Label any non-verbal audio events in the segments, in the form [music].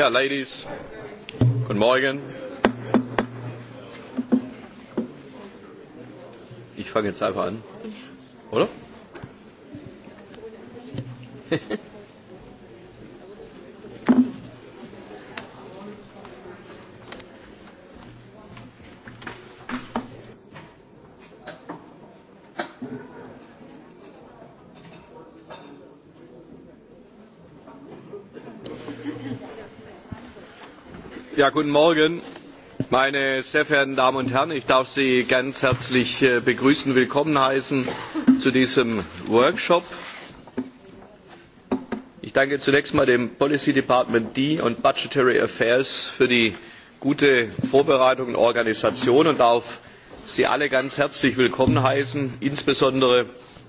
Ja, ladies good morning ich fange jetzt einfach an oder? [laughs] Ja, guten morgen meine sehr verehrten damen und herren! ich darf sie ganz herzlich äh, begrüßen willkommen heißen zu diesem workshop. ich danke zunächst einmal dem policy department d und budgetary affairs für die gute vorbereitung und organisation und darf sie alle ganz herzlich willkommen heißen insbesondere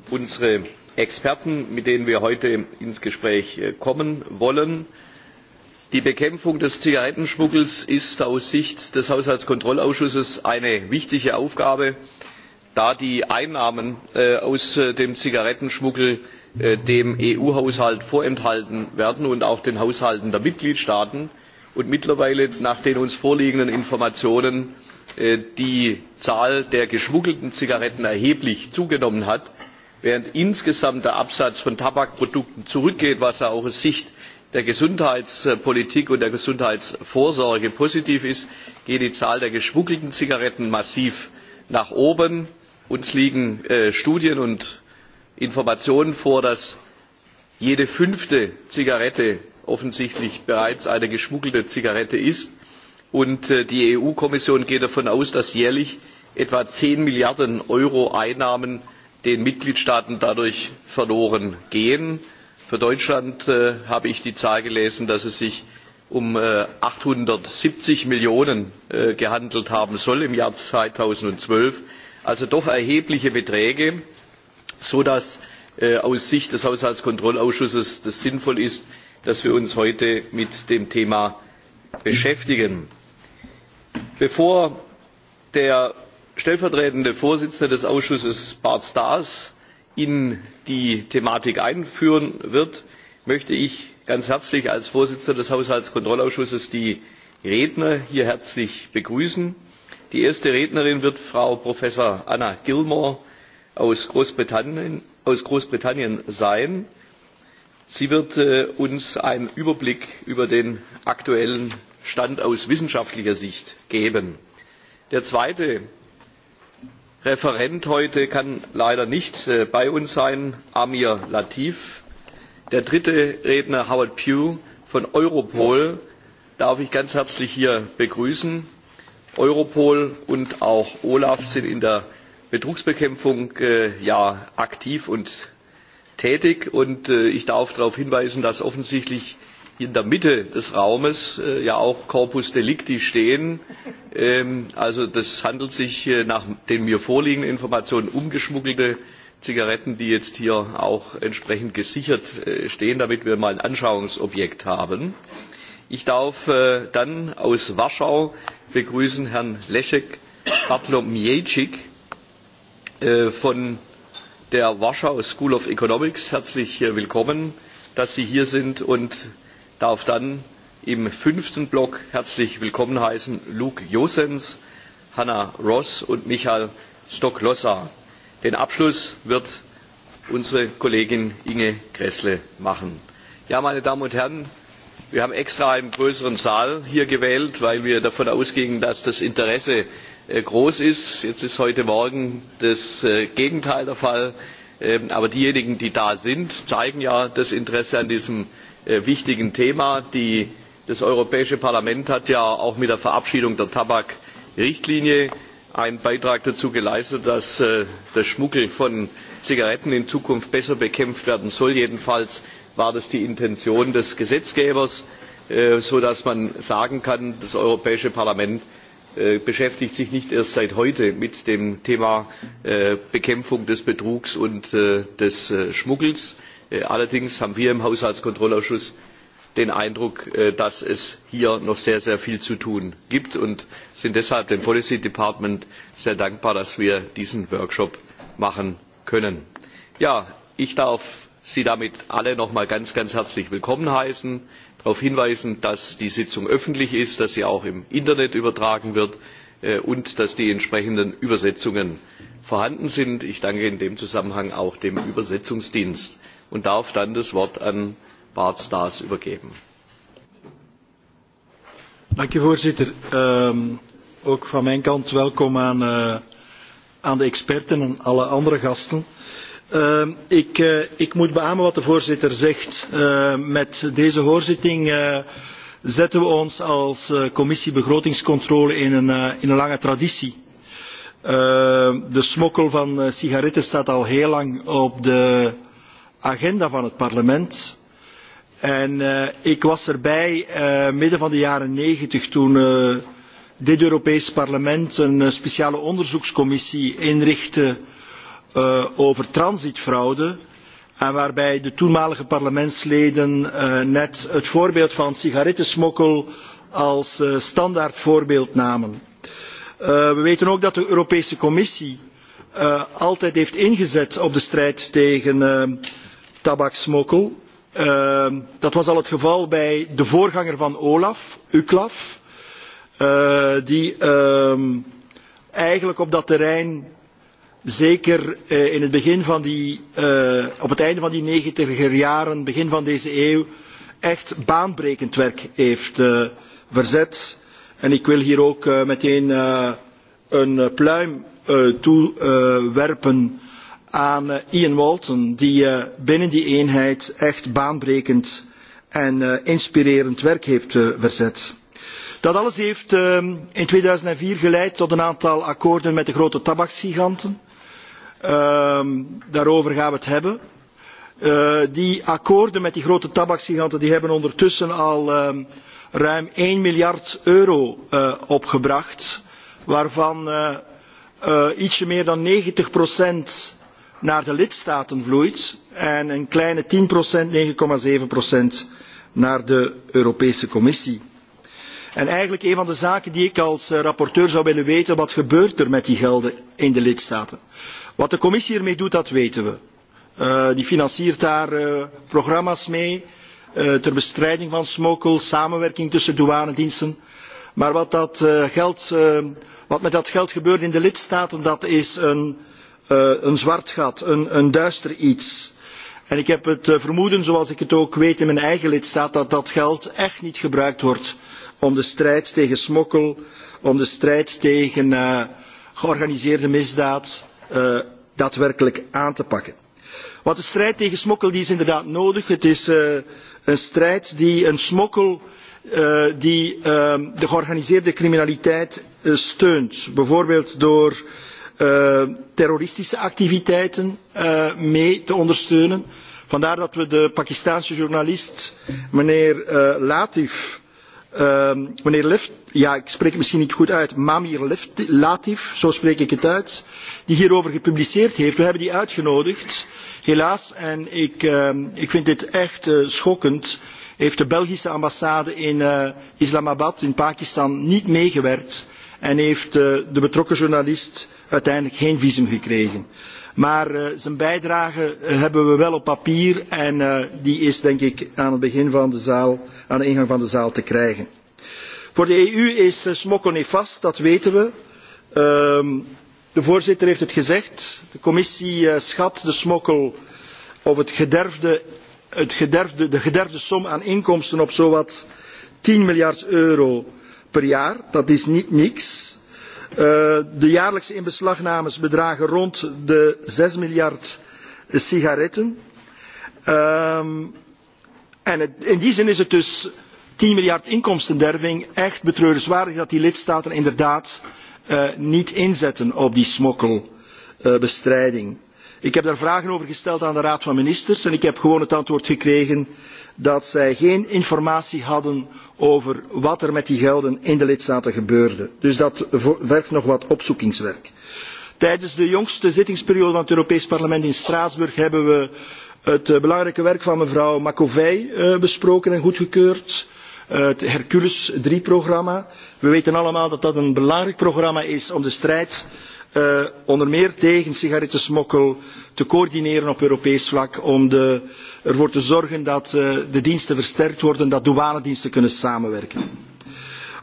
unsere experten mit denen wir heute ins gespräch äh, kommen wollen die bekämpfung des zigarettenschmuggels ist aus sicht des haushaltskontrollausschusses eine wichtige aufgabe da die einnahmen äh, aus äh, dem zigarettenschmuggel äh, dem eu haushalt vorenthalten werden und auch den haushalten der mitgliedstaaten und mittlerweile nach den uns vorliegenden informationen die zahl der geschmuggelten zigaretten erheblich zugenommen hat während insgesamt der absatz von tabakprodukten zurückgeht was er auch aus sicht der gesundheitspolitik und der gesundheitsvorsorge positiv ist geht die zahl der geschmuggelten zigaretten massiv nach oben. uns liegen äh, studien und informationen vor dass jede fünfte zigarette offensichtlich bereits eine geschmuggelte zigarette ist und äh, die eu kommission geht davon aus dass jährlich etwa zehn milliarden euro einnahmen den mitgliedstaaten dadurch verlorengehen für deutschland äh, habe ich die zahl gelesen dass es sich um äh, achthundertsiebzig millionen euro äh, gehandelt haben soll im jahr zweitausendzwölf also doch erhebliche beträge sodass aus sicht des haushaltskontrollausschusses es sinnvoll ist dass wir uns heute mit dem thema beschäftigen. bevor der stellvertretende vorsitzende des ausschusses bart staes in die thematik einführen wird möchte ich ganz herzlich als vorsitzender des haushaltskontrollausschusses die redner hier herzlich begrüßen. die erste rednerin wird frau professor anna gilmore aus großbritannien sein. sie wird äh, uns einen überblick über den aktuellen stand aus wissenschaftlicher sicht geben. der zweite referent heute kann leider nicht äh, bei uns sein amir latif. der dritte redner howard pugh von europol darf ich ganz herzlich hier begrüßen. europol und auch olaf sind in der betrugsbekämpfung äh, ja aktiv und tätig und äh, ich darf darauf hinweisen dass offensichtlich in der mitte des raumes äh, ja auch corpus delicti stehen ähm, also es handelt sich äh, nach den mir vorliegenden informationen um geschmuggelte zigaretten die jetzt hier auch entsprechend gesichert äh, stehen damit wir mal ein anschauungsobjekt haben. ich darf dann aus warschau begrüßen herrn leek bartolomiejczy von der warschau school of economics herzlich willkommen dass sie hier sind und darf dann im fünften block herzlich willkommen heißen luke josens hannah ross und michael stock losa. den abschluss wird unsere kollegin inge grässle machen. ja meine damen und herren wir haben extra einen größeren saal hier gewählt weil wir davon ausgingen dass das interesse äh, groß ist. jetzt ist heute morgen das äh, gegenteil der fall. Ähm, aber diejenigen die da sind zeigen ja das interesse an diesem Äh, wichtigen thema. das europäische parlament hat ja auch mit der verabschiedung der tabakrichtlinie einen beitrag dazu geleistet dass äh, der schmuggel von zigaretten in zukunft besser bekämpft werden soll. jedenfalls war das die intention des gesetzgebers äh, sodass man sagen kann das europäische parlament beschäftigt sich nicht erst seit heute mit dem thema bekämpfung des betrugs und des schmuggels. Äh, allerdings haben wir im haushaltskontrollausschuss den eindruck äh, dass es hier noch sehr sehr viel zu tun gibt und sind deshalb dem policy department sehr dankbar dass wir diesen workshop machen können. Ja, ich darf sie damit alle noch einmal ganz ganz herzlich willkommen heißen darauf hinweisen dass die sitzung öffentlich ist dass sie auch im internet übertragen wird äh, und dass die entsprechenden übersetzungen vorhanden sind. ich danke in dem zusammenhang auch dem übersetzungsdienst und darf dann das Wort an Bart Staes übergeben. Dank je voorzitter. Uh, ook van mijn kant welkom aan, uh, aan de experten en alle andere gasten. Uh, ik, uh, ik moet beamen wat de voorzitter zegt. Uh, met deze hoorzitting uh, zetten we ons als uh, commissie begrotingscontrole in een, uh, in een lange traditie. Uh, de smokkel van uh, sigaretten staat al heel lang op de, agenda van het parlement. En, uh, ik was erbij uh, midden van de jaren negentig toen uh, dit Europees parlement een uh, speciale onderzoekscommissie inrichtte uh, over transitfraude. En waarbij de toenmalige parlementsleden uh, net het voorbeeld van sigarettensmokkel als uh, standaard voorbeeld namen. Uh, we weten ook dat de Europese Commissie uh, altijd heeft ingezet op de strijd tegen uh, tabaksmokkel. Ehm, dat was al het geval bij de voorganger van olaf uclaf eh, die ehm, eigenlijk op dat terrein zeker eh, in het begin van die, eh, op het einde van die negentiger jaren begin van deze eeuw echt baanbrekend werk heeft verzet. En ik wil hier ook meteen een pluim toewerpen aan eh, Ian Walton, die eh, binnen die eenheid echt baanbrekend en eh, inspirerend werk heeft verzet. Dat alles heeft ehm, in 2004 geleid tot een aantal akkoorden met de grote tabaksgiganten. Ehm, daarover gaan we het hebben. Die akkoorden met die grote tabaksgiganten die hebben ondertussen al ehm, ruim 1 miljard euro opgebracht, waarvan ietsje meer dan 90 procent naar de lidstaten vloeit en een kleine 10%, 9,7% naar de Europese Commissie. En eigenlijk een van de zaken die ik als eh, rapporteur zou willen weten, wat gebeurt er met die gelden in de lidstaten? Wat de Commissie ermee doet, dat weten we. Uh, die financiert daar uh, programma's mee, uh, ter bestrijding van smokkel, samenwerking tussen douanediensten. Maar wat, dat, uh, geld, uh, wat met dat geld gebeurt in de lidstaten, dat is een Eh, een zwart gat een duister iets. ik heb het eh, vermoeden zoals ik het ook weet in mijn eigen lidstaat dat dat geld echt niet gebruikt wordt om de strijd tegen smokkel om de strijd tegen eh, georganiseerde misdaad daadwerkelijk aan te pakken. want de strijd tegen smokkel is inderdaad nodig. het is een strijd die een smokkel die ehm, de georganiseerde criminaliteit steunt bijvoorbeeld door Eh, terroristische activiteiten eh, mee te ondersteunen. vandaar dat we de pakistaanse journalist meneer eh, latif ehm, meneer ja ik spreek het misschien niet goed uit mamir latif zo spreek ik het uit die hierover gepubliceerd heeft we hebben die uitgenodigd helaas en ik ehm, vind dit echt schokkend heeft de belgische ambassade in islamabad in pakistan niet meegewerkt en heeft de betrokken journalist uiteindelijk geen visum gekregen. Maar uh, zijn bijdrage eh, hebben we wel op papier en uh, die is denk ik aan het begin van de zaal, aan de ingang van de zaal te krijgen. Voor de EU is uh, smokkel nefast, dat weten we. Uh, de voorzitter heeft het gezegd, de commissie uh, schat de smokkel of het gederfde, het gederfde, de gederfde som aan inkomsten op zowat 10 miljard euro per jaar. Dat is niet niks. Eh, de jaarlijkse inbeslagnames bedragen rond de zes miljard sigaretten. Ehm, en in die zin is het dus tien miljard inkomstenderving echt betreurenswaardig dat die lidstaten inderdaad eh, niet inzetten op die smokkelbestrijding. ik heb daar vragen over gesteld aan de raad van ministers en ik heb gewoon het antwoord gekregen dat zij geen informatie hadden over wat er met die gelden in de lidstaten gebeurde. Dus dat vergt nog wat opzoekingswerk. Tijdens de jongste zittingsperiode van het Europees Parlement in Straatsburg hebben we het eh, belangrijke werk van mevrouw Macovey eh, besproken en goedgekeurd. Het Hercules 3 programma. We weten allemaal dat dat een belangrijk programma is om de strijd eh, onder meer tegen sigarettensmokkel te coördineren op Europees vlak om de ervoor te zorgen dat eh, de diensten versterkt worden, dat douanediensten kunnen samenwerken.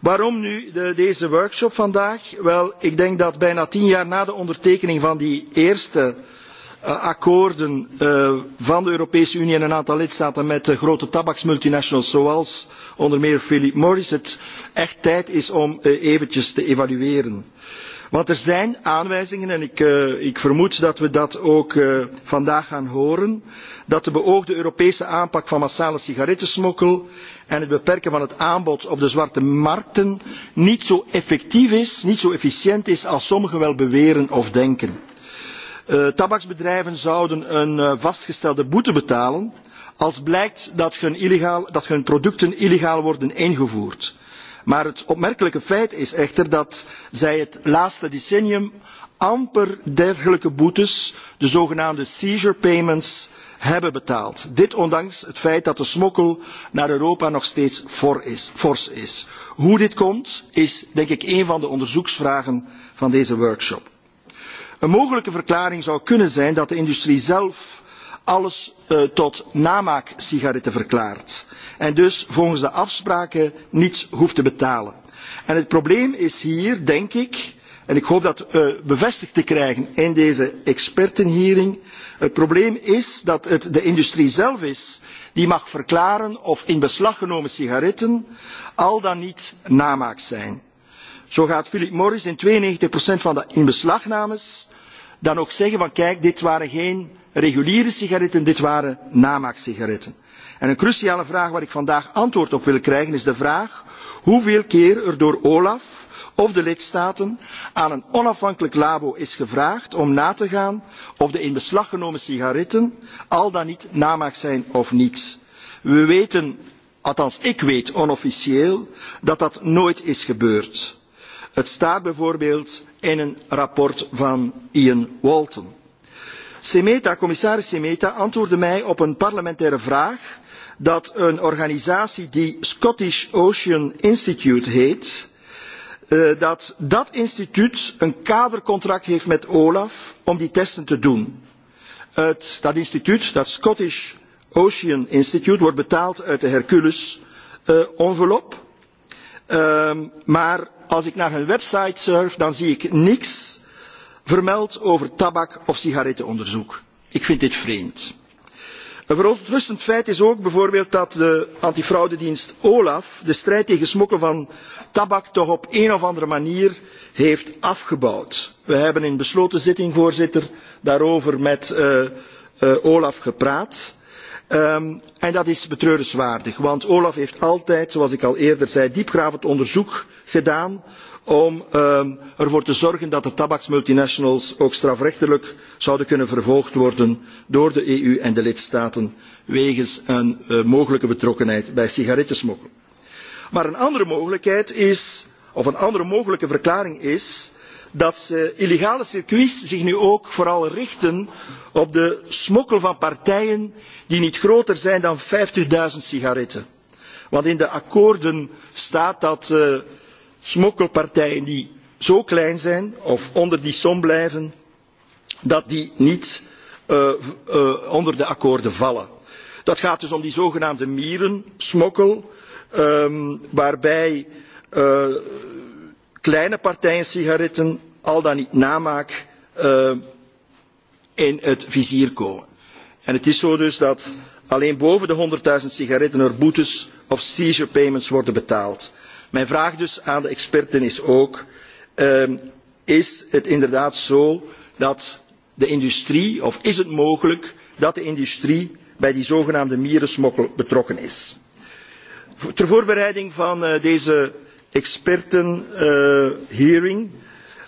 Waarom nu de, deze workshop vandaag? Wel, ik denk dat bijna tien jaar na de ondertekening van die eerste uh, akkoorden uh, van de Europese Unie en een aantal lidstaten met de grote tabaksmultinationals zoals onder meer Philip Morris, het echt tijd is om uh, eventjes te evalueren. Want er zijn aanwijzingen, en ik, uh, ik vermoed dat we dat ook uh, vandaag gaan horen, dat de beoogde europese aanpak van massale sigarettensmokkel en het beperken van het aanbod op de zwarte markten niet zo effectief is niet zo efficiënt is als sommigen wel beweren of denken. Eh, tabaksbedrijven zouden een eh, vastgestelde boete betalen als blijkt dat hun producten illegaal worden ingevoerd. maar het opmerkelijke feit is echter dat zij het laatste decennium amper dergelijke boetes de zogenaamde seizure payments hebben betaald. Dit ondanks het feit dat de smokkel naar Europa nog steeds fors is. Hoe dit komt is denk ik een van de onderzoeksvragen van deze workshop. Een mogelijke verklaring zou kunnen zijn dat de industrie zelf alles uh, tot namaaksigaretten verklaart en dus volgens de afspraken niets hoeft te betalen. En het probleem is hier denk ik en ik hoop dat eh, bevestigd te krijgen in deze expertenhoorzitting. het probleem is dat het de industrie zelf is die mag verklaren of in beslag genomen sigaretten al dan niet namaak zijn. zo gaat philip morris in tweeënnegentig van de inbeslagnames dan ook zeggen van kijk dit waren geen reguliere sigaretten dit waren namaaksigaretten. En een cruciale vraag waar ik vandaag antwoord op wil krijgen is de vraag hoeveel keer er door olaf of de lidstaten aan een onafhankelijk labo is gevraagd om na te gaan of de in beslag genomen sigaretten al dan niet namaak zijn of niet. we weten althans ik weet onofficieel dat dat nooit is gebeurd. het staat bijvoorbeeld in een rapport van ian walton. Semeta, commissaris Semeta antwoordde mij op een parlementaire vraag dat een organisatie die Scottish Ocean Institute heet Eh, dat dat instituut een kadercontract heeft met olaf om die testen te doen. dat instituut het scottish ocean institute wordt betaald uit de hercules eh, enveloppe ehm, maar als ik naar hun website surf dan zie ik niets vermeld over tabak of sigarettenonderzoek. ik vind dit vreemd een verontrustend feit is ook bijvoorbeeld dat de antifraudedienst olaf de strijd tegen smokkel van tabak toch op een of andere manier heeft afgebouwd. we hebben in besloten zitting voorzitter daarover met eh, eh, olaf gepraat ehm, en dat is betreurenswaardig want olaf heeft altijd zoals ik al eerder zei diepgravend onderzoek gedaan om ehm, ervoor te zorgen dat de tabaksmultinationals ook strafrechtelijk zouden kunnen vervolgd worden door de eu en de lidstaten wegens een eh, mogelijke betrokkenheid bij sigarettensmokkel. maar een andere mogelijkheid of een andere mogelijke verklaring is dat illegale circuits zich nu ook vooral richten op de smokkel van partijen die niet groter zijn dan vijftig nul sigaretten. want in de akkoorden staat dat eh, smokkelpartijen die zo klein zijn of onder die som blijven dat die niet uh, uh, onder de akkoorden vallen. Dat gaat dus om die zogenaamde mierensmokkel um, waarbij uh, kleine partijen sigaretten al dan niet namaak uh, in het vizier komen. En het is zo dus dat alleen boven de 100.000 sigaretten er boetes of seizure payments worden betaald mijn vraag dus aan de experts is ook ehm, is het inderdaad zo dat de industrie of is het mogelijk dat de industrie bij die zogenaamde mierensmokkel betrokken is? ter voorbereiding van eh, deze expertenhoorzitting eh,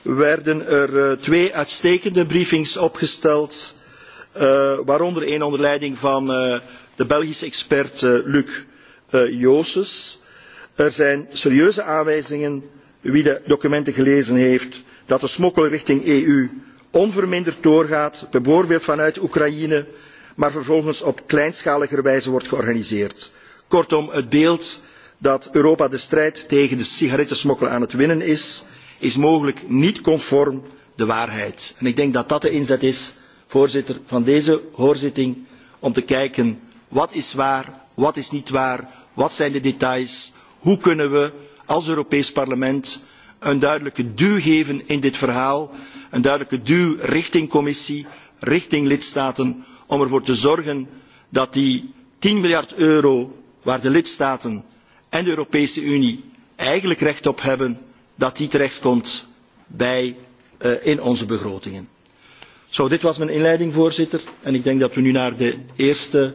werden er eh, twee uitstekende briefings opgesteld waaronder een onder leiding van de belgische expert luc josses er zijn serieuze aanwijzingen wie de documenten gelezen heeft dat de smokkel richting de eu onverminderd doorgaat bijvoorbeeld vanuit oekraïne maar vervolgens op kleinschaliger wijze wordt georganiseerd. kortom het beeld dat europa de strijd tegen de sigarettensmokkel aan het winnen is is mogelijk niet conform de waarheid. ik denk dat dat de inzet is voorzitter van deze hoorzitting om te kijken wat is waar wat is niet waar wat zijn de details hoe kunnen we als europees parlement een duidelijke duw geven in dit verhaal een duidelijke duw richting de commissie richting de lidstaten om ervoor te zorgen dat die tien miljard euro waar de lidstaten en de europese unie eigenlijk recht op hebben terechtkomt eh, in onze begrotingen. dit was mijn inleiding voorzitter en ik denk dat we nu naar de eerste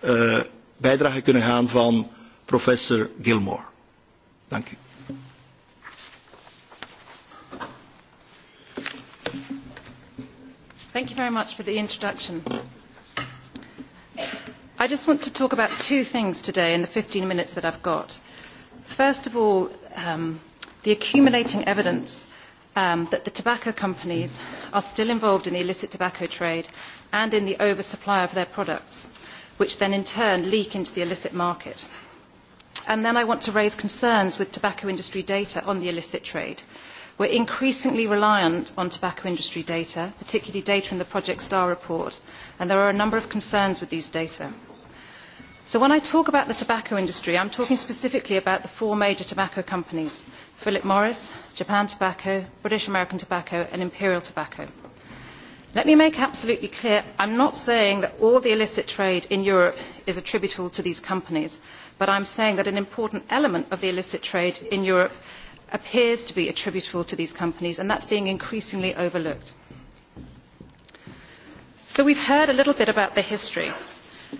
eh, bijdrage kunnen gaan Professor Gilmore. Thank you. Thank you very much for the introduction. I just want to talk about two things today in the 15 minutes that I've got. First of all, um, the accumulating evidence um, that the tobacco companies are still involved in the illicit tobacco trade and in the oversupply of their products, which then in turn leak into the illicit market. And then I want to raise concerns with tobacco industry data on the illicit trade. We're increasingly reliant on tobacco industry data, particularly data in the Project Star report, and there are a number of concerns with these data. So when I talk about the tobacco industry, I'm talking specifically about the four major tobacco companies, Philip Morris, Japan Tobacco, British American Tobacco, and Imperial Tobacco. Let me make absolutely clear, I'm not saying that all the illicit trade in Europe is attributable to these companies but i am saying that an important element of the illicit trade in europe appears to be attributable to these companies and that is being increasingly overlooked. so we have heard a little bit about the history.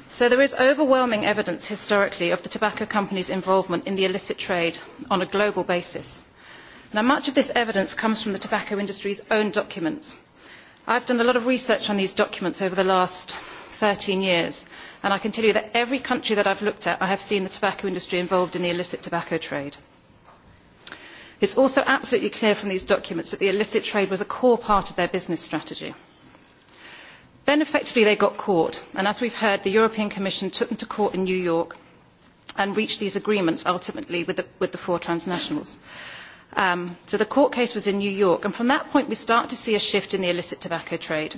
So there is overwhelming evidence historically of the tobacco companies' involvement in the illicit trade on a global basis. Now much of this evidence comes from the tobacco industry's own documents. I've done a lot of research on these documents over the last 13 years and i can tell you that every country that i have looked at i have seen the tobacco industry involved in the illicit tobacco trade. it is also absolutely clear from these documents that the illicit trade was a core part of their business strategy. then effectively they got caught and as we have heard the european commission took them to court in new york and reached these agreements ultimately with the, with the four transnationals. Um, so the court case was in New York, and from that point we start to see a shift in the illicit tobacco trade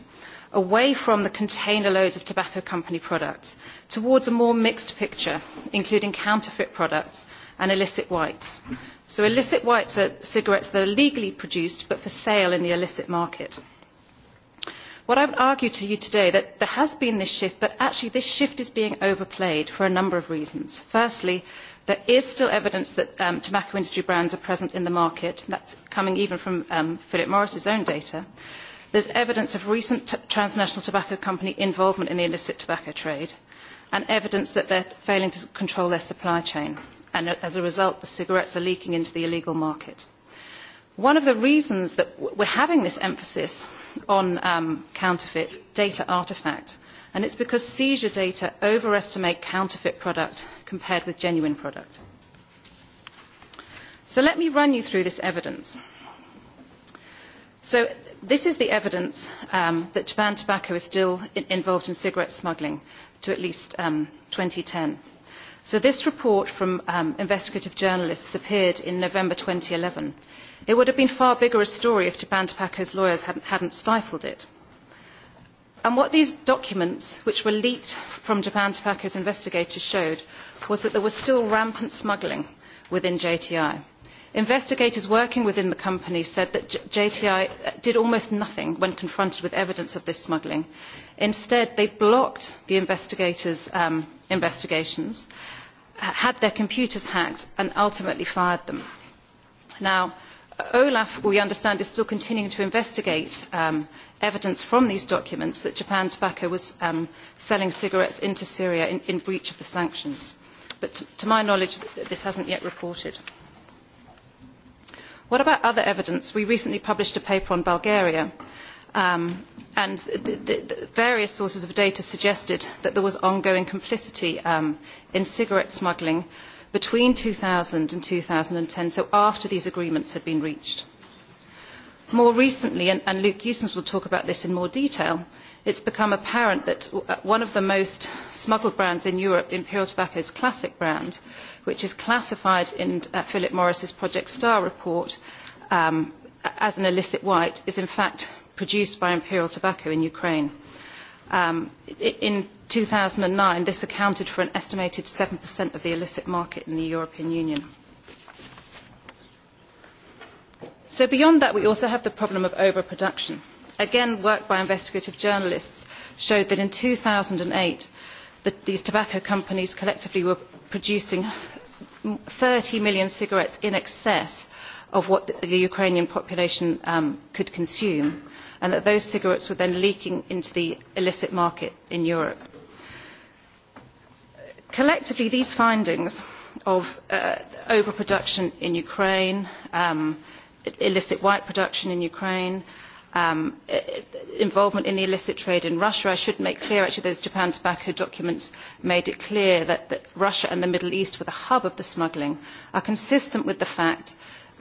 away from the container loads of tobacco company products towards a more mixed picture, including counterfeit products and illicit whites. So illicit whites are cigarettes that are legally produced but for sale in the illicit market. What I would argue to you today that there has been this shift, but actually this shift is being overplayed for a number of reasons. Firstly, there is still evidence that um, tobacco industry brands are present in the market. That's coming even from um, Philip Morris's own data there is evidence of recent transnational tobacco company involvement in the illicit tobacco trade and evidence that they are failing to control their supply chain and uh, as a result the cigarettes are leaking into the illegal market. One of the reasons that we are having this emphasis on um, counterfeit data artefact and it is because seizure data overestimate counterfeit product compared with genuine product. So let me run you through this evidence so this is the evidence um, that Japan Tobacco is still in involved in cigarette smuggling to at least um, 2010. So this report from um, investigative journalists appeared in November 2011. It would have been far bigger a story if Japan Tobacco's lawyers hadn't, hadn't stifled it. And what these documents, which were leaked from Japan Tobacco's investigators, showed was that there was still rampant smuggling within JTI investigators working within the company said that jti uh, did almost nothing when confronted with evidence of this smuggling. instead they blocked the investigators' um, investigations, had their computers hacked and ultimately fired them. now, olaf, we understand, is still continuing to investigate um, evidence from these documents that japan tobacco was um, selling cigarettes into syria in, in breach of the sanctions. but to, to my knowledge, this hasn't yet reported what about other evidence? We recently published a paper on Bulgaria, um, and the, the, the various sources of data suggested that there was ongoing complicity um, in cigarette smuggling between 2000 and 2010, so after these agreements had been reached. More recently, and, and Luke Eustons will talk about this in more detail, it's become apparent that uh, one of the most smuggled brands in Europe, Imperial Tobacco's classic brand, which is classified in uh, Philip Morris's Project Star report um, as an illicit white, is in fact produced by Imperial Tobacco in Ukraine. Um, in 2009, this accounted for an estimated 7% of the illicit market in the European Union so beyond that we also have the problem of overproduction. again work by investigative journalists showed that in two thousand and eight these tobacco companies collectively were producing thirty million cigarettes in excess of what the ukrainian population um, could consume and that those cigarettes were then leaking into the illicit market in europe. collectively these findings of uh, overproduction in ukraine um, illicit white production in Ukraine, um, involvement in the illicit trade in Russia. I should make clear, actually, those Japan tobacco documents made it clear that, that Russia and the Middle East were the hub of the smuggling, are consistent with the fact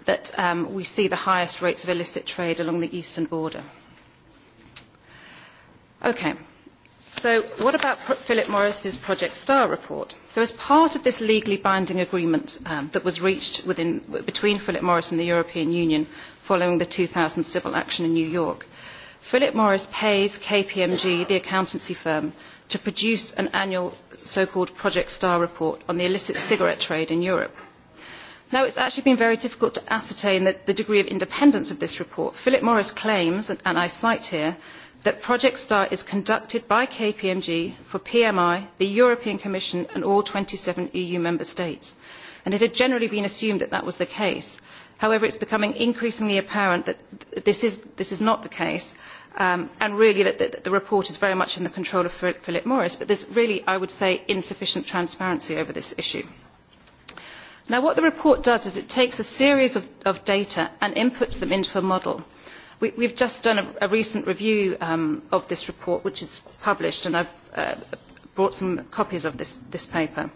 that um, we see the highest rates of illicit trade along the eastern border. Okay. So what about Philip Morris's Project Star report? So as part of this legally binding agreement um, that was reached within, between Philip Morris and the European Union following the 2000 civil action in New York, Philip Morris pays KPMG, the accountancy firm, to produce an annual so-called Project Star report on the illicit cigarette trade in Europe. Now, it's actually been very difficult to ascertain the, the degree of independence of this report. Philip Morris claims, and, and I cite here, that project start is conducted by kpmg for pmi the european commission and all twenty seven eu member states and it had generally been assumed that that was the case. however it is becoming increasingly apparent that this is, this is not the case um, and really that, that, that the report is very much in the control of philip morris but there is really i would say insufficient transparency over this issue. now what the report does is it takes a series of, of data and inputs them into a model we have just done a recent review um, of this report which is published and i have uh, brought some copies of this paper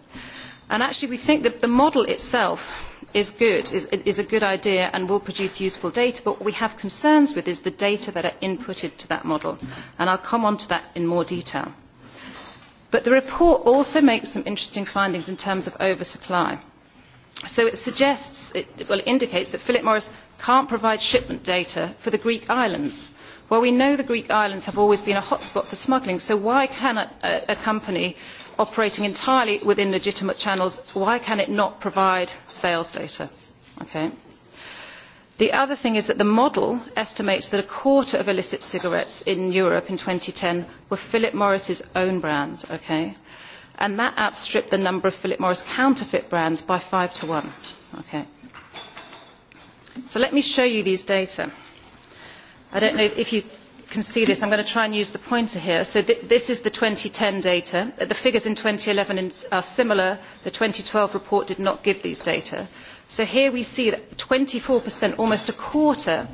and actually we think that the model itself is good is a good idea and will produce useful data but what we have concerns with is the data that are inputted to that model and i will come on to that in more detail but the report also makes some interesting findings in terms of oversupply so it suggests well it indicates that philip morris cannot provide shipment data for the greek islands well we know the greek islands have always been a hotspot for smuggling so why can a, a, a company operating entirely within legitimate channels why can it not provide sales data okay the other thing is that the model estimates that a quarter of illicit cigarettes in europe in 2010 were philip morris's own brands okay and that outstripped the number of philip morris counterfeit brands by 5 to 1 okay so let me show you these data. I don't know if you can see this. I'm going to try and use the pointer here. So th this is the 2010 data. Uh, the figures in 2011 are similar. The 2012 report did not give these data. So here we see that 24%, almost a quarter,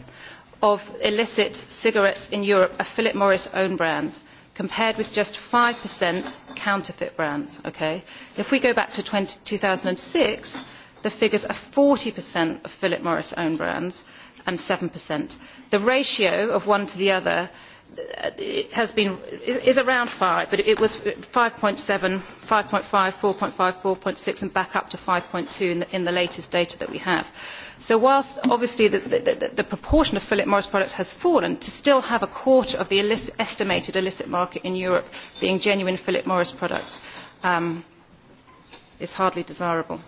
of illicit cigarettes in Europe are Philip Morris own brands, compared with just 5% counterfeit brands. Okay? If we go back to 20 2006, the figures are 40% of Philip Morris own brands and 7%. The ratio of one to the other uh, has been, is around 5, but it was 5.7, 5.5, 4.5, 4.6, and back up to 5.2 in the, in the latest data that we have. So whilst obviously the, the, the, the proportion of Philip Morris products has fallen, to still have a quarter of the illicit, estimated illicit market in Europe being genuine Philip Morris products um, is hardly desirable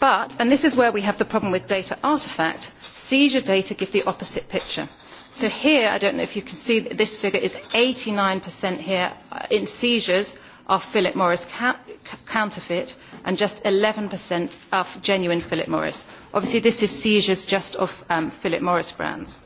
but and this is where we have the problem with data artefact seizure data give the opposite picture so here i do not know if you can see this figure is eighty nine here uh, in seizures of philip morris counterfeit and just eleven percent of genuine philip morris obviously this is seizures just of um, philip morris brands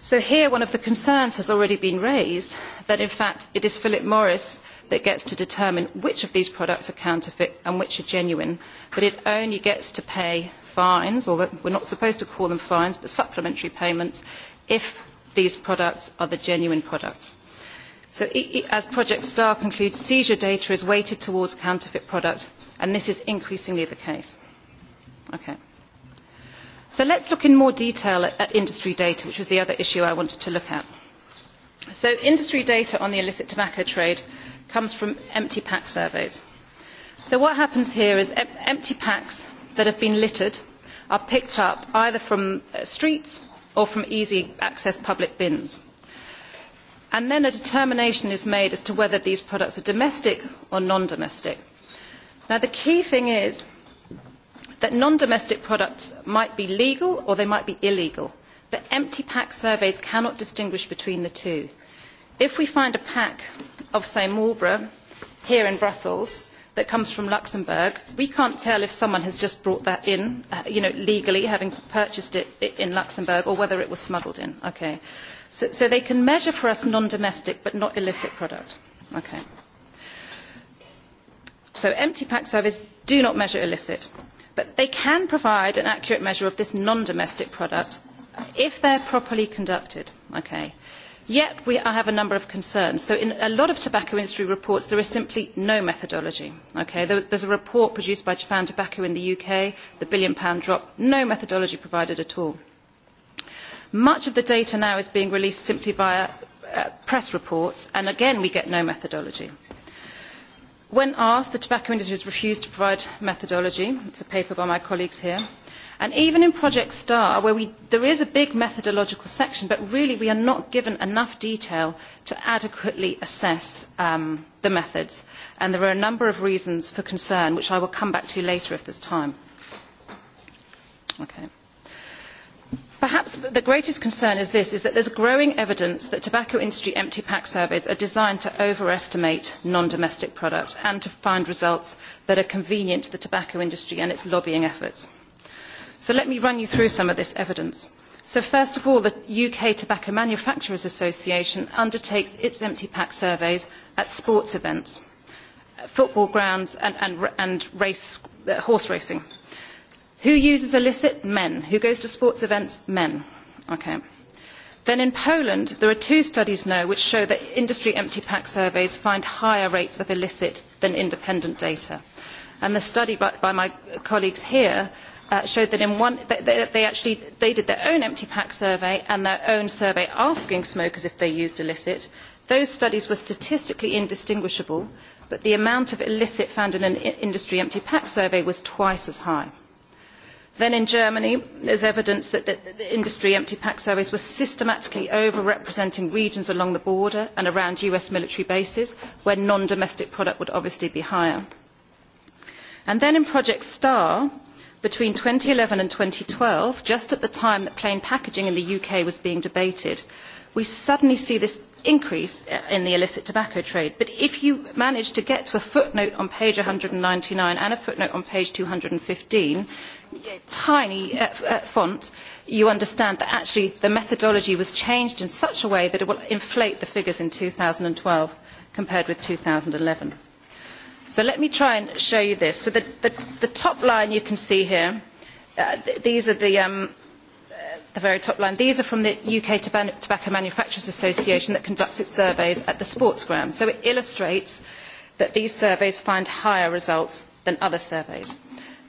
so here one of the concerns has already been raised that in fact it is philip morris that gets to determine which of these products are counterfeit and which are genuine, but it only gets to pay fines, or we're not supposed to call them fines, but supplementary payments, if these products are the genuine products. So as Project STAR concludes, seizure data is weighted towards counterfeit product, and this is increasingly the case. Okay. So let's look in more detail at, at industry data, which was the other issue I wanted to look at. So industry data on the illicit tobacco trade comes from empty pack surveys. So what happens here is em- empty packs that have been littered are picked up either from uh, streets or from easy access public bins. And then a determination is made as to whether these products are domestic or non-domestic. Now the key thing is that non-domestic products might be legal or they might be illegal, but empty pack surveys cannot distinguish between the two. If we find a pack of say marlborough here in brussels that comes from luxembourg we cannot tell if someone has just brought that in uh, you know legally having purchased it in luxembourg or whether it was smuggled in. so they can measure for us non domestic but not illicit product. Okay. so empty pack surveys do not measure illicit but they can provide an accurate measure of this non domestic product if they are properly conducted. Okay yet we have a number of concerns. so in a lot of tobacco industry reports there is simply no methodology. there is a report produced by japan tobacco in the uk the billion pound drop no methodology provided at all. much of the data now is being released simply via uh, press reports and again we get no methodology. when asked the tobacco industry has refused to provide methodology it is a paper by my colleagues here even in project star where there is a big methodological section but really we are not given enough detail to adequately assess um, the methods and there are a number of reasons for concern which i will come back to later if there is time. perhaps the greatest concern is this that there is growing evidence that tobacco industry empty pack surveys are designed to overestimate non domestic products and to find results that are convenient to the tobacco industry and its lobbying efforts so let me run you through some of this evidence. first of all the uk tobacco manufacturers association undertakes its empty pack surveys at sports events football grounds and race, uh, horse racing. who uses illicit men? who goes to sports events? men. Okay. then in poland there are two studies now which show that industry empty pack surveys find higher rates of illicit than independent data. and the study by my colleagues here Uh, showed that they actually did their own empty pack survey and their own survey asking smokers if they used illicit those studies were statistically indistinguishable but the amount of illicit found in an industry empty pack survey was twice as high. Then in Germany, there's evidence that the industry empty pack surveys were systematically overrepresenting regions along the border and around US military bases where non-domestic product would obviously be higher. And then in Project Star, between two thousand and eleven and two thousand and twelve just at the time that plain packaging in the uk was being debated we suddenly see this increase in the illicit tobacco trade but if you manage to get to a footnote on page one hundred and ninety nine and a footnote on page two hundred and fifteen tiny uh, uh, font you understand that actually the methodology was changed in such a way that it will inflate the figures in two thousand and twelve compared with two thousand and eleven so let me try and show you this. So the, the, the top line you can see here, uh, these are the, um, uh, the very top line. These are from the UK Tobacco Manufacturers Association that conducts its surveys at the sports ground. So it illustrates that these surveys find higher results than other surveys.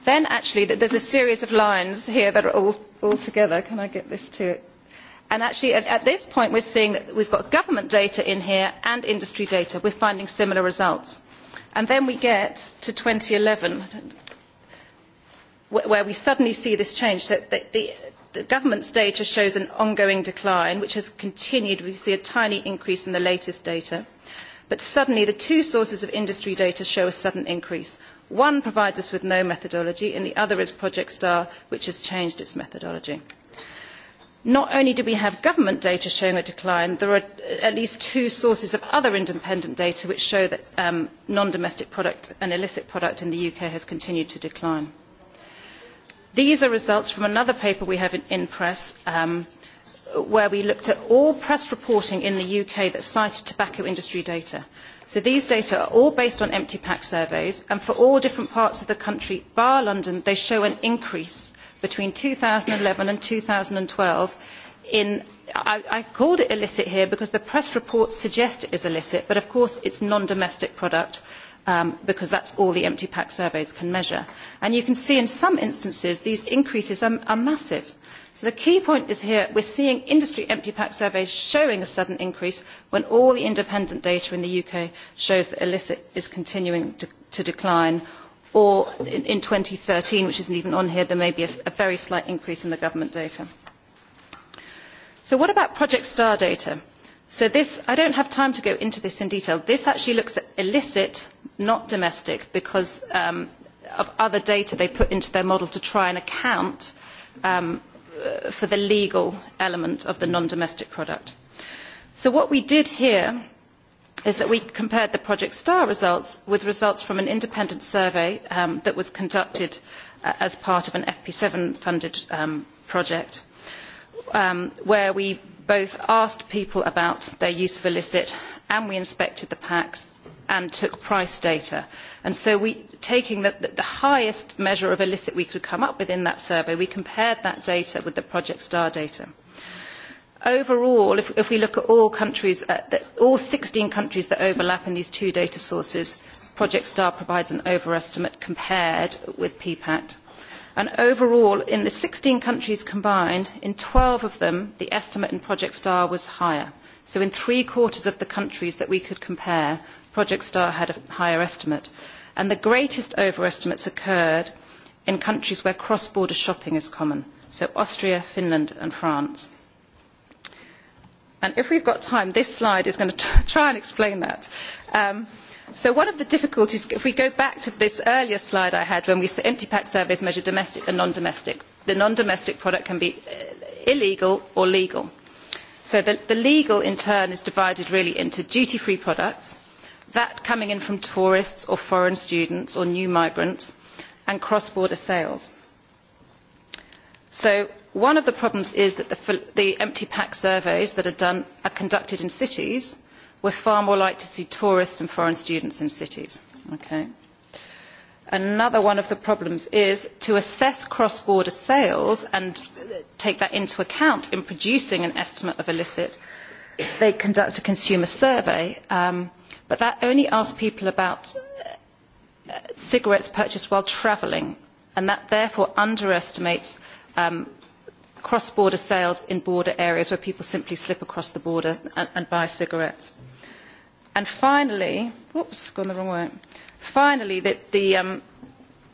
Then actually there's a series of lines here that are all, all together. Can I get this to it? And actually at, at this point we're seeing that we've got government data in here and industry data. We're finding similar results and then we get to two thousand and eleven where we suddenly see this change the government's data shows an ongoing decline which has continued we see a tiny increase in the latest data but suddenly the two sources of industry data show a sudden increase one provides us with no methodology and the other is project star which has changed its methodology not only do we have government data showing a decline there are at least two sources of other independent data which show that um, non domestic product and illicit product in the uk has continued to decline. these are results from another paper we have in press um, where we looked at all press reporting in the uk that cited tobacco industry data. so these data are all based on empty pack surveys and for all different parts of the country bar london they show an increase between two thousand and eleven and two thousand and twelve in I called it illicit here because the press reports suggest it is illicit, but of course it's non-domestic product um, because that's all the empty pack surveys can measure. And you can see in some instances these increases are, are massive. So the key point is here we're seeing industry empty pack surveys showing a sudden increase when all the independent data in the UK shows that illicit is continuing to, to decline or in two thousand and thirteen which is not even on here there may be a very slight increase in the government data. so what about project star data? So this, I don't have time to go into this in detail. This actually looks at illicit, not domestic, because um, of other data they put into their model to try and account um, uh, for the legal element of the non-domestic product. So what we did here is that we compared the project star results with results from an independent survey um, that was conducted uh, as part of an fp7 funded um, project um, where we both asked people about their use of illicit and we inspected the packs and took price data. And so we, taking the, the highest measure of illicit we could come up with in that survey, we compared that data with the Project Star data overall if we look at uh, all sixteen countries that overlap in these two data sources project star provides an overestimate compared with ppat and overall in the sixteen countries combined in twelve of them the estimate in project star was higher so in three quarters of the countries that we could compare project star had a higher estimate and the greatest overestimates occurred in countries where cross border shopping is common so austria finland and france and if we have time this slide is going to try and explain that. Um, one of the difficulties if we go back to this earlier slide i had when we said empty pack surveys measure domestic and non domestic the non domestic product can be uh, illegal or legal. so the legal in turn is divided really into duty free products that coming in from tourists or foreign students or new migrants and cross border sales one of the problems is that the empty pack surveys that are conducted in cities we are far more likely to see tourists and foreign students in cities. Okay. another one of the problems is to assess cross border sales and uh, take that into account in producing an estimate of illicit they conduct a consumer survey um, but that only asks people about uh, cigarettes purchased while travelling and that therefore underestimates um, cross border sales in border areas where people simply slip across the border and, and buy cigarettes. And finally, whoops, gone the wrong way. Finally, the, the, um,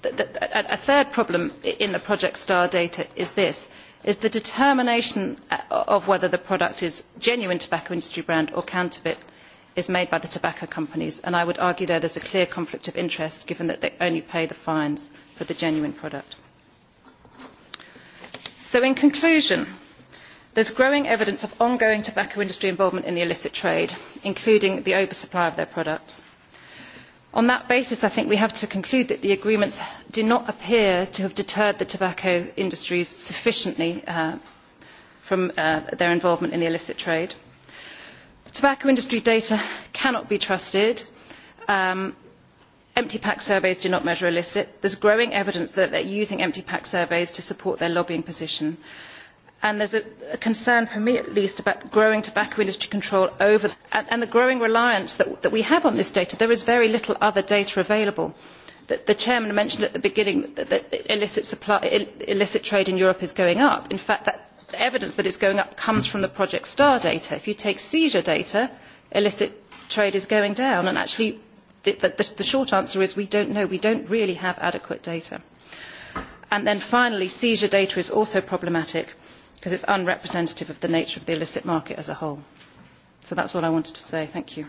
the, the, a third problem in the Project STAR data is this, is the determination uh, of whether the product is genuine tobacco industry brand or counterfeit is made by the tobacco companies. And I would argue there there's a clear conflict of interest given that they only pay the fines for the genuine product in conclusion there is growing evidence of ongoing tobacco industry involvement in the illicit trade including the oversupply of their products. on that basis i think we have to conclude that the agreements do not appear to have deterred the tobacco industries sufficiently uh, from uh, their involvement in the illicit trade. tobacco industry data cannot be trusted um, empty pack surveys do not measure illicit there is growing evidence that they are using empty pack surveys to support their lobbying position and there is a concern for me at least about growing tobacco industry control over and the growing reliance that we have on this data there is very little other data available the chairman mentioned at the beginning that illicit supply illicit trade in europe is going up in fact that the evidence that it's going up comes from the project star data if you take seizure data illicit trade is going down and actually the short answer is we do not know we do not really have adequate data. finally seizure data is also problematic because it is unrepresentative of the nature of the illicit market as a whole. that is all i wanted to say. thank you.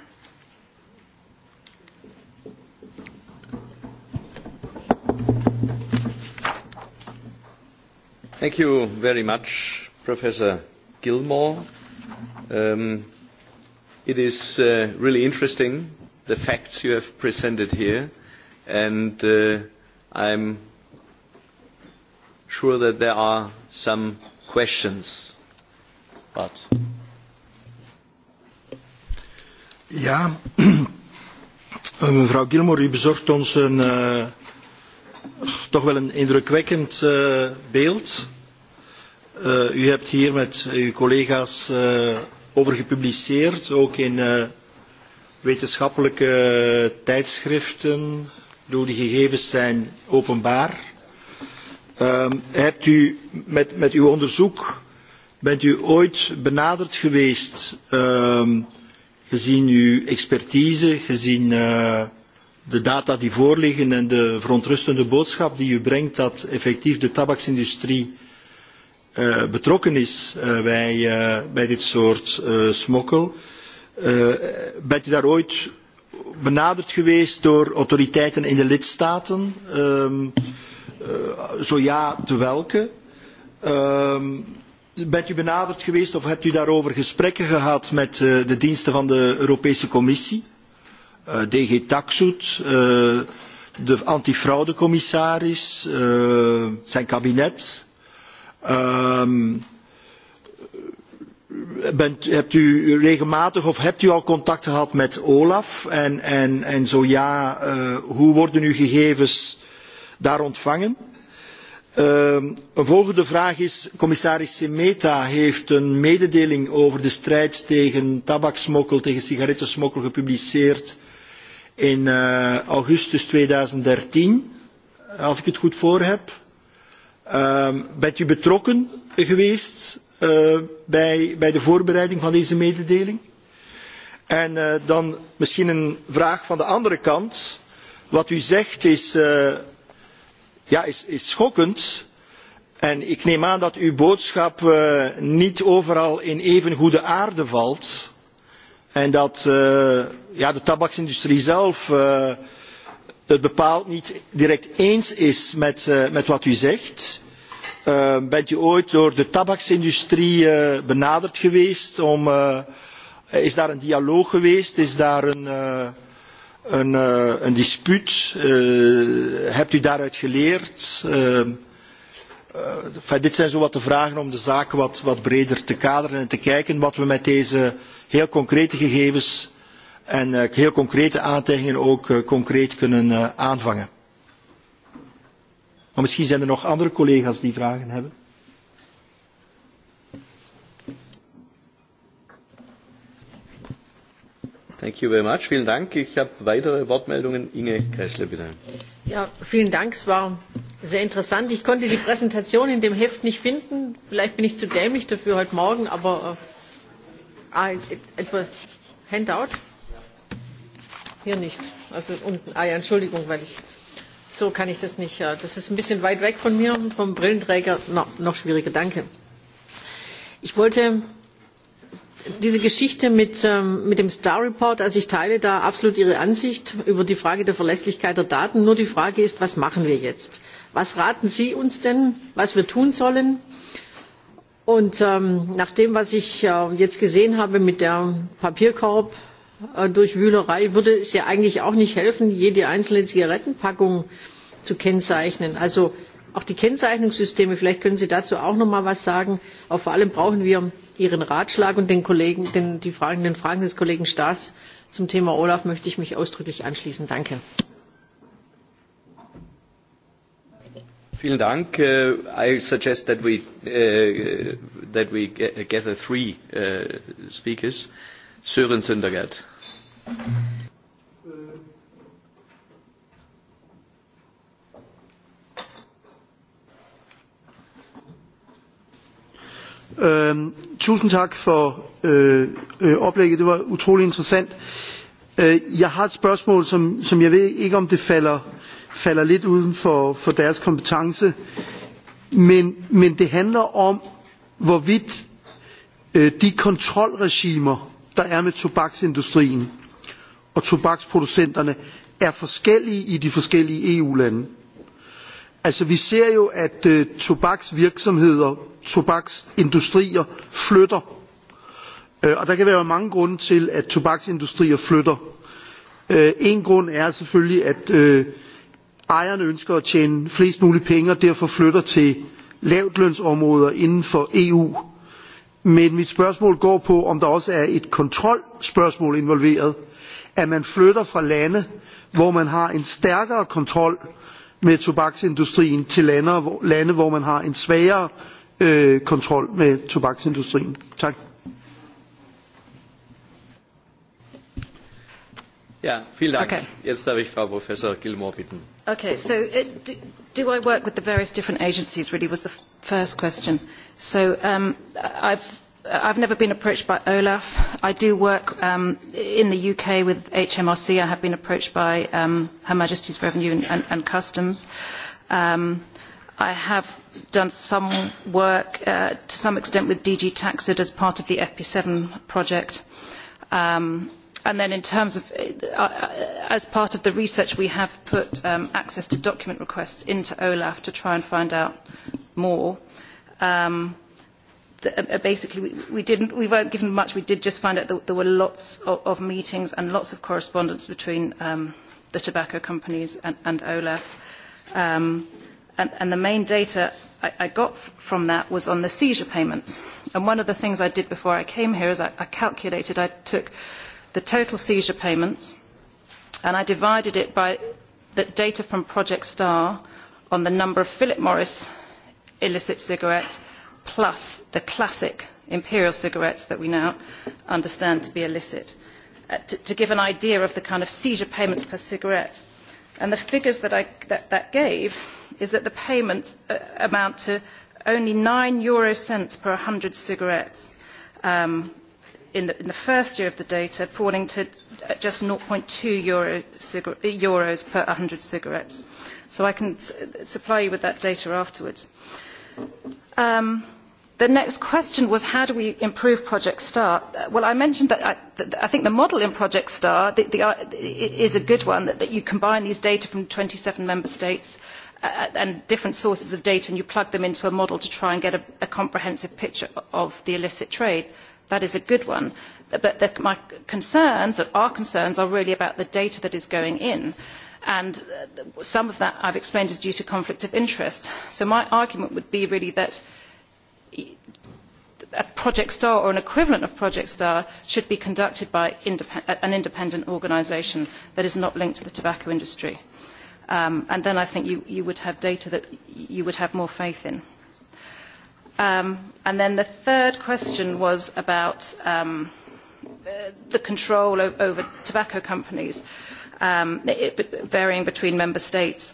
thank you very much, professor gilmore. Um, it is uh, really interesting the facts you have presented here, and uh, I'm sure that there are some questions. But. Ja, [clears throat] eh, mevrouw Gilmour, u bezorgt ons een, uh, toch wel een indrukwekkend uh, beeld. Uh, u hebt hier met uw collega's uh, over gepubliceerd, ook in uh, wetenschappelijke eh, tijdschriften. Bedoel, die gegevens zijn openbaar. Um, hebt u met, met uw onderzoek bent u ooit benaderd geweest um, gezien uw expertise, gezien uh, de data die voorliggen en de verontrustende boodschap die u brengt dat effectief de tabaksindustrie uh, betrokken is uh, bij, uh, bij dit soort uh, smokkel. Eh, bent u daar ooit benaderd geweest door autoriteiten in de lidstaten? Ehm, eh, zo ja te welke? Ehm, bent u benaderd geweest of hebt u daarover gesprekken gehad met eh, de diensten van de europese commissie dg taxud de antifraudecommissaris zijn kabinet? Ehm, bent, hebt u regelmatig of hebt u al contact gehad met Olaf? En, en, en zo ja, uh, hoe worden uw gegevens daar ontvangen? Uh, een volgende vraag is, commissaris Semeta heeft een mededeling over de strijd tegen tabaksmokkel, tegen sigarettensmokkel gepubliceerd in uh, augustus 2013, als ik het goed voor heb. Uh, bent u betrokken geweest uh, bij, bij de voorbereiding van deze mededeling. En uh, dan misschien een vraag van de andere kant. Wat u zegt is, uh, ja, is, is schokkend. En ik neem aan dat uw boodschap uh, niet overal in even goede aarde valt. En dat uh, ja, de tabaksindustrie zelf uh, het bepaald niet direct eens is met, uh, met wat u zegt. Ehm, bent u ooit door de tabaksindustrie eh, benaderd geweest? Eh, is daar een dialoog geweest? is daar een eh, dispuut? hebt u daaruit geleerd? Ehm, dit zijn zo wat de vragen om de zaak wat breder te kaderen en te kijken wat we met deze heel concrete gegevens en heel concrete aantijgingen ook concreet kunnen aanvangen. Maar misschien zijn er nog andere collega's die vragen hebben. Thank you very much. Vielen Dank. Ich habe weitere Wortmeldungen. Inge Kressler, bitte. Ja, vielen Dank. Es war sehr interessant. Ich konnte die Präsentation in dem Heft nicht finden. Vielleicht bin ich zu dämlich dafür heute Morgen, aber äh, ah, etwa Handout? Hier nicht. Also unten. Ah ja, Entschuldigung, weil ich so kann ich das nicht. Äh, das ist ein bisschen weit weg von mir und vom Brillenträger no, noch schwieriger. Danke. Ich wollte diese Geschichte mit, ähm, mit dem Star Report, also ich teile da absolut Ihre Ansicht über die Frage der Verlässlichkeit der Daten. Nur die Frage ist, was machen wir jetzt? Was raten Sie uns denn, was wir tun sollen? Und ähm, nach dem, was ich äh, jetzt gesehen habe mit der Papierkorb, Äh, durch Wühlerei würde es ja eigentlich auch nicht helfen, jede einzelne Zigarettenpackung zu kennzeichnen. Also auch die Kennzeichnungssysteme, vielleicht können Sie dazu auch noch mal was sagen. Aber vor allem brauchen wir Ihren Ratschlag und den Kollegen, den, die Fragen, den Fragen des Kollegen Staas zum Thema Olaf möchte ich mich ausdrücklich anschließen. Danke. Vielen Dank. Uh, I suggest that we, uh, that we gather three uh, speakers. Søren Søndergaard. Øhm, tusind tak for øh, øh, oplægget. Det var utrolig interessant. Øh, jeg har et spørgsmål, som, som jeg ved ikke, om det falder, falder lidt uden for, for deres kompetence. Men, men det handler om, hvorvidt øh, de kontrolregimer, der er med tobaksindustrien og tobaksproducenterne er forskellige i de forskellige eu lande altså vi ser jo at øh, tobaksvirksomheder tobaksindustrier flytter øh, og der kan være mange grunde til at tobaksindustrier flytter øh, en grund er selvfølgelig at ejerne ønsker at tjene flest mulige penge og derfor flytter til lavtlønsområder inden for eu men mit spørgsmål går på om der også er et kontrolspørgsmål involveret at man flytter fra lande hvor man har en stærkere kontrol med tobaksindustrien til lande lande hvor man har en svagere øh, kontrol med tobaksindustrien Ja, uh, do i work with the various different agencies really was the first question so um, i have never been approached by olaf i do work um, in the uk with hmrc i have been approached by um, her majesty's revenue and customs i have done some work uh, to some extent with dg taxud as part of the fp seven project and then uh, uh, as part of the research we have put um, access to document requests into olaf to try and find out more. Um, uh, Basically, we, didn't, we weren't given much. We did just find out that there were lots of, of meetings and lots of correspondence between um, the tobacco companies and, and OLAF. Um, and, and the main data I, I got from that was on the seizure payments. And one of the things I did before I came here is I, I calculated, I took the total seizure payments and I divided it by the data from Project Star on the number of Philip Morris illicit cigarettes plus the classic imperial cigarettes that we now understand to be illicit uh, to, to give an idea of the kind of seizure payments per cigarette. And the figures that I that, that gave is that the payments uh, amount to only 9 euro cents per 100 cigarettes um, in the first year of the data falling to uh, just €0.2 Euros per 100 cigarettes. So I can supply you with that data afterwards. Um, the next question was how do we improve Project STAR? Uh, well, I mentioned that I, uh, that I think the model in Project STAR the, the, uh, is a good one, that, that you combine these data from 27 member states uh, and different sources of data and you plug them into a model to try and get a, a comprehensive picture of the illicit trade that is a good one. But the, my concerns, our concerns, are really about the data that is going in. And some of that I've explained is due to conflict of interest. So my argument would be really that a Project Star or an equivalent of Project Star should be conducted by independ- an independent organization that is not linked to the tobacco industry. Um, and then I think you, you would have data that you would have more faith in. Um, and then the third question was about um, the control over tobacco companies, um, it, varying between member states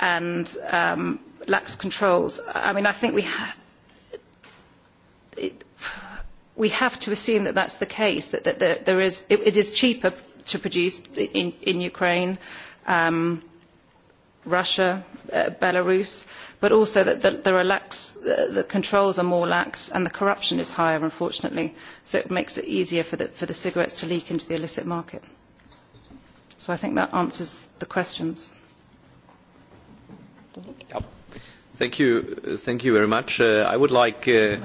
and um, lax controls. I mean, I think we, ha- it, we have to assume that that's the case, that, that, that there is, it, it is cheaper to produce in, in Ukraine. Um, uh, russia and uh, belarus but also that uh, the controls are more lax and the corruption is higher unfortunately so it makes it easier for the cigarettes to leak into the illicit market. so i think that answers the questions. Thank you, thank you very much. Uh, I would like uh,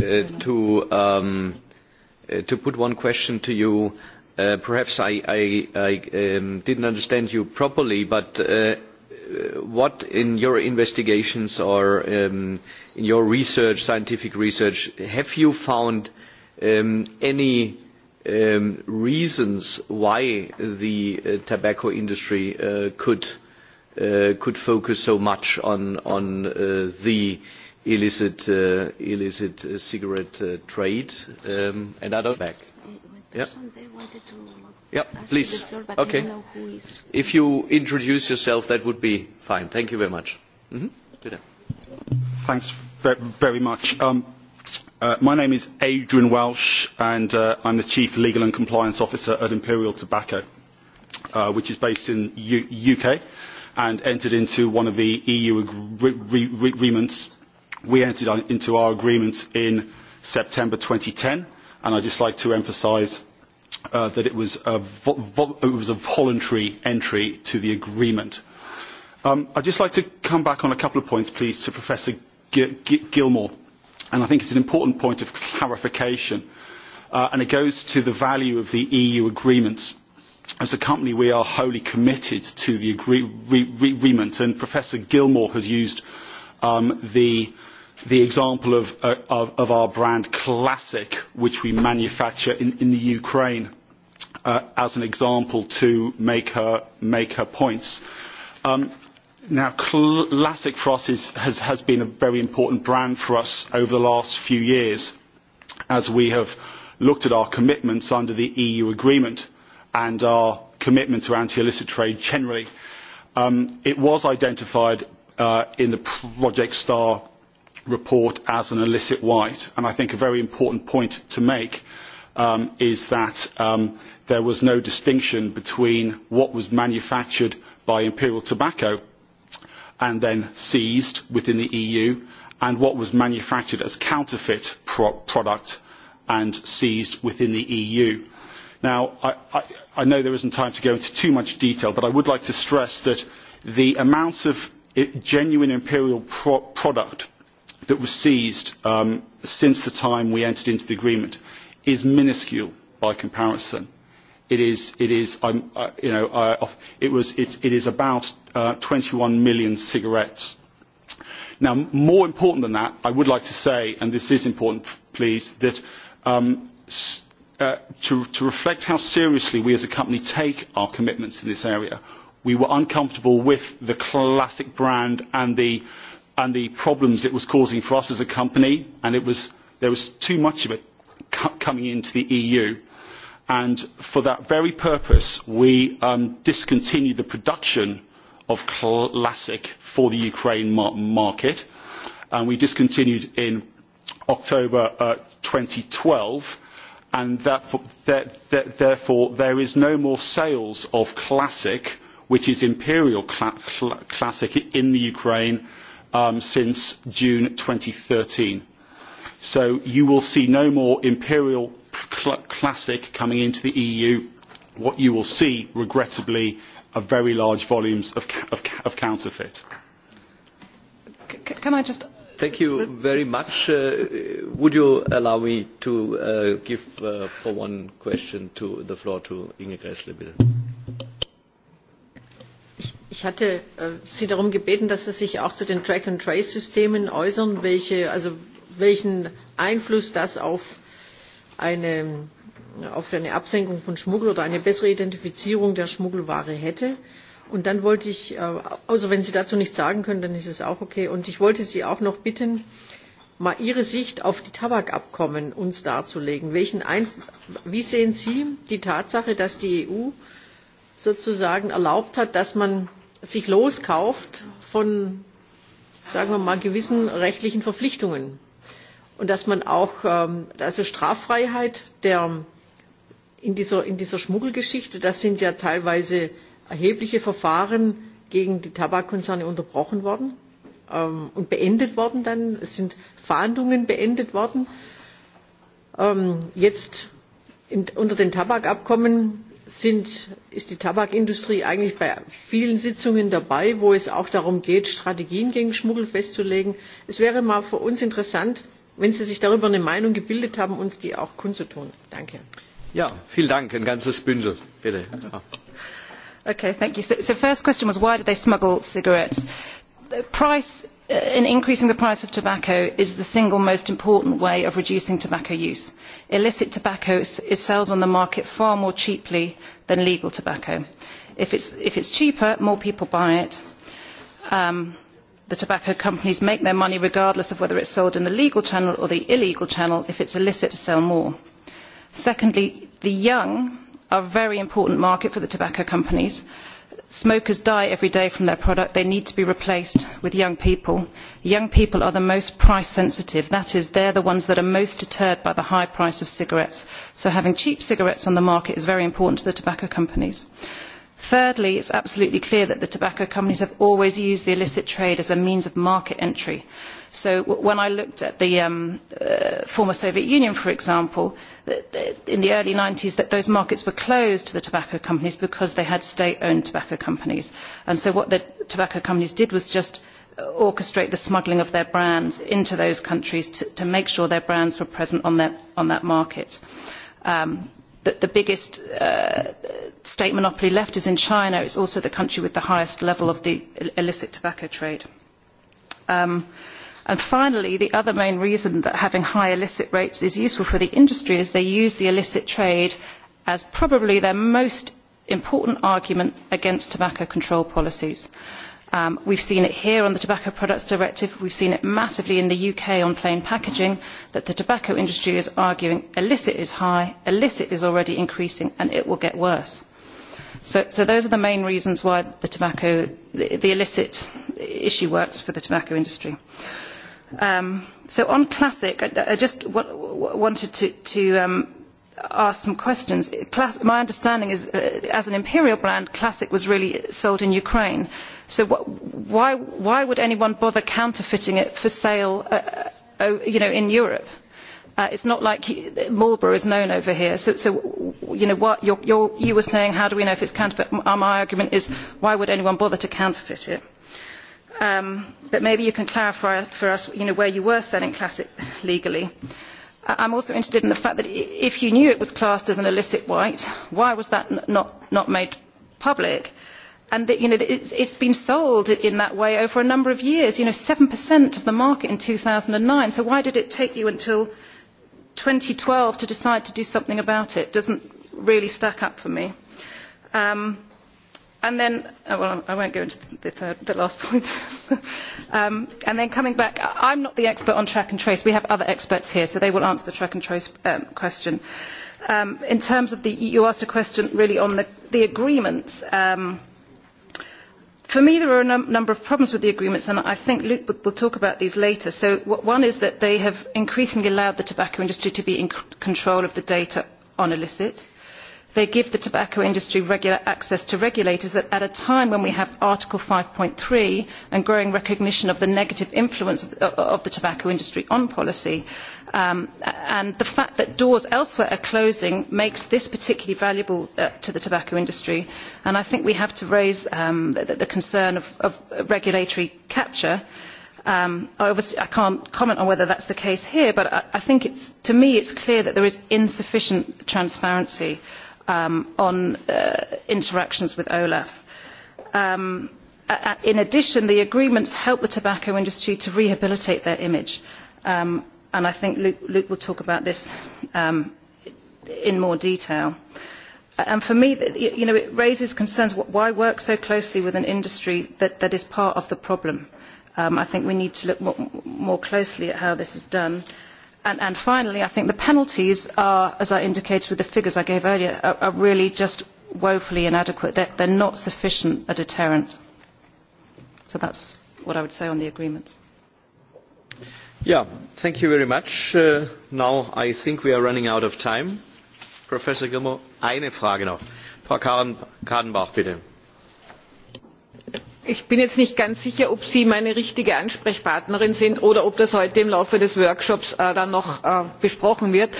oh, uh, to um, uh, to put one question to you. Uh, perhaps I, I, I um, didn't understand you properly, but uh, Uh, what in your investigations or um, in your research, scientific research, have you found um, any um, reasons why the uh, tobacco industry uh, could uh, could focus so much on on uh, the illicit uh, illicit uh, cigarette uh, trade? Um, and I don't back. Yeah. Yeah, ask please. The floor, but okay. I don't know who is. If you introduce yourself, that would be fine. Thank you very much. Mm -hmm. Thanks very, very much. Um, uh, my name is Adrian Welsh, and uh, I'm the Chief Legal and Compliance Officer at Imperial Tobacco, uh, which is based in the UK and entered into one of the EU agre agreements. We entered into our agreement in September 2010, and I'd just like to emphasize Uh, that it was a, vo- vo- it was a voluntary entry to the agreement. Um, I'd just like to come back on a couple of points, please, to Professor G- G- Gilmore. And I think it's an important point of clarification. Uh, and it goes to the value of the EU agreements. As a company, we are wholly committed to the agree- re- re- agreement. And Professor Gilmore has used um, the, uh, the example of, uh, of, of our brand Classic, which we manufacture in, in the Ukraine, uh, as an example to make her, make her points. Um, now, Classic for us is, has, has been a very important brand for us over the last few years as we have looked at our commitments under the EU agreement and our commitment to anti-illicit trade generally. Um, it was identified uh, in the Project Star report as an illicit white. And I think a very important point to make um, is that um, there was no distinction between what was manufactured by Imperial Tobacco and then seized within the EU and what was manufactured as counterfeit pro- product and seized within the EU. Now, I, I, I know there isn't time to go into too much detail, but I would like to stress that the amount of eh, genuine imperial pro- product that was seized um, since the time we entered into the agreement is minuscule by comparison. It is, it is, I'm, um, uh, you know, I, uh, it was, it, it is about uh, 21 million cigarettes. Now, more important than that, I would like to say, and this is important, please, that um, uh, to, to reflect how seriously we as a company take our commitments in this area, we were uncomfortable with the classic brand and the, and the problems it was causing for us as a company and it was, there was too much of it cu- coming into the EU. And for that very purpose, we um, discontinued the production of Classic for the Ukraine mar- market. And we discontinued in October uh, 2012. And that for, that, that, therefore, there is no more sales of Classic, which is Imperial cl- cl- Classic, in the Ukraine um, since June 2013. So you will see no more imperial cl- classic coming into the EU. What you will see, regrettably, are very large volumes of, ca- of, ca- of counterfeit. C- can I just. Thank you very much. Uh, would you allow me to uh, give uh, for one question to the floor to Inge Gressle? Bitte? Ich hatte äh, Sie darum gebeten, dass Sie sich auch zu den Track and Trace Systemen äußern, welche, also welchen Einfluss das auf eine, auf eine Absenkung von Schmuggel oder eine bessere Identifizierung der Schmuggelware hätte. Und dann wollte ich, äh, also wenn Sie dazu nichts sagen können, dann ist es auch okay. Und ich wollte Sie auch noch bitten, mal Ihre Sicht auf die Tabakabkommen uns darzulegen. Welchen Einf Wie sehen Sie die Tatsache, dass die EU sozusagen erlaubt hat, dass man sich loskauft von sagen wir mal gewissen rechtlichen Verpflichtungen und dass man auch ähm, also Straffreiheit der in dieser, in dieser Schmuggelgeschichte, das sind ja teilweise erhebliche Verfahren gegen die Tabakkonzerne unterbrochen worden ähm, und beendet worden dann. Es sind Fahndungen beendet worden. Ähm, jetzt in, unter den Tabakabkommen ist die tabakindustrie eigentlich bei vielen sitzungen dabei wo es auch darum geht strategien gegen schmuggel festzulegen. es wäre mal für uns interessant wenn sie sich darüber eine meinung gebildet haben uns die auch kundzutun. Ja, vielen dank ein ganzes bündel bitte. Ja. Okay, thank you. So, so first question was why did they smuggle cigarettes? The price Uh, increasing the price of tobacco is the single most important way of reducing tobacco use. illicit tobacco sells on the market far more cheaply than legal tobacco. if it is cheaper, more people buy it. Um, the tobacco companies make their money regardless of whether it is sold in the legal channel or the illegal channel if it is illicit to sell more. secondly, the young are a very important market for the tobacco companies smokers die every day from their product they need to be replaced with young people. young people are the most price sensitive that is they are the ones that are most deterred by the high price of cigarettes so having cheap cigarettes on the market is very important to the tobacco companies thirdly it is absolutely clear that the tobacco companies have always used the illicit trade as a means of market entry so when i looked at the um, uh, former soviet union for example in the early one thousand nine hundred and ninety s those markets were closed to the tobacco companies because they had state owned tobacco companies and so what the tobacco companies did was just uh, orchestrate the smuggling of their brands into those countries to make sure their brands were present on that market. Um, the biggest uh, state monopoly left is in China. It's also the country with the highest level of the illicit tobacco trade. Um, and finally, the other main reason that having high illicit rates is useful for the industry is they use the illicit trade as probably their most important argument against tobacco control policies. Uh, Um, we have seen it here on the tobacco products directive we have seen it massively in the uk on plain packaging that the tobacco industry is arguing illicit is high illicit is already increasing and it will get worse. so those are the main reasons why the tobacco the illicit issue works for the tobacco industry. Um, so on classic i, I just w- w- wanted to, to um, Ask some questions. Class, my understanding is, uh, as an imperial brand, Classic was really sold in Ukraine. So wh why, why would anyone bother counterfeiting it for sale uh, uh, you know, in Europe? Uh, it's not like Marlborough is known over here. So, so you, know, what you're, you're, you were saying, how do we know if it's counterfeit? Uh, my argument is, why would anyone bother to counterfeit it? Um, but maybe you can clarify for us you know, where you were selling classic legally. Uh, I'm also interested in the fact that if you knew it was classed as an illicit white, why was that n not, not made public? Uh, and you know it has been sold in that way over a number of years you know seven per cent of the market in two thousand and nine so why did it take you until two thousand and twelve to decide to do something about it? it does not really stack up for me. Um, and then, oh, well, I won't go into the, third, the last [laughs] point. um, and then coming back, I'm not the expert on track and trace. We have other experts here, so they will answer the track and trace um, question. Um, in terms of the, you asked a question really on the, the agreements. Um, uh, for me there are a number of problems with the agreements and i think luc will talk about these later. one is that they have increasingly allowed the tobacco industry to be in control of the data on illicit they give the tobacco industry access to regulators at a time when we have article five three and growing recognition of the negative influence of the tobacco industry on policy um, and the fact that doors elsewhere are closing makes this particularly valuable uh, to the tobacco industry and i think we have to raise um, the, the concern of, of regulatory capture um, obviously i can't comment on whether that's the case here but i, I think it's, to me it's clear that there is insufficient transparency uh, um, on uh, interactions with OLAF. Um, in addition, the agreements help the tobacco industry to rehabilitate their image. Um, and I think Luke, Luke will talk about this um, in more detail. And for me, you know, it raises concerns. Why work so closely with an industry that, that is part of the problem? Um, I think we need to look more, more closely at how this is done and finally i think the penalties are as i indicated with the figures i gave earlier really just woefully inadequate they are not a sufficient deterrent. so that is what i would say on the agreements. thank you very much. Uh, now i think we are running out of time. professor gilmour, eine frage noch. frau kadenbach, bitte ich bin jetzt nicht ganz sicher ob sie meine richtige ansprechpartnerin sind oder ob das heute im laufe des workshops äh, dann noch äh, besprochen wird.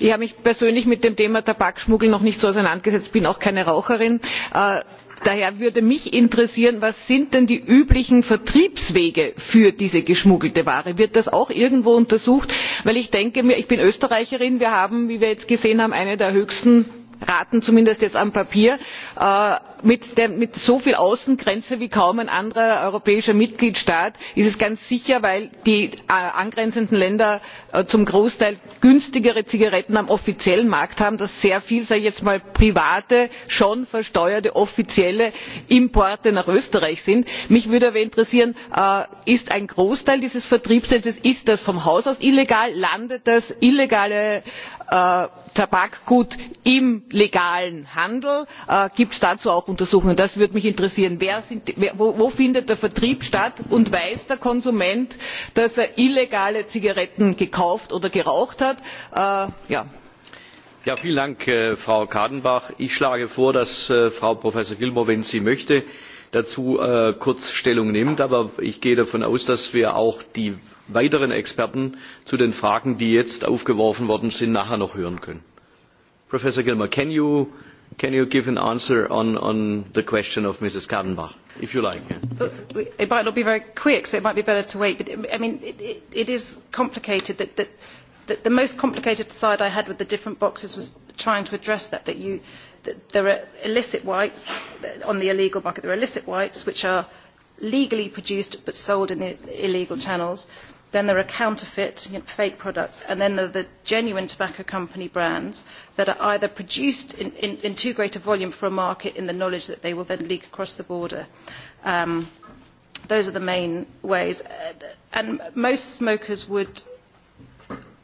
ich habe mich persönlich mit dem thema tabakschmuggel noch nicht so auseinandergesetzt bin auch keine raucherin. Äh, daher würde mich interessieren was sind denn die üblichen vertriebswege für diese geschmuggelte ware? wird das auch irgendwo untersucht? ich bin österreicherin wir haben wie wir jetzt gesehen haben eine der höchsten raten zumindest jetzt am papier äh, mit so viel außengrenze wie kaum ein anderer europäischer mitgliedstaat ist es ganz sicher weil die äh, angrenzenden länder äh, zum großteil günstigere zigaretten am offiziellen markt haben dass sehr viel sage ich jetzt mal private schon versteuerte offizielle importe nach österreich sind. mich würde aber interessieren ist ein großteil dieses vertriebsnetzes ist das von haus aus illegal landet das illegale Äh, tabakgut im legalen handel äh, gibt es dazu auch untersuchungen? das würde mich interessieren wo findet der vertrieb statt und weiß der konsument dass er illegale zigaretten gekauft oder geraucht hat? Äh, ja. Ja, vielen dank frau kadenbach! ich schlage vor dass frau professor gilmore wenn sie möchte dazu kurz stellung nimmt. aber ich gehe davon aus dass wir auch die weiteren experten zu den fragen die jetzt aufgeworfen worden sind nachher noch hören können. professor gilmore can you can you give an answer on on the question of mrs kadenbach if you like it might not be very quick so it might be better to wait but i mean it, it, it is complicated that, that the, the most complicated side I had with the different boxes was trying to address that. That, you, that there are illicit whites on the illegal market. There are illicit whites which are legally produced but sold in the illegal channels then there are counterfeit you know, fake products, and then there are the genuine tobacco company brands that are either produced in, in, in too great a volume for a market in the knowledge that they will then leak across the border. Um, those are the main ways. Uh, and most smokers would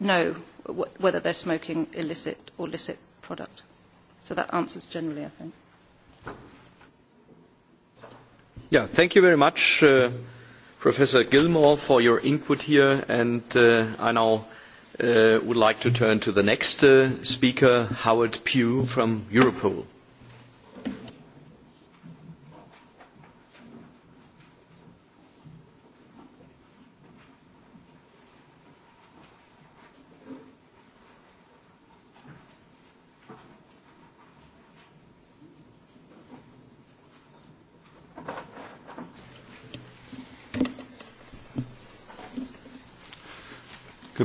know w- whether they're smoking illicit or licit product. So that answers generally, I think. Yeah, thank you very much. Uh, Professor Gilmore for your input here and uh, I now uh, would like to turn to the next uh, speaker, Howard Pugh from Europol.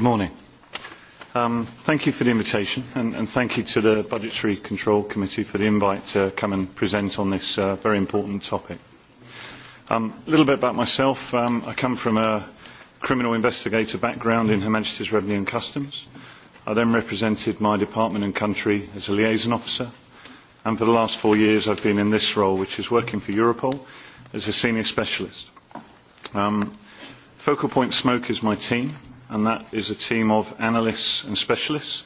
morning. Um, thank you for the invitation and, and thank you to the Budgetary Control Committee for the invite to come and present on this uh, very important topic. Um, a little bit about myself. Um, I come from a criminal investigator background in Her Majesty's Revenue and Customs. I then represented my department and country as a liaison officer. And for the last four years, I've been in this role, which is working for Europol as a senior specialist. Um, Focal Point Smoke is my team, and that is a team of analysts and specialists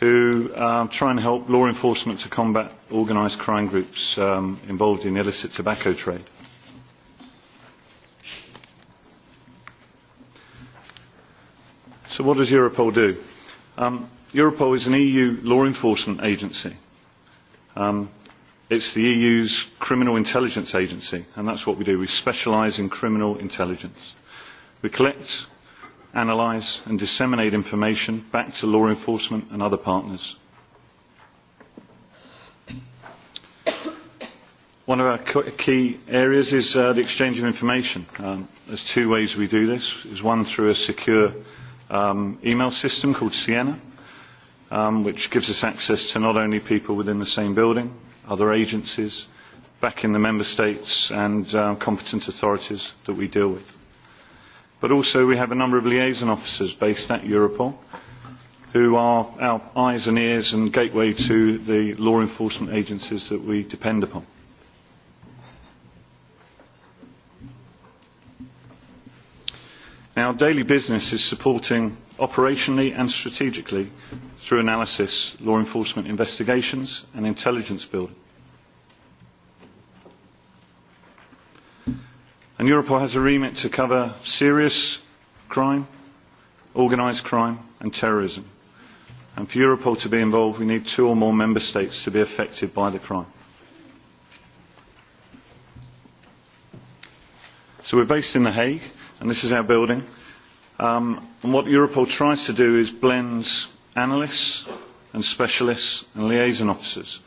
who um, try and help law enforcement to combat organised crime groups um, involved in the illicit tobacco trade. So what does Europol do? Um, Europol is an EU law enforcement agency. Um, it's the EU's criminal intelligence agency, and that's what we do. We specialise in criminal intelligence. We collect analyse and disseminate information back to law enforcement and other partners. One of our key areas is uh, the exchange of information. Um, there's two ways we do this. There's one through a secure um, email system called Siena, um, which gives us access to not only people within the same building, other agencies, back in the member states, and uh, competent authorities that we deal with but also we have a number of liaison officers based at europol who are our eyes and ears and gateway to the law enforcement agencies that we depend upon. Now, daily business is supporting operationally and strategically through analysis, law enforcement investigations and intelligence building. And Europol has a remit to cover serious crime, organised crime, and terrorism. And for Europol to be involved, we need two or more member states to be affected by the crime. So we're based in The Hague, and this is our building. Um, and what Europol tries to do is blend analysts and specialists and liaison officers.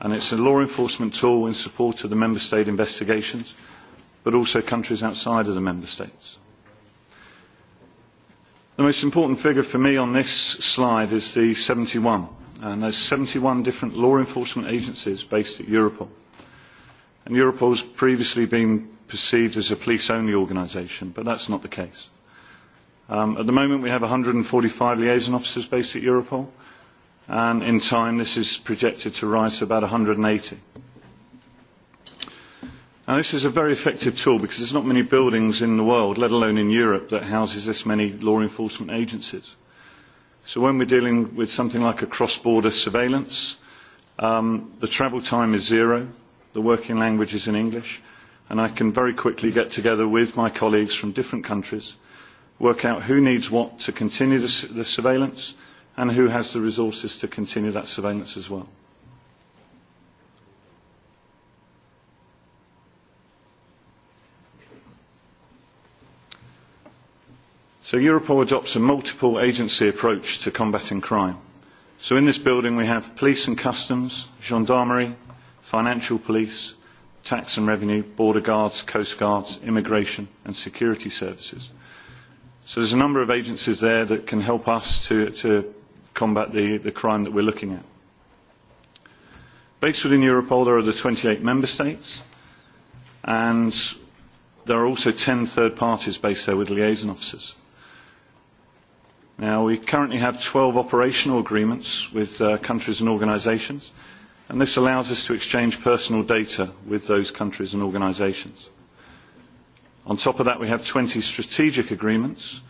And it's a law enforcement tool in support of the member state investigations but also countries outside of the member states. The most important figure for me on this slide is the 71. And there's 71 different law enforcement agencies based at Europol. And Europol has previously been perceived as a police-only organisation, but that's not the case. Um, at the moment, we have 145 liaison officers based at Europol, and in time, this is projected to rise to about 180. And this is a very effective tool because there's not many buildings in the world, let alone in Europe, that houses this many law enforcement agencies. So when we're dealing with something like a cross-border surveillance, um, the travel time is zero, the working language is in English, and I can very quickly get together with my colleagues from different countries, work out who needs what to continue the, the surveillance, and who has the resources to continue that surveillance as well. So Europol adopts a multiple agency approach to combating crime. So in this building we have police and customs, gendarmerie, financial police, tax and revenue, border guards, coast guards, immigration and security services. So there's a number of agencies there that can help us to, to combat the, the crime that we're looking at. Based within Europol there are the 28 member states and there are also 10 third parties based there with liaison officers. Now, we currently have 12 operational agreements with uh, countries and organizations, and this allows us to exchange personal data with those countries and organizations. On top of that, we have 20 strategic agreements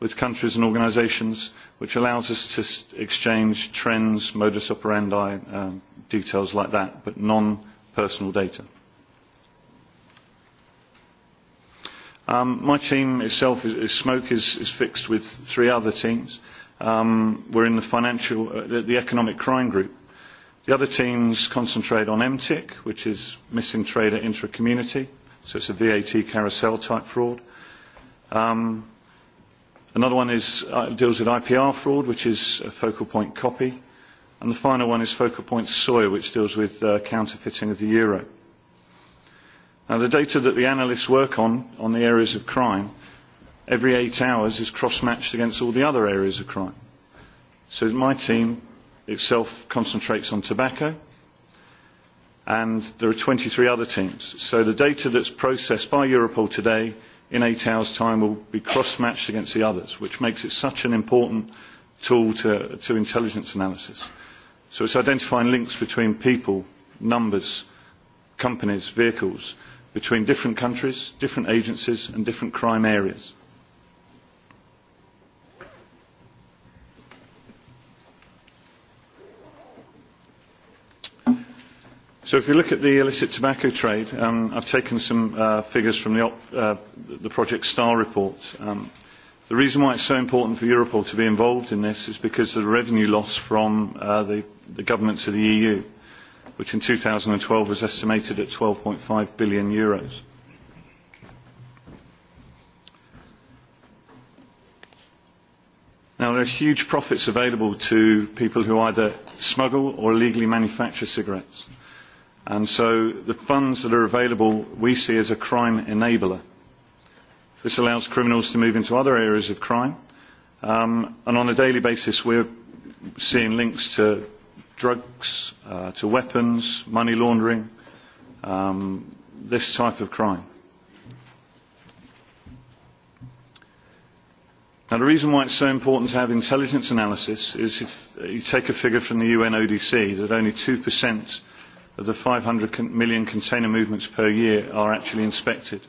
with countries and organizations, which allows us to exchange trends, modus operandi, um, details like that, but non-personal data. Um, my team itself is, is smoke is, is fixed with three other teams. Um, we're in the financial, uh, the, the economic crime group. The other teams concentrate on MTIC, which is missing trader intra-community, so it's a VAT carousel type fraud. Um, another one is, uh, deals with IPR fraud, which is a focal point copy. And the final one is focal point soy, which deals with uh, counterfeiting of the euro the data that the analysts work on on the areas of crime every eight hours is cross matched against all the other areas of crime so my team itself concentrates on tobacco and there are 23 other teams so the data that's processed by Europol today in eight hours time will be cross matched against the others which makes it such an important tool to, to intelligence analysis so it's identifying links between people numbers companies vehicles between different countries, different agencies and different crime areas. So if you look at the illicit tobacco trade, um, I've taken some uh, figures from the, op, uh, the Project STAR report. Um, the reason why it's so important for Europol to be involved in this is because of the revenue loss from uh, the, the governments of the EU which in 2012 was estimated at 12.5 billion euros. Now, there are huge profits available to people who either smuggle or illegally manufacture cigarettes. And so the funds that are available we see as a crime enabler. This allows criminals to move into other areas of crime. Um, and on a daily basis, we're seeing links to drugs uh, to weapons, money laundering, um, this type of crime. Now the reason why it's so important to have intelligence analysis is if you take a figure from the UN ODC that only 2% of the 500 million container movements per year are actually inspected.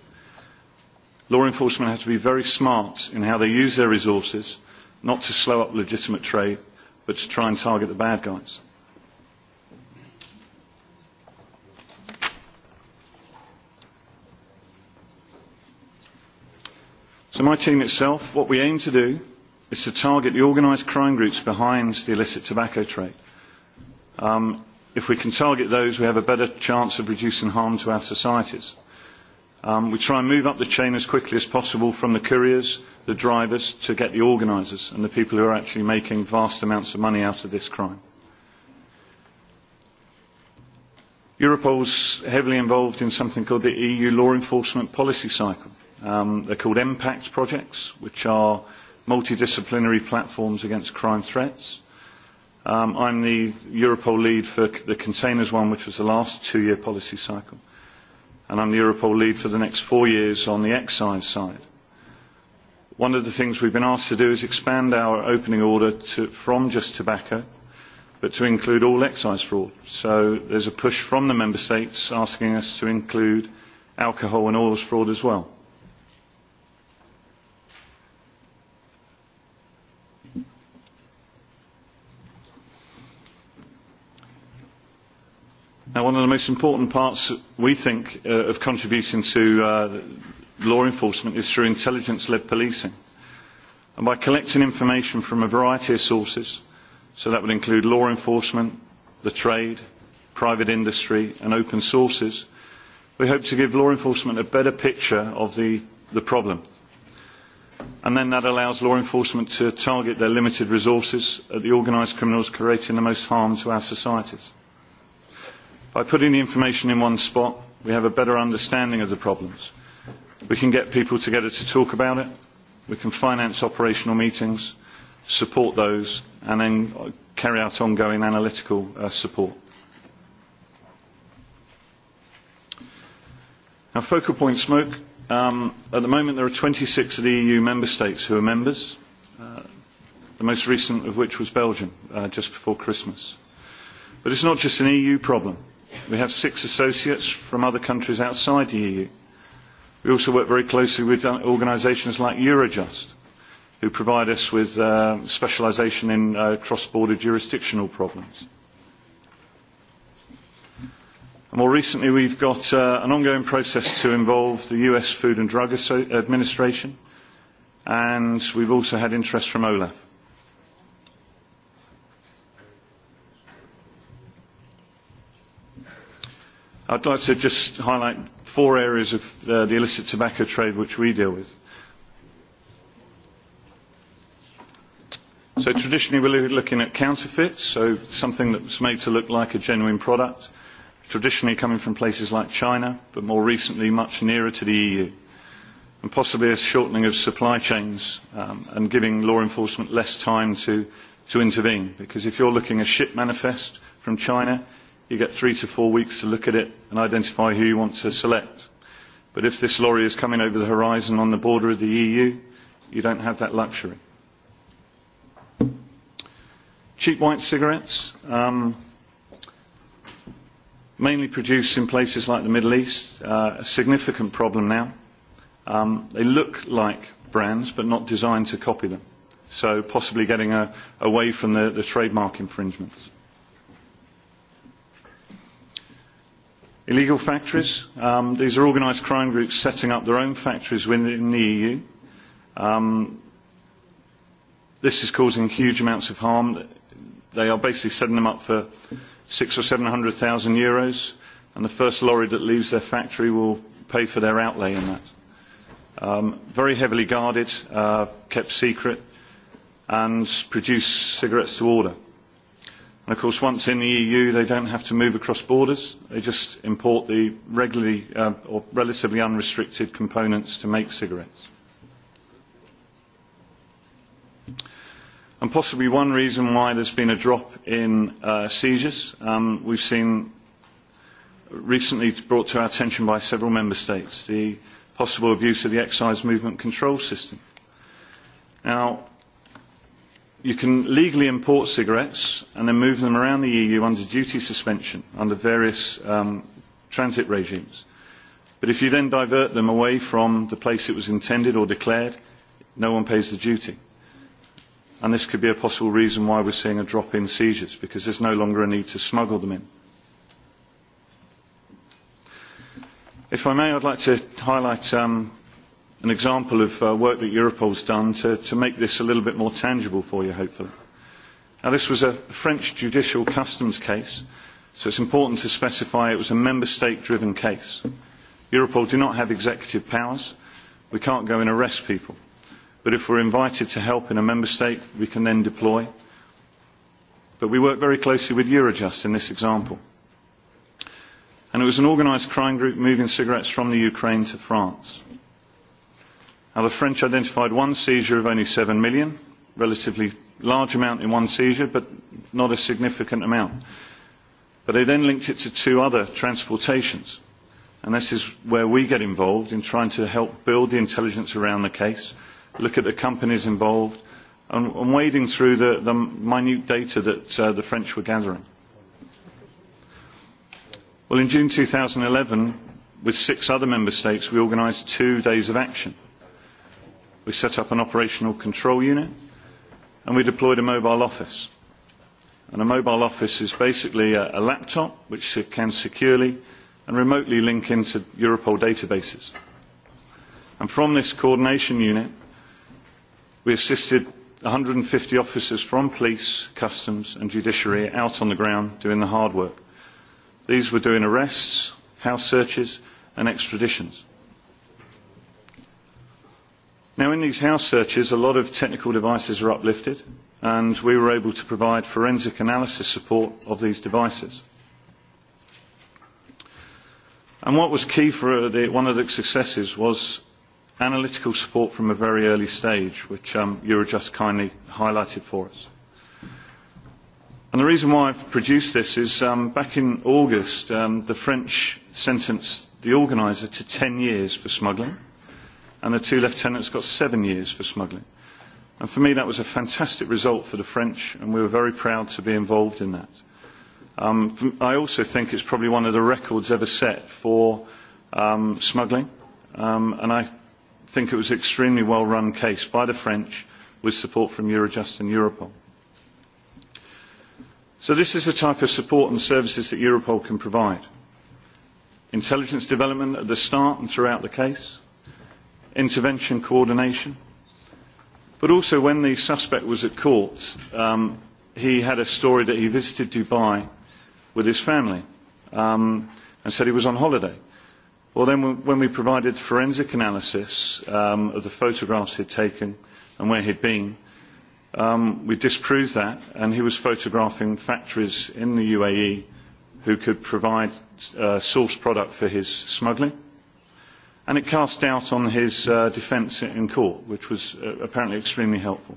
Law enforcement have to be very smart in how they use their resources, not to slow up legitimate trade, but to try and target the bad guys. So my team itself, what we aim to do is to target the organised crime groups behind the illicit tobacco trade. Um, if we can target those, we have a better chance of reducing harm to our societies. Um, we try and move up the chain as quickly as possible from the couriers, the drivers, to get the organisers and the people who are actually making vast amounts of money out of this crime. Europol is heavily involved in something called the EU law enforcement policy cycle. Um, they're called impact projects, which are multidisciplinary platforms against crime threats. Um, I'm the Europol lead for the containers one, which was the last two-year policy cycle. And I'm the Europol lead for the next four years on the excise side. One of the things we've been asked to do is expand our opening order to, from just tobacco, but to include all excise fraud. So there's a push from the member states asking us to include alcohol and oils fraud as well. One of the most important parts we think uh, of contributing to uh, law enforcement is through intelligence-led policing. And by collecting information from a variety of sources, so that would include law enforcement, the trade, private industry and open sources, we hope to give law enforcement a better picture of the, the problem. And then that allows law enforcement to target their limited resources at the organised criminals creating the most harm to our societies. By putting the information in one spot, we have a better understanding of the problems. We can get people together to talk about it. We can finance operational meetings, support those, and then carry out ongoing analytical uh, support. Now, focal point smoke. Um, at the moment, there are 26 of the EU member states who are members, uh, the most recent of which was Belgium, uh, just before Christmas. But it's not just an EU problem. We have six associates from other countries outside the EU. We also work very closely with uh, organisations like Eurojust, who provide us with uh, specialisation in uh, cross-border jurisdictional problems. More recently, we've got uh, an ongoing process to involve the US Food and Drug Administration, and we've also had interest from OLAF. I would like to just highlight four areas of uh, the illicit tobacco trade which we deal with. So traditionally we're looking at counterfeits, so something that's made to look like a genuine product, traditionally coming from places like China, but more recently much nearer to the EU, and possibly a shortening of supply chains um, and giving law enforcement less time to, to intervene. Because if you're looking at a ship manifest from China, you get three to four weeks to look at it and identify who you want to select. But if this lorry is coming over the horizon on the border of the EU, you don't have that luxury. Cheap white cigarettes, um, mainly produced in places like the Middle East, uh, a significant problem now. Um, they look like brands, but not designed to copy them. So possibly getting a, away from the, the trademark infringements. illegal factories. Um, these are organised crime groups setting up their own factories within the EU. Um, this is causing huge amounts of harm. They are basically setting them up for six or seven hundred thousand euros, and the first lorry that leaves their factory will pay for their outlay in that. Um, very heavily guarded, uh, kept secret, and produce cigarettes to order. And of course, once in the EU, they don't have to move across borders. They just import the regularly uh, or relatively unrestricted components to make cigarettes. And possibly one reason why there's been a drop in uh, seizures, um, we've seen recently brought to our attention by several member states the possible abuse of the excise movement control system. Now, You can legally import cigarettes and then move them around the EU under duty suspension under various um, transit regimes. But if you then divert them away from the place it was intended or declared, no one pays the duty. And this could be a possible reason why we're seeing a drop in seizures, because there's no longer a need to smuggle them in. If I may, I'd like to highlight um, an example of uh, work that Europol has done to, to make this a little bit more tangible for you, hopefully. Now, this was a French judicial customs case, so it's important to specify it was a member state-driven case. Europol do not have executive powers. We can't go and arrest people. But if we're invited to help in a member state, we can then deploy. But we work very closely with Eurojust in this example. And it was an organized crime group moving cigarettes from the Ukraine to France. The French identified one seizure of only 7 million, relatively large amount in one seizure, but not a significant amount. But they then linked it to two other transportations. And this is where we get involved in trying to help build the intelligence around the case, look at the companies involved, and, and wading through the, the minute data that uh, the French were gathering. Well, in June 2011, with six other member states, we organized two days of action. We set up an operational control unit and we deployed a mobile office. And a mobile office is basically a, a laptop which can securely and remotely link into Europol databases. And from this coordination unit, we assisted 150 officers from police, customs and judiciary out on the ground doing the hard work. These were doing arrests, house searches and extraditions in these house searches a lot of technical devices are uplifted and we were able to provide forensic analysis support of these devices. And what was key for uh, the, one of the successes was analytical support from a very early stage, which um, you were just kindly highlighted for us. And the reason why I've produced this is um, back in August, um, the French sentenced the organizer to 10 years for smuggling and the two lieutenants got seven years for smuggling. And for me, that was a fantastic result for the French, and we were very proud to be involved in that. Um, I also think it's probably one of the records ever set for um, smuggling, um, and I think it was an extremely well-run case by the French with support from Eurojust and Europol. So this is the type of support and services that Europol can provide. Intelligence development at the start and throughout the case – intervention coordination but also when the suspect was at court um, he had a story that he visited Dubai with his family um, and said he was on holiday. Well then when we provided forensic analysis um, of the photographs he'd taken and where he'd been um, we disproved that and he was photographing factories in the UAE who could provide uh, source product for his smuggling and it cast doubt on his uh, defence in court, which was uh, apparently extremely helpful.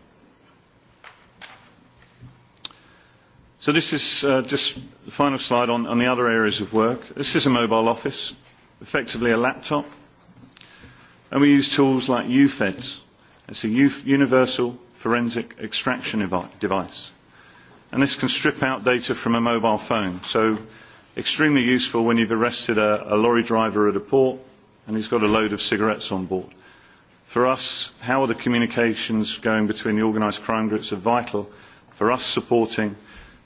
So this is uh, just the final slide on, on the other areas of work. This is a mobile office, effectively a laptop, and we use tools like UFEDS. It's a U- universal forensic extraction ev- device. And this can strip out data from a mobile phone. So extremely useful when you've arrested a, a lorry driver at a port and he's got a load of cigarettes on board. For us, how are the communications going between the organised crime groups are vital for us supporting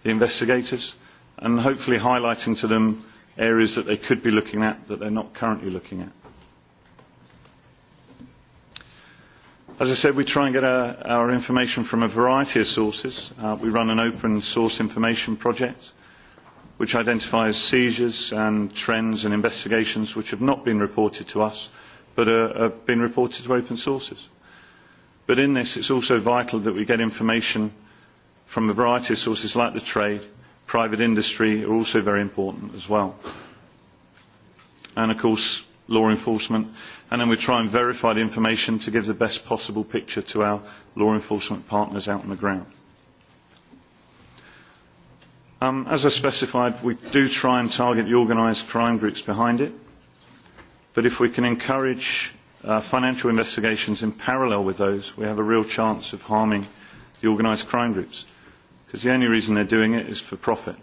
the investigators and hopefully highlighting to them areas that they could be looking at that they're not currently looking at. As I said, we try and get our, our information from a variety of sources. Uh, we run an open source information project which identifies seizures and trends and investigations which have not been reported to us but have been reported to open sources. But in this, it's also vital that we get information from a variety of sources like the trade, private industry are also very important as well. And of course, law enforcement. And then we try and verify the information to give the best possible picture to our law enforcement partners out on the ground. Um, as I specified, we do try and target the organised crime groups behind it. But if we can encourage uh, financial investigations in parallel with those, we have a real chance of harming the organised crime groups. Because the only reason they're doing it is for profit.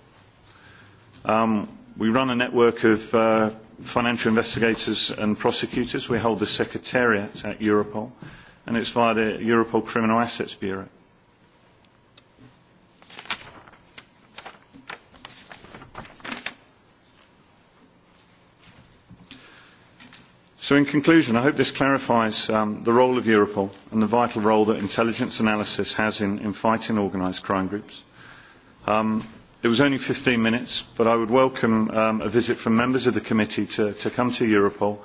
Um, we run a network of uh, financial investigators and prosecutors. We hold the secretariat at Europol, and it's via the Europol Criminal Assets Bureau. in conclusion, I hope this clarifies um, the role of Europol and the vital role that intelligence analysis has in, in fighting organized crime groups. Um, it was only 15 minutes, but I would welcome um, a visit from members of the committee to, to come to Europol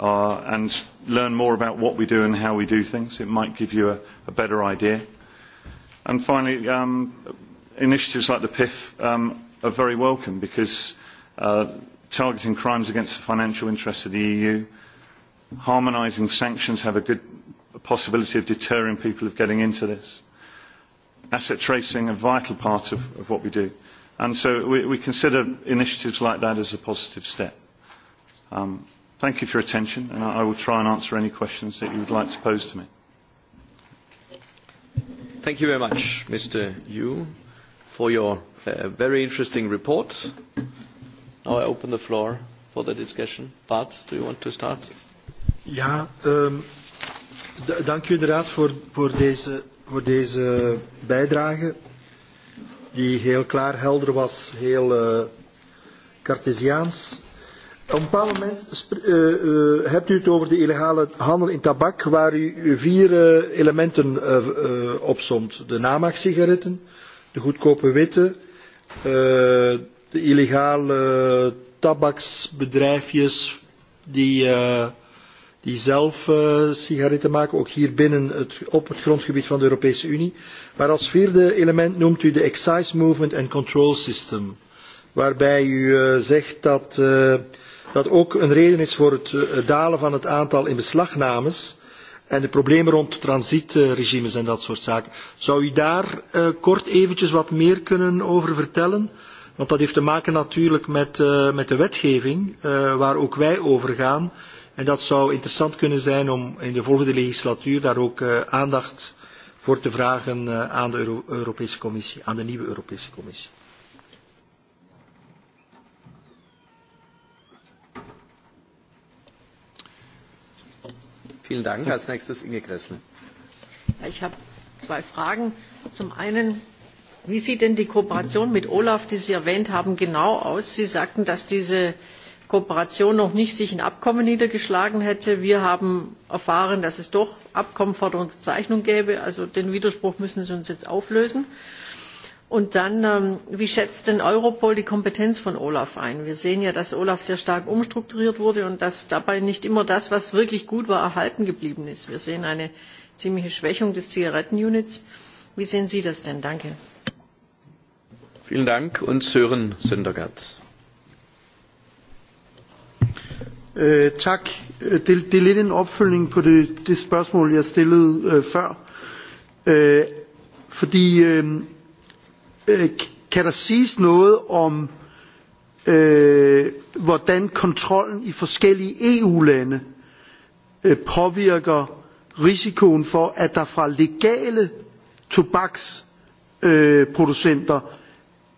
uh, and learn more about what we do and how we do things. It might give you a, a better idea. And finally, um, initiatives like the PIF um, are very welcome because uh, targeting crimes against the financial interests of the EU harmonising sanctions have a good possibility of deterring people from getting into this. Asset tracing a vital part of, of what we do. And so we, we consider initiatives like that as a positive step. Um, thank you for your attention, and I, I will try and answer any questions that you would like to pose to me. Thank you very much, Mr. Yu, for your uh, very interesting report. Now I open the floor for the discussion. Bart, do you want to start? Thank you. Ja, um, dank u inderdaad voor, voor, deze, voor deze bijdrage, die heel klaar, helder was, heel uh, cartesiaans. Op een bepaald moment uh, uh, hebt u het over de illegale handel in tabak, waar u vier uh, elementen uh, uh, opzomt. De namaaksigaretten, de goedkope witte, uh, de illegale tabaksbedrijfjes die... Uh, die zelf uh, sigaretten maken, ook hier binnen het, op het grondgebied van de Europese Unie. Maar als vierde element noemt u de excise movement and control system, waarbij u uh, zegt dat uh, dat ook een reden is voor het uh, dalen van het aantal in beslagnames en de problemen rond transitregimes en dat soort zaken. Zou u daar uh, kort eventjes wat meer kunnen over vertellen? Want dat heeft te maken natuurlijk met, uh, met de wetgeving uh, waar ook wij over gaan. En dat zou interessant kunnen zijn om in de volgende legislatuur daar ook uh, aandacht voor te vragen uh, aan de Euro Europese Commissie, aan de nieuwe Europese Commissie. Vielen Dank. Ja. Als nächstes Inge Kressel. Ja, ich habe zwei Fragen. Zum einen, wie sieht denn die Kooperation mit Olaf, die Sie erwähnt haben, genau aus? Sie sagten, dass diese äh, kooperation sich noch nicht in abkommen niedergeschlagen hätte. wir haben erfahren dass es doch abkommen vor der unterzeichnung gäbe. also den widerspruch müssen sie uns jetzt auflösen. und dann ähm, wie schätzt denn europol die kompetenz von olaf ein? wir sehen ja dass olaf sehr stark umstrukturiert wurde und dass dabei nicht immer das was wirklich gut war erhalten geblieben ist. wir sehen eine ziemliche schwächung des zigaretten units. wie sehen sie das denn? danke. vielen dank und sören Söndergaard. Øh, tak. Det, det er lidt en opfølgning på det, det spørgsmål, jeg stillede øh, før. Øh, fordi øh, øh kan der siges noget om, øh, hvordan kontrollen i forskellige EU-lande øh, påvirker risikoen for, at der fra legale tobaksproducenter øh,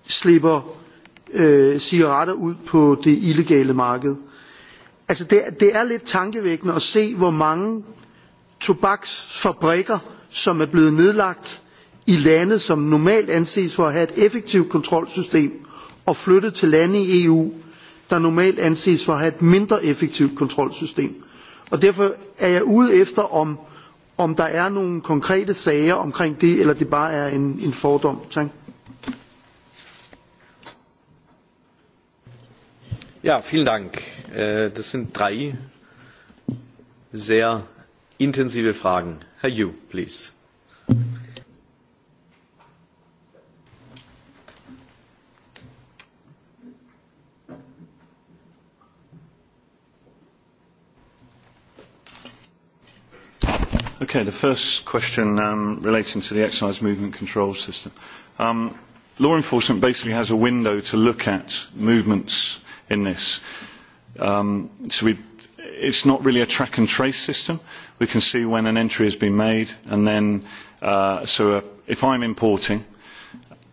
slipper øh, cigaretter ud på det illegale marked? det er lidt tankevækkende at se hvor mange tobaksfabrikker som er blevet nedlagt i lande som normalt anses for at have et effektivt kontrolsystem og flyttet til lande i eu der normalt anses for at have et mindre effektivt kontrolsystem derfor er jeg ude efter om om der er nogle konkrete sager omkring det eller om det bare er en fordom Ja, vielen dank! Äh, das sind drei sehr intensive fragen. herr yu please. Okay, the first question um, relating to the exercise movement control system. Um, law enforcement basically has a window to look at movements uh, in this. Um, so we, it's not really a track and trace system. We can see when an entry has been made and then, uh, so a, uh, if I'm importing,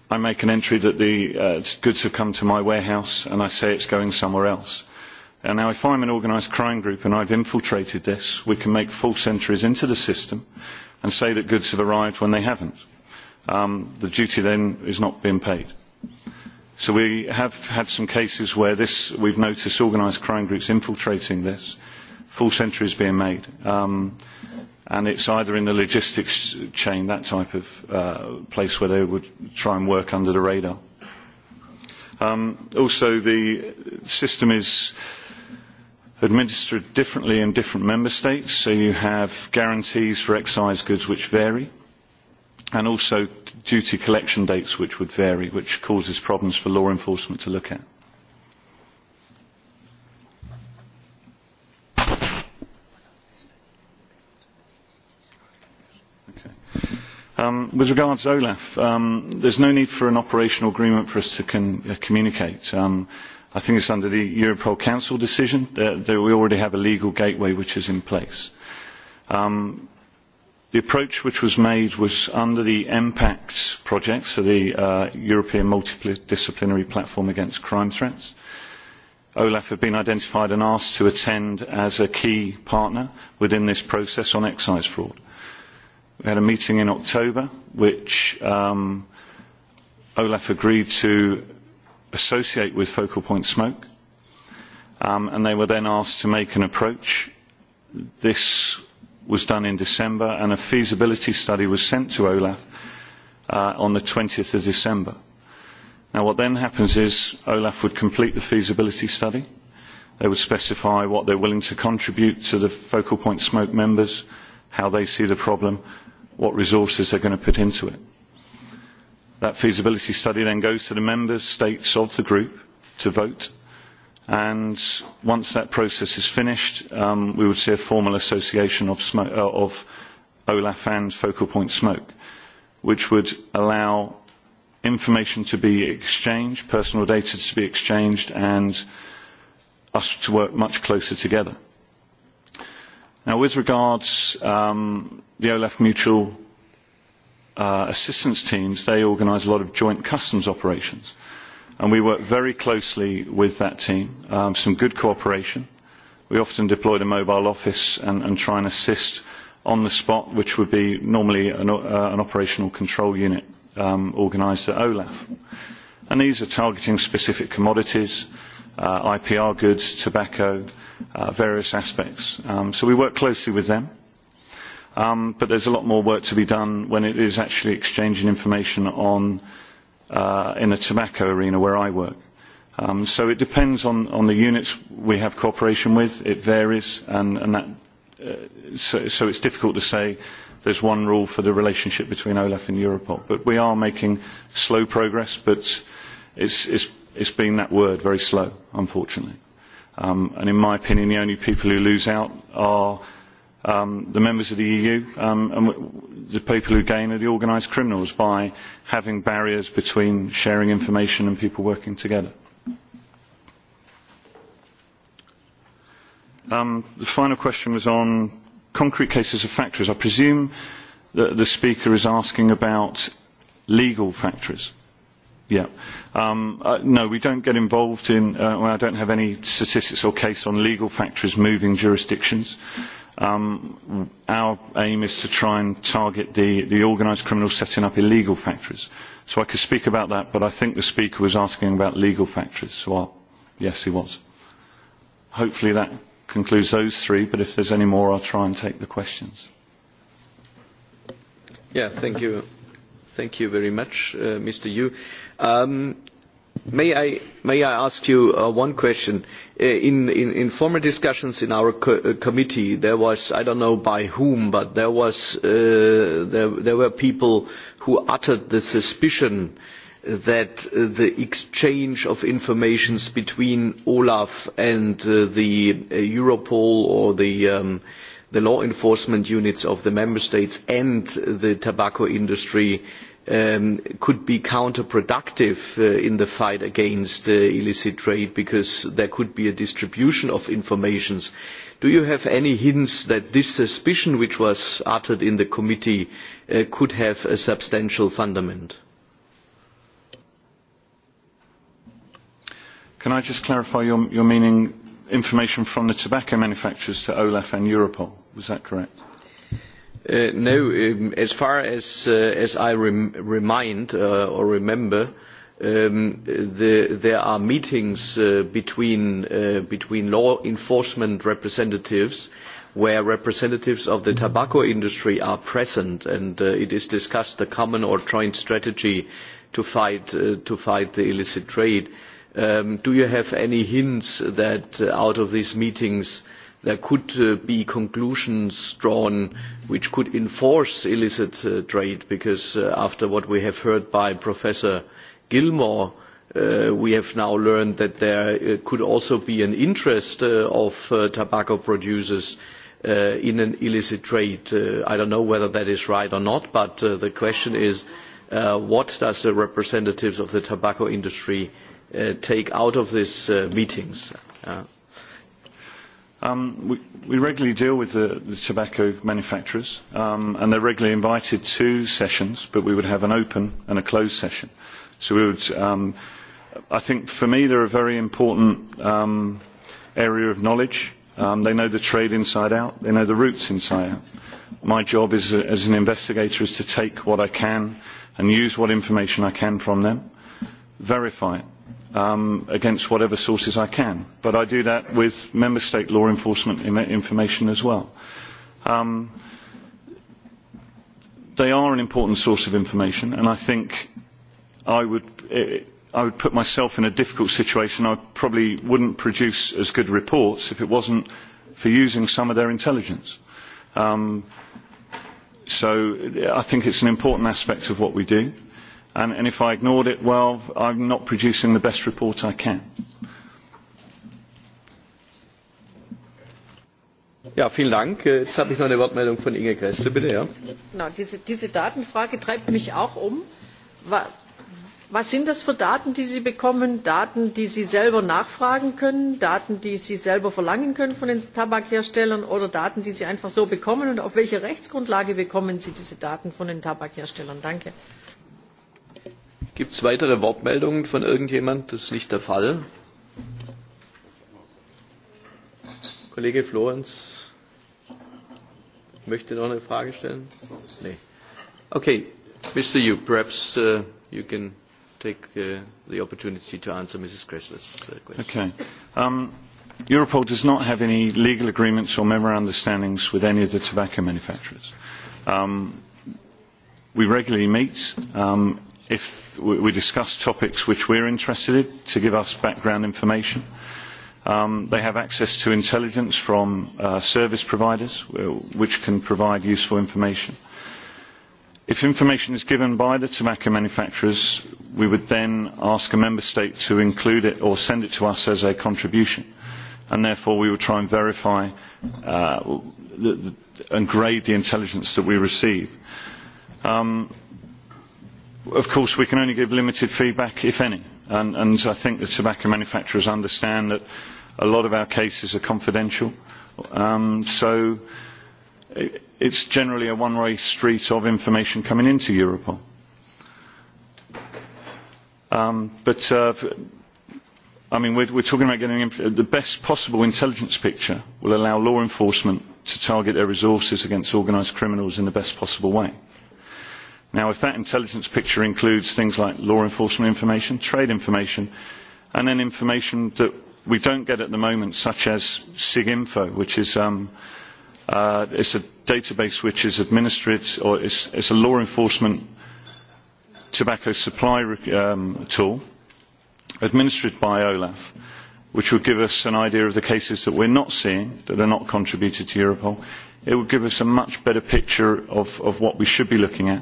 I make an entry that the uh, goods have come to my warehouse and I say it's going somewhere else. And now if I'm an organised crime group and I've infiltrated this, we can make false entries into the system and say that goods have arrived when they haven't. Um, the duty then is not being paid so we have had some cases where this we've noticed organized crime groups infiltrating this full centuries being made um, and it's either in the logistics chain that type of uh, place where they would try and work under the radar um, also the system is administered differently in different member states so you have guarantees for excise goods which vary and also duty collection dates which would vary, which causes problems for law enforcement to look at. Um, with regards to OLAF, um, there's no need for an operational agreement for us to con uh, communicate. Um, I think it's under the Europol Council decision that, that we already have a legal gateway which is in place. Um, The approach which was made was under the MPACT project, so the uh, European Multidisciplinary Platform Against Crime Threats. OLAF had been identified and asked to attend as a key partner within this process on excise fraud. We had a meeting in October, which um, OLAF agreed to associate with Focal Point Smoke, um, and they were then asked to make an approach. This was done in December and a feasibility study was sent to OLAF uh, on the 20th of December. Now what then happens is OLAF would complete the feasibility study. They would specify what they're willing to contribute to the focal point smoke members, how they see the problem, what resources they're going to put into it. That feasibility study then goes to the member states of the group to vote and once that process is finished um, we would see a formal association of, smoke, uh, of OLAF and focal point smoke which would allow information to be exchanged, personal data to be exchanged and us to work much closer together. Now with regards um, the OLAF mutual uh, assistance teams, they organise a lot of joint customs operations and we worked very closely with that team, um, some good cooperation. We often deployed a mobile office and, and try and assist on the spot, which would be normally an, uh, an operational control unit um, organized at OLAF. And these are targeting specific commodities, uh, IPR goods, tobacco, uh, various aspects. Um, so we work closely with them. Um, but there's a lot more work to be done when it is actually exchanging information on uh, in the tobacco arena where I work. Um, so it depends on, on the units we have cooperation with. It varies, and, and that, uh, so, so it's difficult to say there's one rule for the relationship between OLAF and Europol. But we are making slow progress, but it's, it's, it's been that word, very slow, unfortunately. Um, and in my opinion, the only people who lose out are... Um, the members of the eu um, the people who gain are the organised criminals by having barriers between sharing information and people working together. Um, the final question was on concrete cases of factories. i presume that the speaker is asking about legal factories. Yeah. Um, uh, no, we don't get involved in, uh, well, I don't have any statistics or case on legal factories moving jurisdictions. Mm-hmm. Um, our aim is to try and target the, the organised criminals setting up illegal factories. So I could speak about that, but I think the Speaker was asking about legal factories. So I'll, yes, he was. Hopefully that concludes those three, but if there's any more, I'll try and take the questions. Yeah, thank you. Thank you very much, uh, Mr. Yu. Um, may i ask you uh, one question? Uh, in former discussions in our uh, committee there was i do not know by whom but there were people who uttered the suspicion that the exchange of information between olaf and the europol or um, the law enforcement units of the member states and the tobacco industry Um, could be counterproductive uh, in the fight against uh, illicit trade because there could be a distribution of information. do you have any hints that this suspicion which was uttered in the committee uh, could have a substantial fundament? Can I just clarify your, your meaning information from the tobacco manufacturers to OLAF and Europol? Was that correct? Uh, now um, as far as uh, i remind uh, or remember um, there are meetings between law enforcement representatives where representatives of the tobacco industry are present and it is discussed the common or joint strategy to fight to fight the illicit trade. Um, do you have any hints that out of these meetings there could uh, be conclusions drawn which could enforce illicit uh, trade because uh, after what we have heard by Professor Gilmore, uh, we have now learned that there uh, could also be an interest uh, of uh, tobacco producers uh, in an illicit trade. Uh, I don't know whether that is right or not, but uh, the question is uh, what does the representatives of the tobacco industry uh, take out of these uh, meetings? Uh, Um, we, we regularly deal with the, the tobacco manufacturers um, and they're regularly invited to sessions but we would have an open and a closed session. So we would, um, I think for me they're a very important um, area of knowledge. Um, they know the trade inside out, they know the routes inside out. My job is, as an investigator is to take what I can and use what information I can from them, verify it um, against whatever sources I can. But I do that with member state law enforcement information as well. Um, they are an important source of information, and I think I would, eh, I would put myself in a difficult situation. I probably wouldn't produce as good reports if it wasn't for using some of their intelligence. Um, so I think it's an important aspect of what we do and, and if I ignored it, well, I'm not producing the best report I can. Ja, vielen Dank. Äh, jetzt habe ich noch eine Wortmeldung von Inge Gressel, bitte. Ja. Genau, diese, diese Datenfrage treibt mich auch um. Was sind das für Daten, die Sie bekommen? Daten, die Sie selber nachfragen können? Daten, die Sie selber verlangen können von den Tabakherstellern? Oder Daten, die Sie einfach so bekommen? Und auf welche Rechtsgrundlage bekommen Sie diese Daten von den Tabakherstellern? Danke. Gibt es weitere Wortmeldungen von irgendjemand? Das ist nicht der Fall. Kollege Florenz möchte noch eine Frage stellen? Nein. Okay, Mr. Yu, perhaps uh, you can take uh, the opportunity to answer Mrs. Kressler's uh, question. Okay. Um, Europol does not have any legal agreements or memorandum understandings with any of the tobacco manufacturers. Um, we regularly meet. Um, if we discuss topics which we are interested in to give us background information. Um, they have access to intelligence from uh, service providers uh, which can provide useful information. If information is given by the tobacco manufacturers, we would then ask a member state to include it or send it to us as a contribution. And therefore, we would try and verify uh, the, the, and grade the intelligence that we receive. Um, of course we can only give limited feedback if any and, and I think the tobacco manufacturers understand that a lot of our cases are confidential um, so it, it's generally a one-way street of information coming into Europol um, but uh, I mean we're, we're talking about getting the best possible intelligence picture will allow law enforcement to target their resources against organized criminals in the best possible way If that intelligence picture includes things like law enforcement information, trade information, and then information that we don't get at the moment, such as SIGINFO, which is um, uh, a database which is administered, or it's a law enforcement tobacco supply um, tool administered by Olaf, which would give us an idea of the cases that we're not seeing that are not contributed to Europol. It would give us a much better picture of what we should be looking at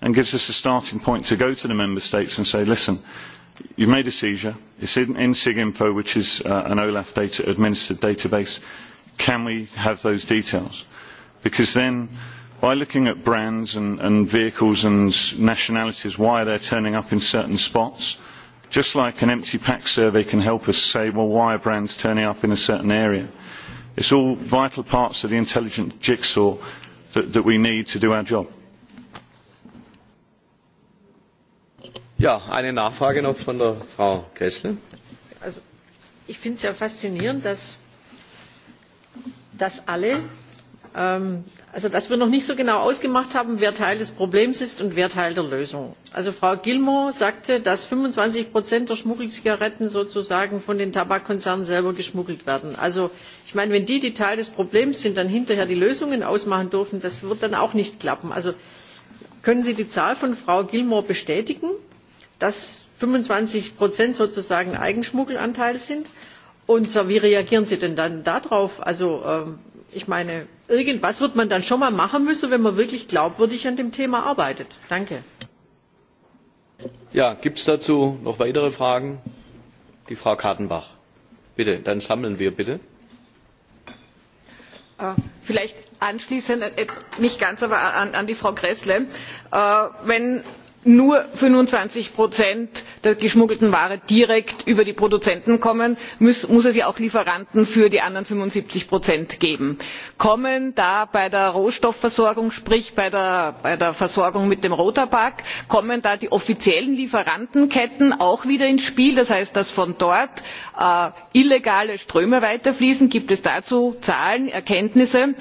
and gives us a starting point to go to the member states and say, listen, you've made a seizure, it's in, in SIGINFO, which is uh, an OLAF data administered database, can we have those details? Because then, by looking at brands and, and vehicles and nationalities, why they're turning up in certain spots, just like an empty pack survey can help us say, well, why are brands turning up in a certain area? It's all vital parts of the intelligent jigsaw that, that we need to do our job. Ja, eine nachfrage noch von frau gräßle. ich finde es ja faszinierend ähm, dass wir noch nicht so genau ausgemacht haben wer teil des problems ist und wer teil der lösung. also frau gilmore sagte dass fünfundzwanzig der schmuggelzigaretten sozusagen von den tabakkonzernen selber geschmuggelt werden. also ich meine wenn die die teil des problems sind dann hinterher die lösungen ausmachen dürfen das wird dann auch nicht klappen. also können sie die zahl von frau gilmore bestätigen? dass fünfundzwanzig sozusagen eigenschmuggelanteil sind und wie reagieren sie denn dann darauf? also ähm, ich meine irgendwas wird man dann schon mal machen müssen wenn man wirklich glaubwürdig an dem thema arbeitet. danke. Ja, gibt es dazu noch weitere Fragen? Die Frau Kartenbach, bitte, dann sammeln wir bitte. Äh, vielleicht anschließend, äh, nicht ganz, aber an, an die Frau Gressle. Äh, wenn nur fünfundzwanzig der geschmuggelten ware direkt über die produzenten kommen muss es ja auch lieferanten für die anderen fünfundsiebzig geben. kommen da bei der rohstoffversorgung sprich bei der versorgung mit dem rohtabak die offiziellen lieferantenketten auch wieder ins spiel das heißt dass von dort äh, illegale ströme weiterfließen? gibt es dazu zahlen erkenntnisse?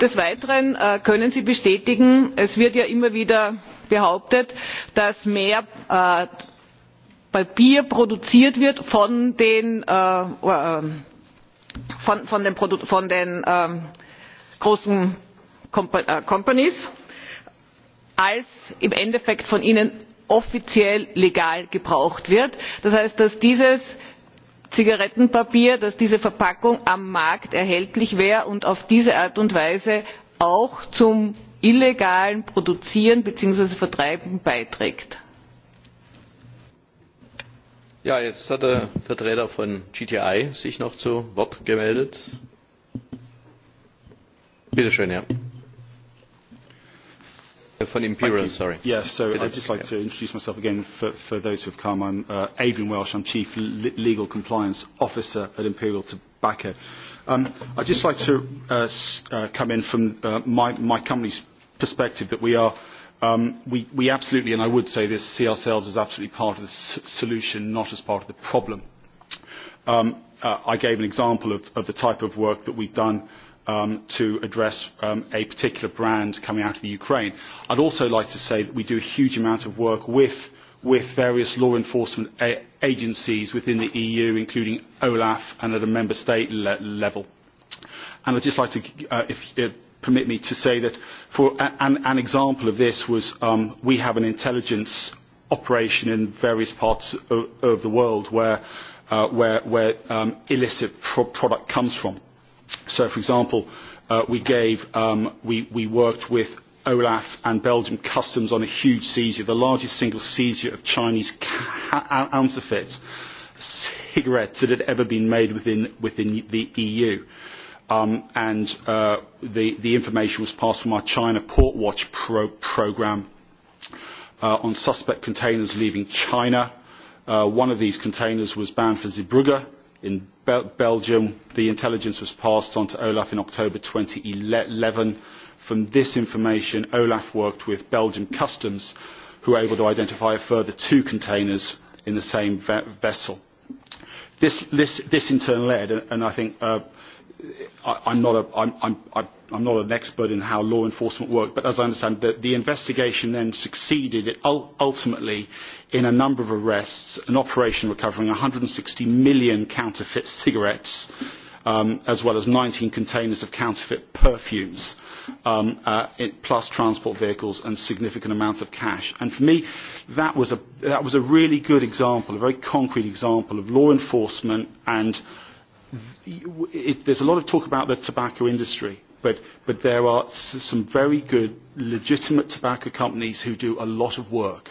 des weiteren äh, können sie bestätigen es wird ja immer wieder behauptet dass mehr äh, papier produziert wird von den großen companies als im endeffekt von ihnen offiziell legal gebraucht wird. das heißt dass dieses zigarettenpapier dass diese verpackung am markt erhältlich wäre und auf diese art und weise auch zum illegalen produzieren bzw. vertreiben beiträgt? Ja, jetzt hat der Vertreter von GTI sich noch zu Wort gemeldet. Bitte schön, ja. Von Imperial, sorry. Yeah, so Bitte. I'd just like to introduce myself again for, for those who have come. I'm uh, Adrian Welsh, I'm Chief Legal Compliance Officer at Imperial Tobacco. Um, I'd just like to uh, uh, come in from uh, my, my company's perspective that we are um, we, we absolutely and I would say this see ourselves as absolutely part of the s- solution not as part of the problem um, uh, I gave an example of, of the type of work that we've done um, to address um, a particular brand coming out of the Ukraine. I'd also like to say that we do a huge amount of work with, with various law enforcement a- agencies within the EU, including OLAF and at a member state le- level. And I'd just like to, uh, if, uh, permit me to say that for an, an example of this was um, we have an intelligence operation in various parts of, of the world where uh, where, where um, illicit pro product comes from. So, for example, uh, we gave um, we, we worked with Olaf and Belgium Customs on a huge seizure, the largest single seizure of Chinese counterfeit cigarettes that had ever been made within within the EU. Uh, um, and uh, the, the information was passed from our China Port Watch pro- program uh, on suspect containers leaving China. Uh, one of these containers was bound for Zeebrugge in Bel- Belgium. The intelligence was passed on to Olaf in October 2011. From this information, Olaf worked with Belgian Customs, who were able to identify a further two containers in the same ve- vessel. This, this, this in turn led, and I think uh, I'm not, a, I'm, I'm, I'm not an expert in how law enforcement worked, but as I understand, the, the investigation then succeeded it ultimately in a number of arrests, an operation recovering 160 million counterfeit [laughs] cigarettes, um, as well as 19 containers of counterfeit perfumes, um, uh, it, plus transport vehicles and significant amounts of cash. And for me, that was, a, that was a really good example, a very concrete example of law enforcement and there's a lot of talk about the tobacco industry, but, but there are s some very good legitimate tobacco companies who do a lot of work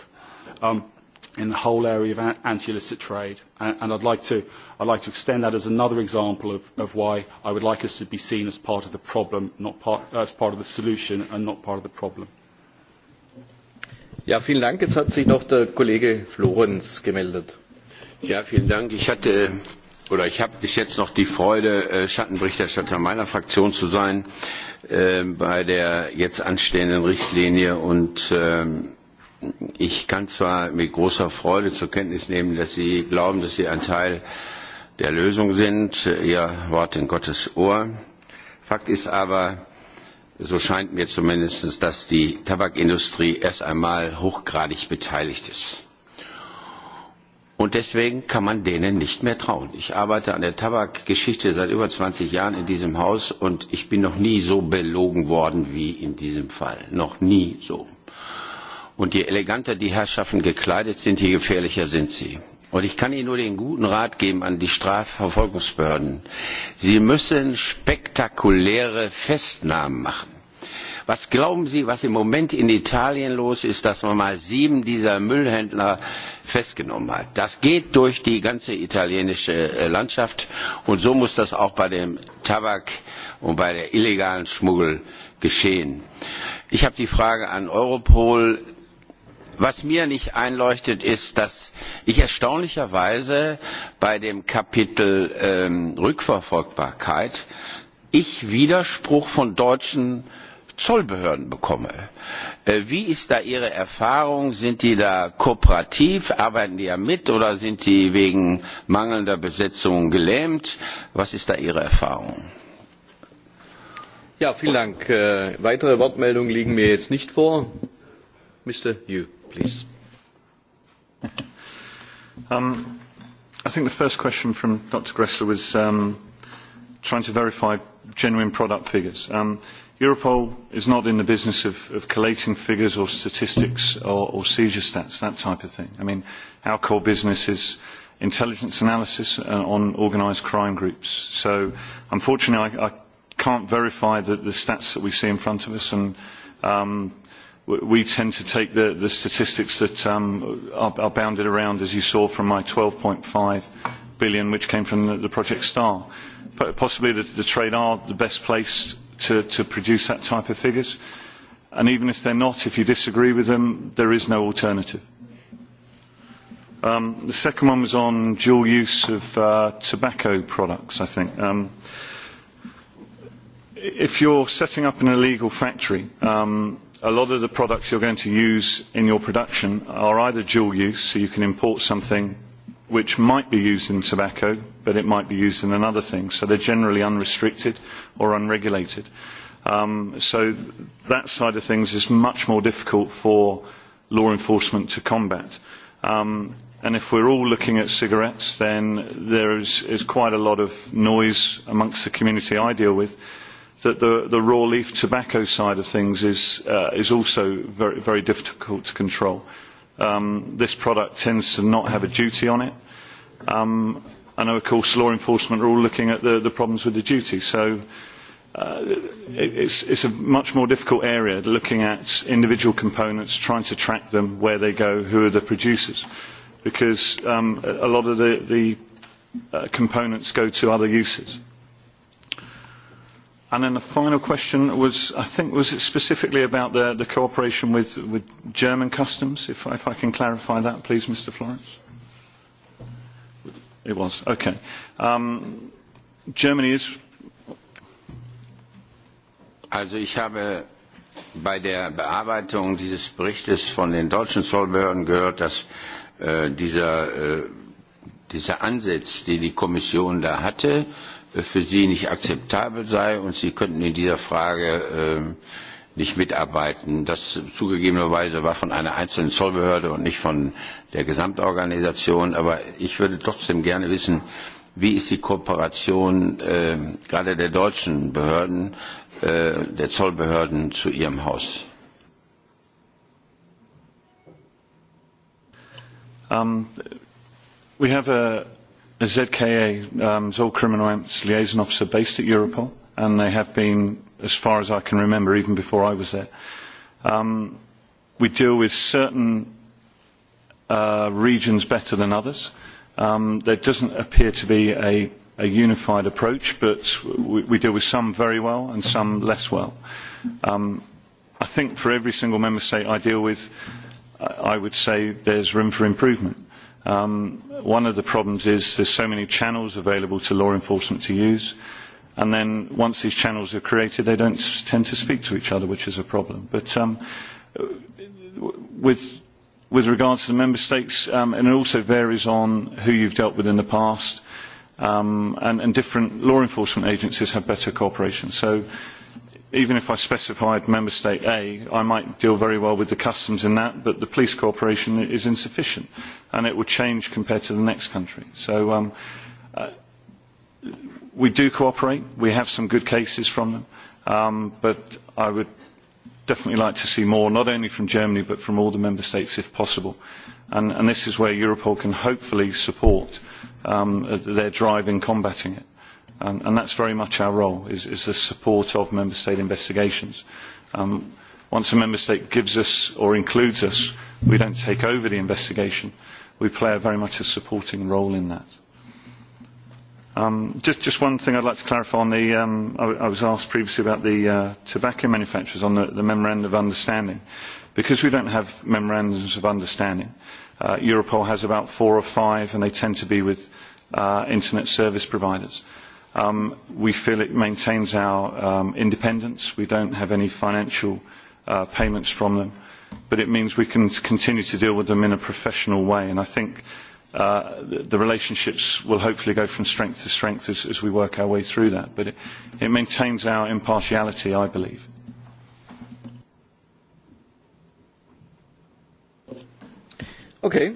um, in the whole area of anti-illicit trade. And, and I'd, like to, I'd like to extend that as another example of, of why I would like us to be seen as part of the problem, not part, uh, as part of the solution and not part of the problem. Ja, vielen Dank. Jetzt hat sich noch der Kollege Florenz gemeldet. Ja, vielen Dank. Ich hatte oder ich habe bis jetzt noch die Freude, äh, Schattenberichterstatter meiner Fraktion zu sein ähm, bei der jetzt anstehenden Richtlinie. Und ähm, ich kann zwar mit großer Freude zur Kenntnis nehmen, dass Sie glauben, dass Sie ein Teil der Lösung sind. Ihr Wort in Gottes Ohr. Fakt ist aber, so scheint mir zumindest, dass die Tabakindustrie erst einmal hochgradig beteiligt ist. Und deswegen kann man denen nicht mehr trauen. Ich arbeite an der Tabakgeschichte seit über 20 Jahren in diesem Haus und ich bin noch nie so belogen worden wie in diesem Fall. Noch nie so. Und je eleganter die Herrschaften gekleidet sind, je gefährlicher sind sie. Und ich kann Ihnen nur den guten Rat geben an die Strafverfolgungsbehörden. Sie müssen spektakuläre Festnahmen machen was glauben sie was im moment in italien los ist dass man mal sieben dieser müllhändler festgenommen hat? das geht durch die ganze italienische äh, landschaft und so muss das auch bei dem tabak und bei dem illegalen schmuggel geschehen. ich habe die frage an europol was mir nicht einleuchtet ist dass ich erstaunlicherweise bei dem kapitel ähm, rückverfolgbarkeit ich widerspruch von deutschen Zollbehörden bekomme. Äh, wie ist da Ihre Erfahrung? Sind die da kooperativ? Arbeiten die ja mit oder sind die wegen mangelnder Besetzung gelähmt? Was ist da Ihre Erfahrung? Ja, vielen Dank. Äh, weitere Wortmeldungen liegen mir jetzt nicht vor. Mr. Yu, please. Um, I think the first question from Dr. Gressler was um, trying to verify genuine product figures. Um, europol is not in the business of collating figures or statistics or seizure stats that type of thing. our core business is intelligence analysis uh, on organised crime groups so unfortunately i cannot verify the, the stats that we see in front of us and um, we tend to take the, the statistics that um, are, are bounded around as you saw from my 12.5 billion which came from the, the project star possibly the, the trade are the best placed to, to produce that type of figures. And even if they're not, if you disagree with them, there is no alternative. Um, the second one was on dual use of uh, tobacco products, I think. Um, if you're setting up an illegal factory, um, a lot of the products you're going to use in your production are either dual use, so you can import something which might be used in tobacco, but it might be used in another thing. So they're generally unrestricted or unregulated. Um, so th- that side of things is much more difficult for law enforcement to combat. Um, and if we're all looking at cigarettes, then there is, is quite a lot of noise amongst the community I deal with that the, the raw leaf tobacco side of things is, uh, is also very, very difficult to control um, this product tends to not have a duty on it. Um, I know, of course, law enforcement are all looking at the, the problems with the duty. So uh, it, it's, it's a much more difficult area, looking at individual components, trying to track them, where they go, who are the producers. Because um, a lot of the, the uh, components go to other uses. And then the final question was, I think, was it specifically about the, the cooperation with, with German customs, if, if I can clarify that, please, Mr. Florence? It was, okay. Um, Germany is. Also, ich habe bei der Bearbeitung dieses Berichtes von den deutschen Zollbehörden gehört, dass äh, dieser, äh, dieser Ansatz, den die Kommission da hatte, äh, für Sie nicht akzeptabel sei und Sie könnten in dieser Frage ähm, nicht mitarbeiten. Das zugegebenerweise war von einer einzelnen Zollbehörde und nicht von der Gesamtorganisation. Aber ich würde trotzdem gerne wissen, wie ist die Kooperation äh, gerade der deutschen Behörden, äh, der Zollbehörden zu Ihrem Haus? Um, we have a a ZKA um, Zoll Criminal Amps liaison officer based at Europol, and they have been, as far as I can remember, even before I was there. Um, we deal with certain uh, regions better than others. Um, there doesn't appear to be a, a unified approach, but we, we deal with some very well and some less well. Um, I think for every single member state I deal with, I would say there's room for improvement. Um, one of the problems is there's so many channels available to law enforcement to use, and then once these channels are created, they don't tend to speak to each other, which is a problem. But um, with, with regards to the member states, um, and it also varies on who you've dealt with in the past, um, and, and different law enforcement agencies have better cooperation. So even if i specified member state a i might deal very well with the customs in that but the police cooperation is insufficient and it will change compared to the next country. so um, uh, we do cooperate we have some good cases from them um, but i would definitely like to see more not only from germany but from all the member states if possible and, and this is where europol can hopefully support um, uh, their drive in combating it. Um, and that's very much our role, is, is the support of member state investigations. Um, once a member state gives us or includes us, we don't take over the investigation. We play a very much a supporting role in that. Um, just, just one thing I'd like to clarify on the, um, I, I was asked previously about the uh, tobacco manufacturers on the, the memorandum of understanding. Because we don't have memorandums of understanding, uh, Europol has about four or five and they tend to be with uh, internet service providers. Uh, Um, we feel it maintains our um, independence. We don't have any financial uh, payments from them. But it means we can continue to deal with them in a professional way. And I think uh, the, the relationships will hopefully go from strength to strength as, as we work our way through that. But it, it maintains our impartiality, I believe. Okay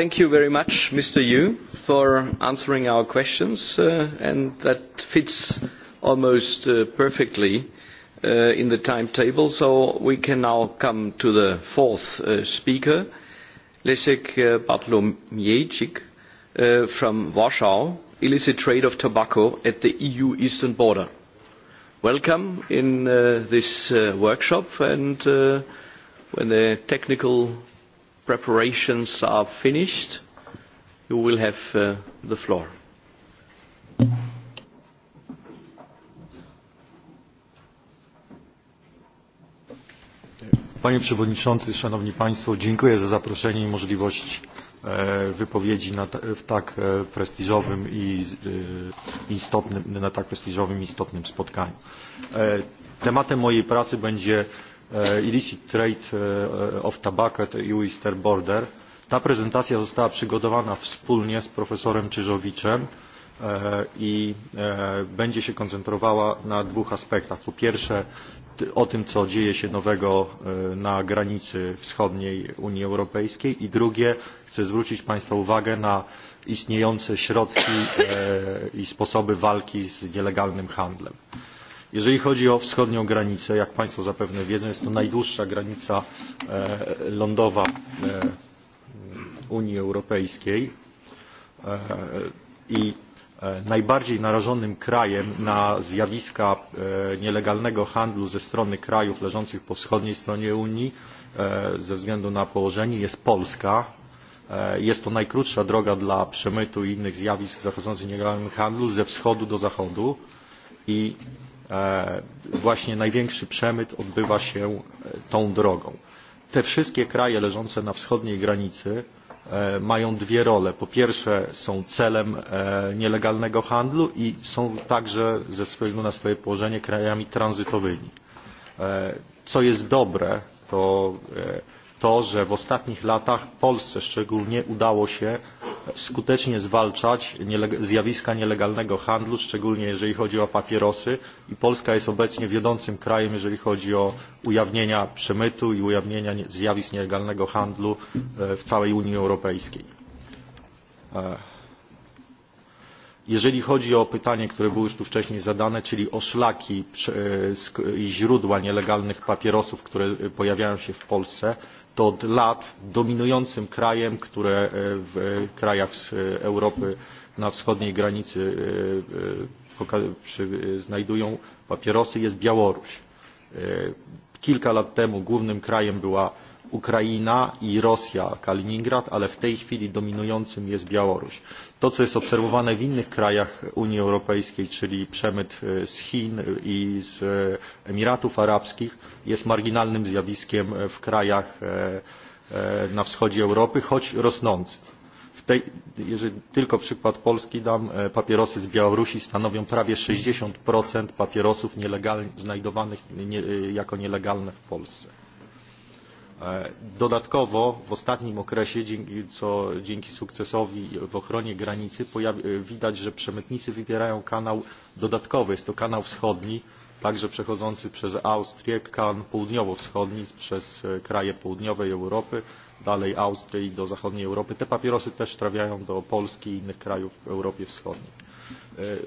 thank you very much, Mr. Yu, for answering our questions, uh, and that fits almost uh, perfectly uh, in the timetable. So we can now come to the fourth uh, speaker, Leszek uh, Bartłomiejczyk uh, from Warsaw, illicit trade of tobacco at the EU eastern border. Welcome in uh, this uh, workshop, and uh, when the technical preparations are finished, you will have uh, the floor. Panie Przewodniczący, Szanowni Państwo, dziękuję za zaproszenie i możliwość e, wypowiedzi na, w tak e, prestiżowym i e, istotnym, na tak prestiżowym i istotnym spotkaniu. Tematem mojej pracy będzie E, illicit trade e, e, of tobacco at eu eastern border. ta prezentacja została przygotowana wspólnie z profesorem czyżowiczem i będzie się koncentrowała na dwóch aspektach. po pierwsze o tym co dzieje się nowego na granicy wschodniej unii europejskiej i drugie chcę zwrócić państwa uwagę na istniejące środki i sposoby walki z nielegalnym handlem jeżeli chodzi o wschodnią granicę jak państwo zapewne wiedzą jest to najdłuższa granica e, lądowa e, unii europejskiej e, i najbardziej narażonym krajem na zjawiska nielegalnego handlu ze strony krajów leżących po wschodniej stronie unii ze względu na położenie jest Polska. Jest to najkrótsza droga dla przemytu i innych zjawisk zachodzących w nielegalnym handlu ze wschodu do zachodu i E, właśnie największy przemyt odbywa się e, tą drogą. Te wszystkie kraje leżące na wschodniej granicy e, mają dwie role. Po pierwsze są celem nielegalnego handlu i są także ze względu na swoje położenie krajami tranzytowymi. Co jest dobre, to to że w ostatnich latach polsce szczególnie udało się skutecznie zwalczać zjawiska nielegalnego handlu szczególnie jeżeli chodzi o papierosy i polska jest obecnie wiodącym krajem jeżeli chodzi o ujawnienia przemytu i ujawnienia zjawisk nielegalnego handlu e, w całej unii europejskiej. E, jeżeli chodzi o pytanie, które było już tu wcześniej zadane, czyli o szlaki e, i źródła nielegalnych papierosów, które pojawiają się w Polsce, to od lat dominującym krajem które e, w e, krajach z e, europy na wschodniej granicy znajdują papierosy jest białoruś. kilka lat temu głównym krajem była Ukraina i Rosja, Kaliningrad, ale w tej chwili dominującym jest Białoruś. To, co jest obserwowane w innych krajach Unii Europejskiej, czyli przemyt e, z Chin e, i z e, Emiratów Arabskich, jest marginalnym zjawiskiem w krajach na wschodzie Europy, choć rosnącym. W tej, jeżeli tylko przykład Polski dam, papierosy z Białorusi stanowią prawie 60% papierosów nielegalnie, znajdowanych nie, jako nielegalne w Polsce. E, dodatkowo w ostatnim okresie, dzięki, co, dzięki sukcesowi w ochronie granicy, pojawi, e, widać, że przemytnicy wybierają kanał dodatkowy. Jest to kanał wschodni, także przechodzący przez Austrię, kanał południowo-wschodni, przez e, kraje południowej Europy, dalej Austrii do zachodniej Europy. Te papierosy też trafiają do Polski i innych krajów w Europie Wschodniej.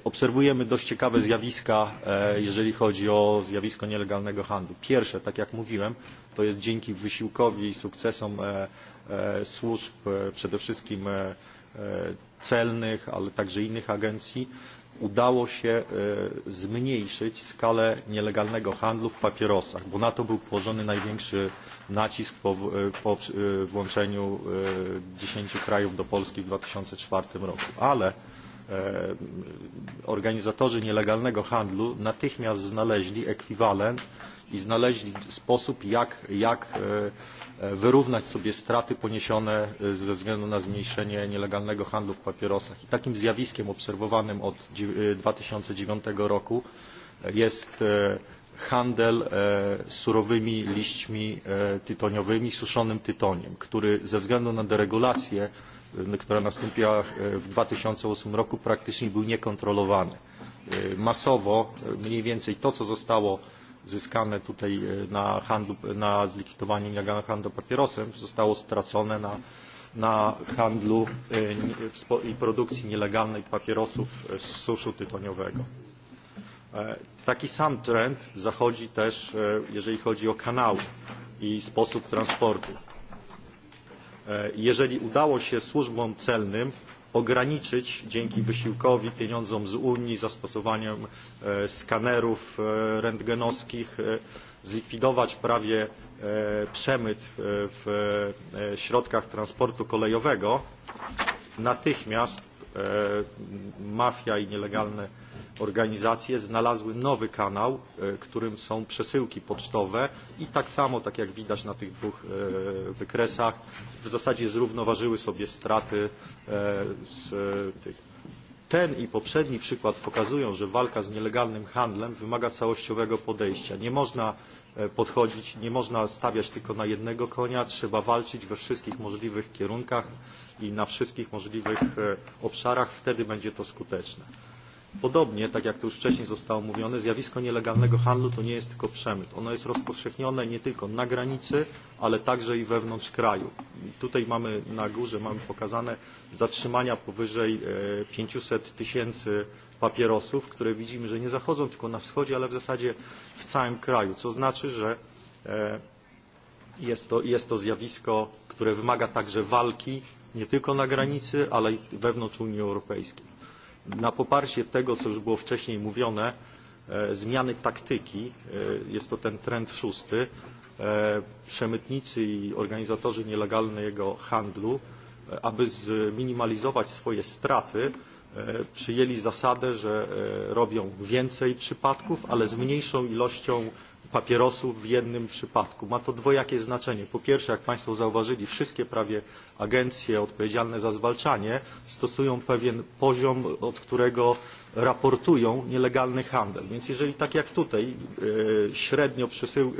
Obserwujemy dość ciekawe zjawiska, jeżeli chodzi o zjawisko nielegalnego handlu. Pierwsze, tak jak mówiłem, to jest dzięki wysiłkowi i sukcesom e, e, służb e, przede wszystkim celnych, ale także innych agencji udało się zmniejszyć skalę nielegalnego handlu w papierosach, bo na to był położony największy nacisk po, po włączeniu 10 krajów do Polski w 2004 roku. Ale E, organizatorzy nielegalnego handlu natychmiast znaleźli ekwiwalent i znaleźli sposób, jak, jak e, e, wyrównać sobie straty poniesione ze względu na zmniejszenie nielegalnego handlu w papierosach. I takim zjawiskiem obserwowanym od 2009 roku jest handel surowymi liśćmi tytoniowymi, suszonym tytoniem, który ze względu na deregulację E, która nastąpiła e, w 2008 roku, praktycznie był niekontrolowany. E, masowo mniej więcej to, co zostało zyskane tutaj na, handlu, na zlikwidowanie nielegalnego handlu papierosem, zostało stracone na, na handlu i produkcji nielegalnych papierosów z suszu tytoniowego. Taki sam trend zachodzi też, jeżeli chodzi o kanały i sposób transportu. E, jeżeli udało się służbom celnym ograniczyć dzięki wysiłkowi pieniądzom z unii zastosowaniem e, skanerów e, rentgenowskich zlikwidować prawie przemyt w środkach transportu kolejowego natychmiast E, mafia i nielegalne organizacje znalazły nowy kanał, e, którym są przesyłki pocztowe i tak samo, tak jak widać na tych dwóch e, wykresach, w zasadzie zrównoważyły sobie straty z tych. Ten i poprzedni przykład pokazują, że walka z nielegalnym handlem wymaga całościowego podejścia. Nie można podchodzić, nie można stawiać tylko na jednego konia, trzeba walczyć we wszystkich możliwych kierunkach i na wszystkich możliwych e, obszarach, wtedy będzie to skuteczne. Podobnie, tak jak to już wcześniej zostało mówione, zjawisko nielegalnego handlu to nie jest tylko przemyt. Ono jest rozpowszechnione nie tylko na granicy, ale także i wewnątrz kraju. Tutaj mamy na górze mamy pokazane zatrzymania powyżej 500 e, tysięcy papierosów, które widzimy, że nie zachodzą tylko na wschodzie, ale w zasadzie w całym kraju, co znaczy, że e, jest to, jest to zjawisko, które wymaga także walki nie tylko na granicy ale i wewnątrz unii europejskiej. na poparcie tego co już było wcześniej mówione e, zmiany taktyki e, jest to ten trend szósty e, przemytnicy i organizatorzy nielegalnego handlu aby zminimalizować swoje straty przyjęli zasadę że robią więcej przypadków ale z mniejszą ilością papierosów w jednym przypadku. Ma to dwojakie znaczenie. Po pierwsze, jak Państwo zauważyli, wszystkie prawie agencje odpowiedzialne za zwalczanie stosują pewien poziom, od którego raportują nielegalny handel. Więc jeżeli tak jak tutaj e, średnio,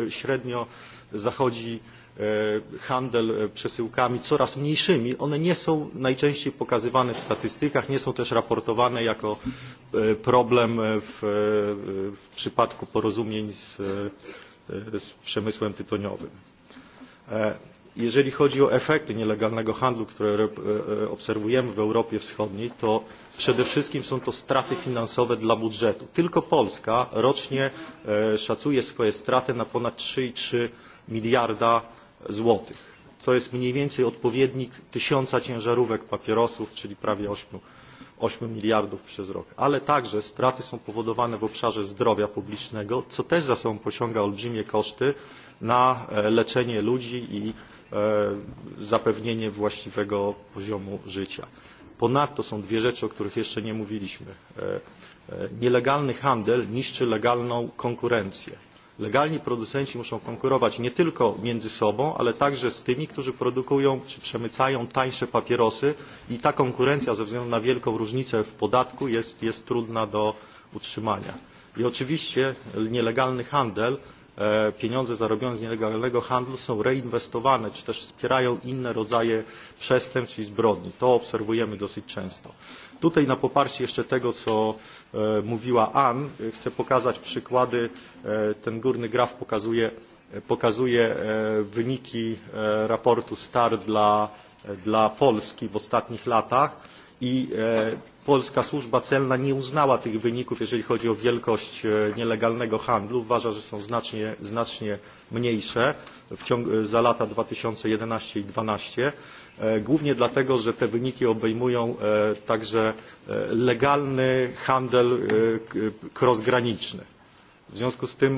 e, średnio zachodzi E, handel e, przesyłkami coraz mniejszymi one nie są najczęściej pokazywane w statystykach nie są też raportowane jako e, problem w przypadku porozumień z przemysłem tytoniowym. jeżeli chodzi o efekty nielegalnego handlu które obserwujemy w europie wschodniej to przede wszystkim są to straty finansowe dla budżetu. tylko polska rocznie szacuje swoje straty na ponad trzy trzy miliarda złotych co jest mniej więcej odpowiednik tysiąca ciężarówek papierosów, czyli prawie 8, 8 miliardów przez rok. Ale także straty są powodowane w obszarze zdrowia publicznego, co też za sobą pociąga olbrzymie koszty na e, leczenie ludzi i e, zapewnienie właściwego poziomu życia. Ponadto są dwie rzeczy, o których jeszcze nie mówiliśmy. E, nielegalny handel niszczy legalną konkurencję legalni producenci muszą konkurować nie tylko między sobą ale także z tymi którzy produkują czy przemycają tańsze papierosy i ta konkurencja ze względu na wielką różnicę w podatku jest trudna do utrzymania. i oczywiście nielegalny handel e, pieniądze zarobione z nielegalnego handlu są reinwestowane czy też wspierają inne rodzaje przestępstw i zbrodni. to obserwujemy dosyć często. tutaj na poparcie jeszcze tego E, mówiła Ann. Chcę pokazać przykłady. E, ten górny graf pokazuje, e, pokazuje wyniki raportu STAR dla, dla Polski w ostatnich latach i Polska Służba Celna nie uznała tych wyników, jeżeli chodzi o wielkość nielegalnego handlu. Uważa, że są znacznie, znacznie mniejsze w ciągu, za lata 2011 i 2012. E, głównie dlatego, że te wyniki obejmują e, także e, legalny handel crossgraniczny. W związku z tym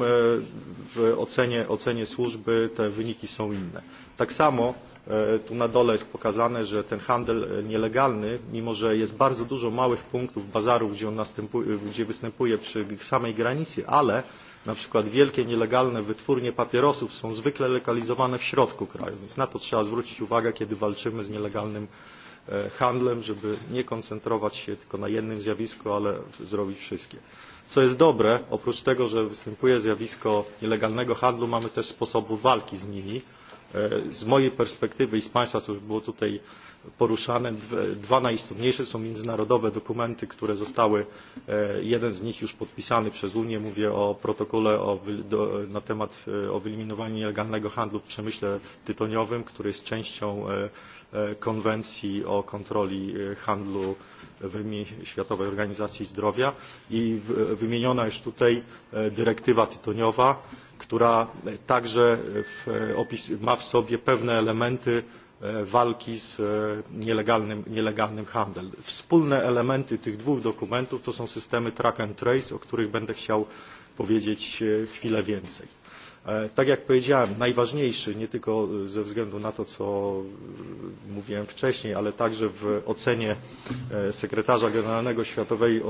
w ocenie, ocenie służby te wyniki są inne. Tak samo tu na dole jest pokazane, że ten handel nielegalny, mimo że jest bardzo dużo małych punktów, bazarów, gdzie, on następuje, gdzie występuje przy samej granicy, ale na przykład wielkie nielegalne wytwórnie papierosów są zwykle lokalizowane w środku kraju, więc na to trzeba zwrócić uwagę, kiedy walczymy z nielegalnym e, handlem, żeby nie koncentrować się tylko na jednym zjawisku, ale zrobić wszystkie. Co jest dobre, oprócz tego, że występuje zjawisko nielegalnego handlu, mamy też sposoby walki z nimi. E, z mojej perspektywy i z Państwa, co już było tutaj poruszane. Dwa najistotniejsze są międzynarodowe dokumenty, które zostały, e, jeden z nich już podpisany przez Unię. Mówię o protokole o, do, na temat e, o wyeliminowaniu nielegalnego handlu w przemyśle tytoniowym, który jest częścią e, konwencji o kontroli handlu w Unii Światowej Organizacji Zdrowia i w, wymieniona jest tutaj dyrektywa tytoniowa, która także w, opis, ma w sobie pewne elementy E, walki z e, nielegalnym, nielegalnym handlem. Wspólne elementy tych dwóch dokumentów to są systemy track and trace, o których będę chciał powiedzieć e, chwilę więcej. E, tak jak powiedziałem najważniejszy nie tylko e, ze względu na to co e, mówiłem wcześniej ale także w ocenie sekretarza generalnego światowej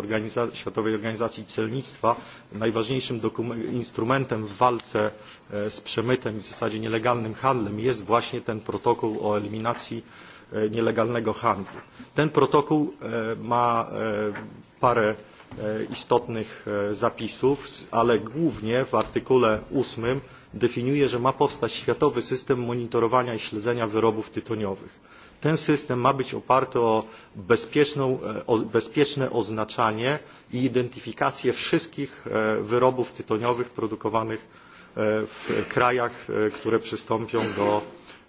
organizacji celnictwa najważniejszym instrumentem w walce z przemytem i w zasadzie nielegalnym handlem jest właśnie ten protokół o eliminacji nielegalnego handlu. ten protokół ma parę E, istotnych e, zapisów, ale głównie w artykule 8 definiuje, że ma powstać światowy system monitorowania i śledzenia wyrobów tytoniowych. Ten system ma być oparty o, bezpieczną, e, o bezpieczne oznaczanie i identyfikację wszystkich wyrobów tytoniowych produkowanych w krajach, które przystąpią do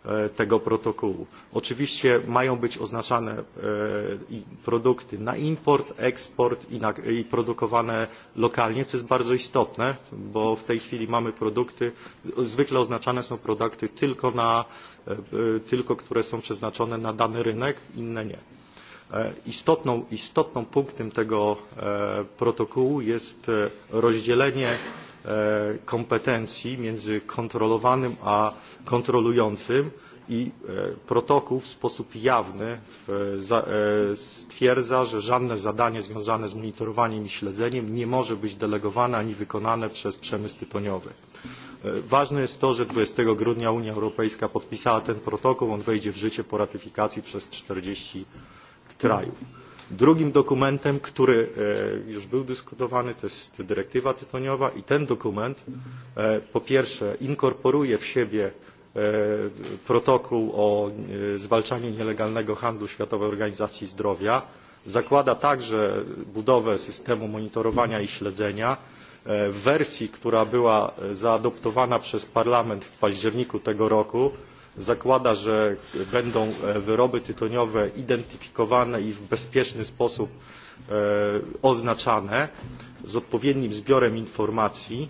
E, tego protokołu. Oczywiście mają być oznaczane e, produkty na import, eksport i, na, i produkowane lokalnie, co jest bardzo istotne, bo w tej chwili mamy produkty, zwykle oznaczane są produkty tylko, na, e, tylko które są przeznaczone na dany rynek, inne nie. Istotną, istotną punktem tego protokołu jest rozdzielenie E, kompetencji między kontrolowanym a kontrolującym i e, protokół w sposób jawny e, stwierdza że żadne zadanie związane z monitorowaniem i śledzeniem nie może być delegowane ani wykonane przez przemysł tytoniowy. Ważne jest to że dwadzieścia grudnia unia europejska podpisała ten protokół on wejdzie w życie po ratyfikacji przez czterdzieści krajów drugim dokumentem, który e, już był dyskutowany, to jest dyrektywa tytoniowa i ten dokument e, po pierwsze inkorporuje w siebie e, protokół o zwalczaniu nielegalnego handlu Światowej Organizacji Zdrowia, zakłada także budowę systemu monitorowania i śledzenia w wersji, która była zaadoptowana przez Parlament w październiku tego roku, zakłada że będą e, wyroby tytoniowe identyfikowane i w bezpieczny sposób e, oznaczane z odpowiednim zbiorem informacji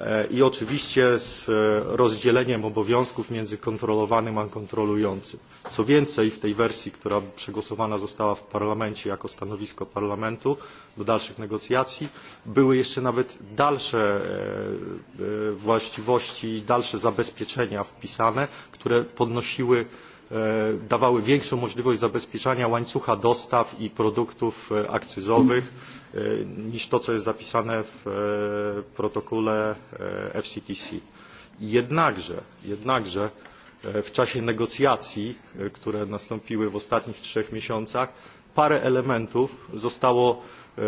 E, i oczywiście z e, rozdzieleniem obowiązków między kontrolowanym a kontrolującym. Co więcej, w tej wersji, która przegłosowana została w parlamencie jako stanowisko parlamentu do dalszych negocjacji, były jeszcze nawet dalsze e, właściwości i dalsze zabezpieczenia wpisane, które podnosiły E, dawały większą możliwość zabezpieczania łańcucha dostaw i produktów e, akcyzowych e, niż to co jest zapisane w protokole fctc. jednakże w czasie negocjacji które nastąpiły w ostatnich trzech miesiącach parę elementów zostało E,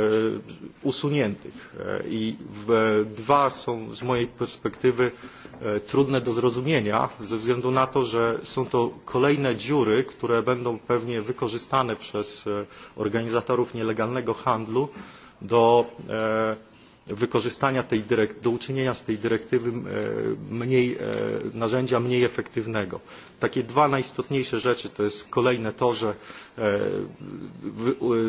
usuniętych e, i dwa są z mojej perspektywy e, trudne do zrozumienia ze względu na to, że są to kolejne dziury, które będą pewnie wykorzystane przez organizatorów nielegalnego handlu do e, wykorzystania do uczynienia z tej dyrektywy e, e, narzędzia mniej efektywnego. takie dwa najistotniejsze rzeczy to jest kolejne to e,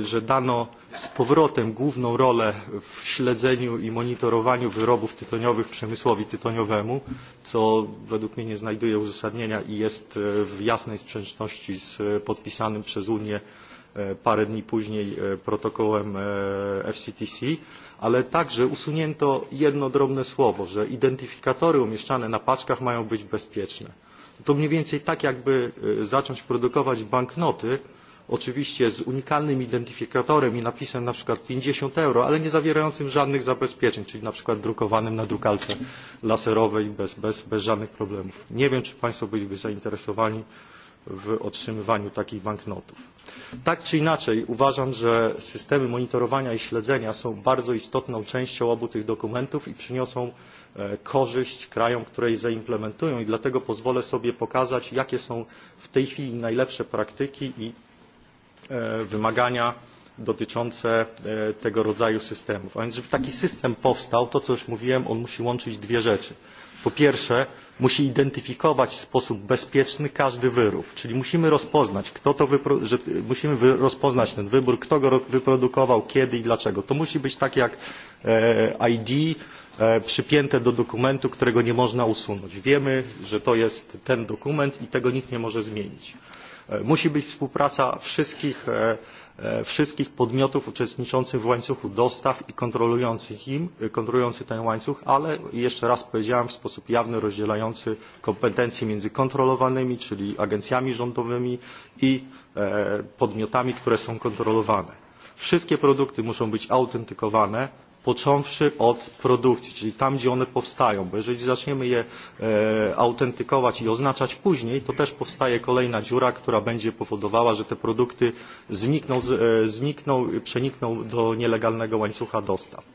że dano z powrotem główną rolę w śledzeniu i monitorowaniu wyrobów tytoniowych przemysłowi tytoniowemu co według mnie nie znajduje uzasadnienia i jest w jasnej sprzeczności z podpisanym przez unię E, parę dni później e, protokołem e, FCTC, ale także usunięto jedno drobne słowo, że identyfikatory umieszczane na paczkach mają być bezpieczne. To mniej więcej tak, jakby zacząć produkować banknoty, oczywiście z unikalnym identyfikatorem i napisem na przykład 50 euro, ale nie zawierającym żadnych zabezpieczeń, czyli na przykład drukowanym na drukalce laserowej bez, bez, bez żadnych problemów. Nie wiem, czy Państwo byliby zainteresowani w otrzymywaniu takich banknotów. Tak czy inaczej uważam, że systemy monitorowania i śledzenia są bardzo istotną częścią obu tych dokumentów i przyniosą e, korzyść krajom, które je zaimplementują i dlatego pozwolę sobie pokazać, jakie są w tej chwili najlepsze praktyki i e, wymagania dotyczące e, tego rodzaju systemów. A więc, żeby taki system powstał, to co już mówiłem, on musi łączyć dwie rzeczy po pierwsze musi identyfikować w sposób bezpieczny każdy wyrób czyli musimy rozpoznać ten wybór kto go wyprodukował kiedy i dlaczego. to musi być tak jak e, id e, przypięte do dokumentu którego nie można usunąć. wiemy że to jest ten dokument i tego nikt nie może zmienić. E, musi być współpraca wszystkich E, wszystkich podmiotów uczestniczących w łańcuchu dostaw i kontrolujących, im, e, kontrolujących ten łańcuch, ale jeszcze raz powiedziałem w sposób jawny rozdzielający kompetencje między kontrolowanymi, czyli agencjami rządowymi i e, podmiotami, które są kontrolowane. Wszystkie produkty muszą być autentykowane począwszy od produkcji, czyli tam, gdzie one powstają, bo jeżeli zaczniemy je e, autentykować i oznaczać później, to też powstaje kolejna dziura, która będzie powodowała, że te produkty znikną, z, e, znikną przenikną do nielegalnego łańcucha dostaw.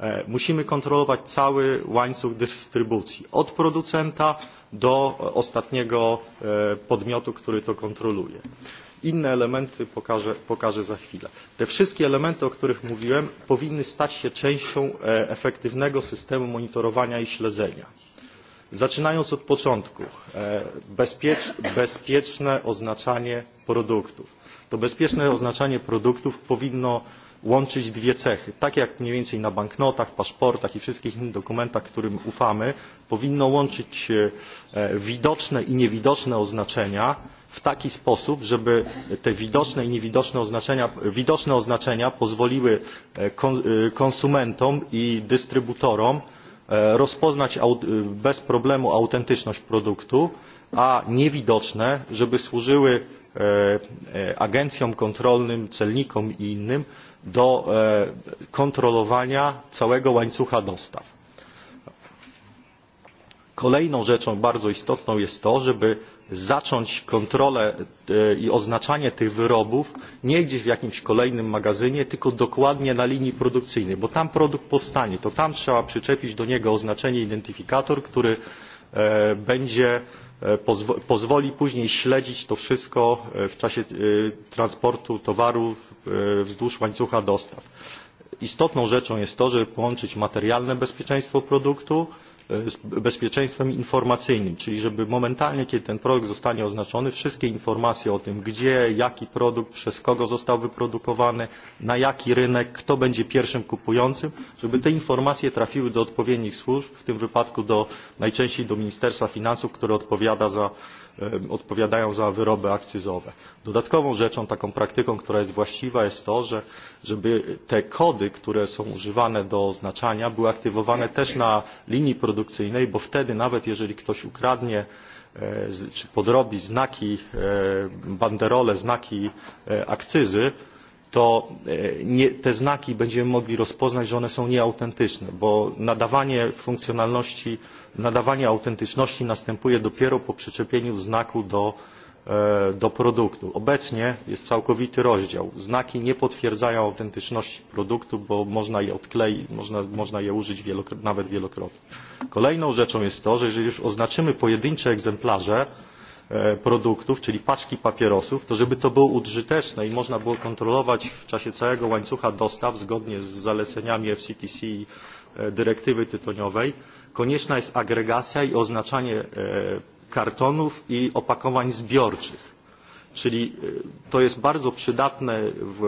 E, musimy kontrolować cały łańcuch dystrybucji, od producenta do ostatniego e, podmiotu, który to kontroluje. E, Inne elementy pokażę, pokażę za chwilę. Te wszystkie elementy, o których mówiłem, powinny stać się częścią e, efektywnego systemu monitorowania i śledzenia. Zaczynając od początku, e, bezpiecz, bezpieczne oznaczanie produktów. To bezpieczne oznaczanie produktów powinno łączyć dwie cechy. Tak jak mniej więcej na banknotach, paszportach i wszystkich innych dokumentach, którym ufamy, powinno łączyć e, widoczne i niewidoczne oznaczenia, w taki sposób żeby te widoczne i niewidoczne oznaczenia widoczne oznaczenia pozwoliły e, e, konsumentom i dystrybutorom e, rozpoznać bez problemu autentyczność produktu a niewidoczne żeby służyły agencjom kontrolnym celnikom i innym do kontrolowania całego łańcucha dostaw. kolejną rzeczą bardzo istotną jest to żeby zacząć kontrolę e, i oznaczanie tych wyrobów nie gdzieś w jakimś kolejnym magazynie tylko dokładnie na linii produkcyjnej bo tam produkt powstanie to tam trzeba przyczepić do niego oznaczenie identyfikator który e, będzie e, pozwoli później śledzić to wszystko w czasie transportu towaru wzdłuż łańcucha dostaw. istotną rzeczą jest to żeby połączyć materialne bezpieczeństwo produktu bezpieczeństwem informacyjnym czyli żeby momentalnie kiedy ten produkt zostanie oznaczony wszystkie informacje o tym gdzie jaki produkt przez kogo został wyprodukowany na jaki rynek kto będzie pierwszym kupującym żeby te informacje trafiły do odpowiednich służb w tym wypadku najczęściej do ministerstwa finansów które odpowiada za odpowiadają za wyroby akcyzowe. dodatkową rzeczą taką praktyką która jest właściwa jest to żeby te kody które są używane do oznaczania były aktywowane też na linii produkcyjnej bo wtedy nawet jeżeli ktoś ukradnie e, czy podrobi znaki e, banderole znaki e, akcyzy to e, nie, te znaki będziemy mogli rozpoznać, że one są nieautentyczne, bo nadawanie funkcjonalności, nadawanie autentyczności następuje dopiero po przyczepieniu znaku do, e, do produktu. Obecnie jest całkowity rozdział. Znaki nie potwierdzają autentyczności produktu, bo można je odkleić, można, można je użyć wielokro, nawet wielokrotnie. Kolejną rzeczą jest to, że jeżeli już oznaczymy pojedyncze egzemplarze, E, produktów czyli paczki papierosów to żeby to było użyteczne i można było kontrolować w czasie całego łańcucha dostaw zgodnie z zaleceniami fctc i e, dyrektywy tytoniowej konieczna jest agregacja i oznaczanie e, kartonów i opakowań zbiorczych czyli e, to jest bardzo przydatne w,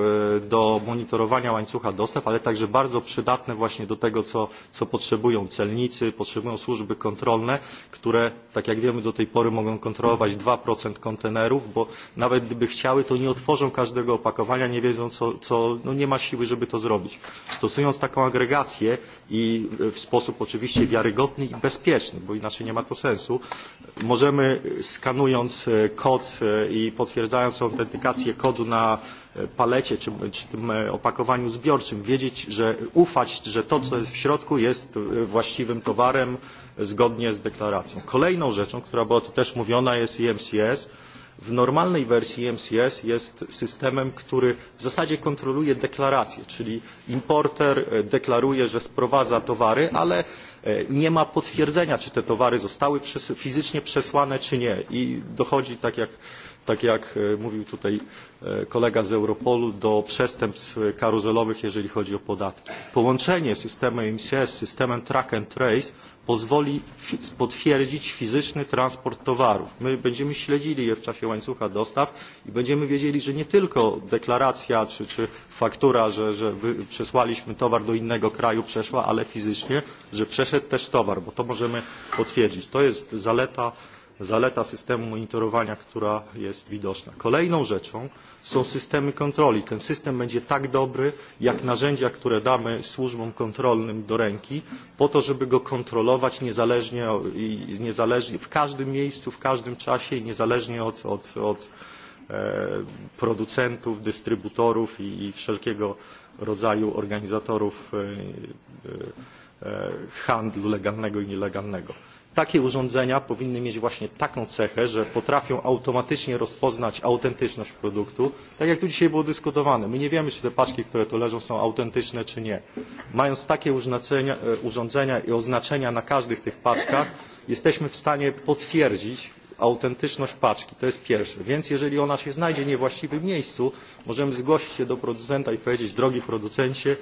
do monitorowania łańcucha dostaw, ale także bardzo przydatne właśnie do tego, co, co potrzebują celnicy, potrzebują służby kontrolne, które, tak jak wiemy, do tej pory mogą kontrolować 2% kontenerów, bo nawet gdyby chciały, to nie otworzą każdego opakowania, nie wiedzą, co, co no nie ma siły, żeby to zrobić. Stosując taką agregację i w sposób oczywiście wiarygodny i bezpieczny, bo inaczej nie ma to sensu, możemy skanując e, kod e, i potwierdzając, potwierdzając autentykację kodu na e, palecie czy, czy tym e, opakowaniu zbiorczym wiedzieć, że ufać, że to co jest w środku jest e, właściwym towarem zgodnie z deklaracją. Kolejną rzeczą, która była tu też mówiona jest EMCS. W normalnej wersji EMCS jest systemem, który w zasadzie kontroluje deklarację, czyli importer deklaruje, że sprowadza towary, ale nie ma potwierdzenia, czy te towary zostały przes fizycznie przesłane, czy nie. I dochodzi, tak jak tak jak e, mówił tutaj e, kolega z europolu do przestępstw karuzelowych jeżeli chodzi o podatki. połączenie systemu mcs z systemem track and trace pozwoli potwierdzić fizyczny transport towarów. my będziemy śledzili je w czasie łańcucha dostaw i będziemy wiedzieli że nie tylko deklaracja czy, czy faktura że, że przesłaliśmy towar do innego kraju przeszła ale fizycznie że przeszedł też towar bo to możemy potwierdzić. to jest zaleta zaleta systemu monitorowania, która jest widoczna. Kolejną rzeczą są systemy kontroli. Ten system będzie tak dobry, jak narzędzia, które damy służbom kontrolnym do ręki, po to, żeby go kontrolować niezależnie, niezależnie w każdym miejscu, w każdym czasie i niezależnie od, od, od e, producentów, dystrybutorów i, i wszelkiego rodzaju organizatorów e, e, handlu legalnego i nielegalnego. Takie urządzenia powinny mieć właśnie taką cechę, że potrafią automatycznie rozpoznać autentyczność produktu. Tak jak tu dzisiaj było dyskutowane, my nie wiemy, czy te paczki, które tu leżą, są autentyczne, czy nie. Mając takie e, urządzenia i oznaczenia na każdych tych paczkach, jesteśmy w stanie potwierdzić autentyczność paczki. To jest pierwsze. Więc jeżeli ona się znajdzie w niewłaściwym miejscu, możemy zgłosić się do producenta i powiedzieć, drogi producencie,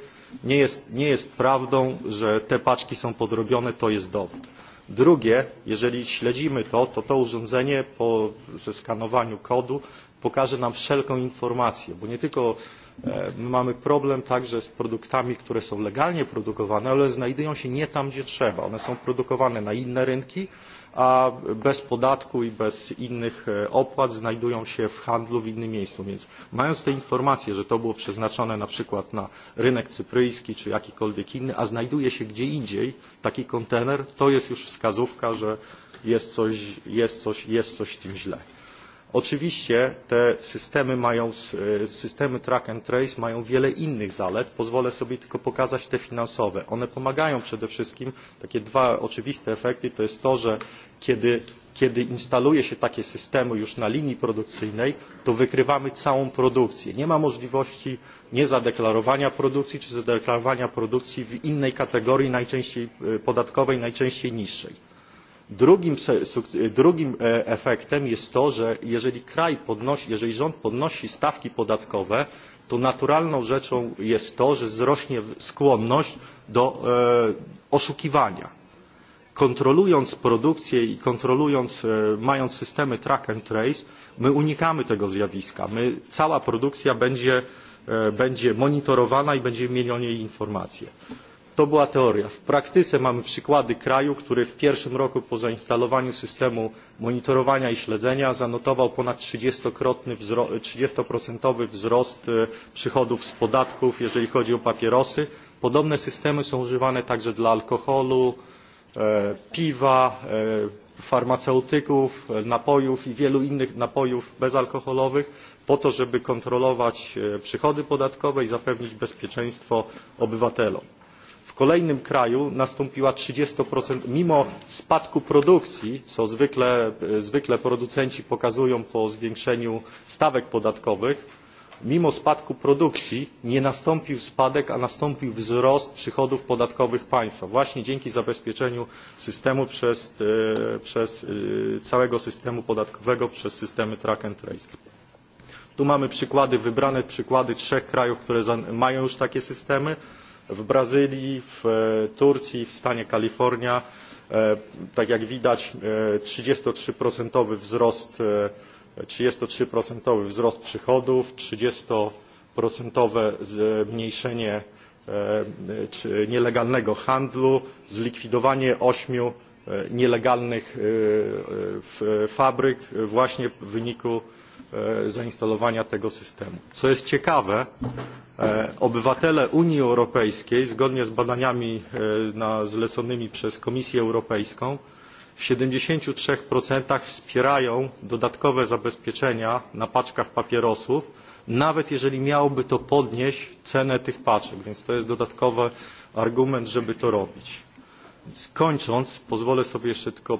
nie jest, nie jest prawdą, że te paczki są podrobione, to jest dowód drugie jeżeli śledzimy to to to urządzenie po zeskanowaniu kodu pokaże nam wszelką informację bo nie tylko e, mamy problem także z produktami które są legalnie produkowane ale znajdują się nie tam gdzie trzeba one są produkowane na inne rynki a bez podatku i bez innych e, opłat znajdują się w handlu w innym miejscu. Więc mając te informacje, że to było przeznaczone na przykład na rynek cypryjski czy jakikolwiek inny, a znajduje się gdzie indziej taki kontener, to jest już wskazówka, że jest coś, jest coś, jest coś w tym źle oczywiście te e, systemy track and trace mają wiele innych zalet pozwolę sobie tylko pokazać te finansowe. one pomagają przede wszystkim takie dwa oczywiste efekty to jest to że kiedy instaluje się takie systemy już na linii produkcyjnej to wykrywamy całą produkcję nie ma możliwości niezadeklarowania produkcji czy zadeklarowania produkcji w innej kategorii najczęściej e, podatkowej najczęściej niższej drugim e, efektem jest to że jeżeli kraj podnosi jeżeli rząd podnosi stawki podatkowe to naturalną rzeczą jest to że wzrośnie skłonność do e, oszukiwania. kontrolując produkcję i kontrolując e, mając systemy track and trace my unikamy tego zjawiska cała produkcja będzie monitorowana i będziemy mieli o niej informacje. To była teoria. W praktyce mamy przykłady kraju, który w pierwszym roku po zainstalowaniu systemu monitorowania i śledzenia zanotował ponad 30-procentowy wzro 30% wzrost e, przychodów z podatków, jeżeli chodzi o papierosy. Podobne systemy są używane także dla alkoholu, e, piwa, e, farmaceutyków, e, napojów i wielu innych napojów bezalkoholowych po to, żeby kontrolować e, przychody podatkowe i zapewnić bezpieczeństwo obywatelom w kolejnym kraju nastąpiła trzydzieści mimo spadku produkcji co e, zwykle producenci pokazują po zwiększeniu stawek podatkowych mimo spadku produkcji nie nastąpił spadek a nastąpił wzrost przychodów podatkowych państwa właśnie dzięki zabezpieczeniu systemu przez e, e, całego systemu podatkowego przez systemy track and trace. tu mamy przykłady wybrane przykłady trzech krajów które mają już takie systemy w brazylii w e, turcji w stanie kalifornia e, tak jak widać trzydzieści trzy procentowy wzrost przychodów trzydzieści procentowe zmniejszenie e, nielegalnego handlu zlikwidowanie ośmiu nielegalnych fabryk właśnie w wyniku E, zainstalowania tego systemu. co jest ciekawe e, obywatele unii europejskiej zgodnie z badaniami e, zleconymi przez komisję europejską w siedemdziesiąt trzy wspierają dodatkowe zabezpieczenia na paczkach papierosów nawet jeżeli miałoby to podnieść cenę tych paczek więc to jest dodatkowy argument żeby to robić kończąc pozwolę sobie jeszcze tylko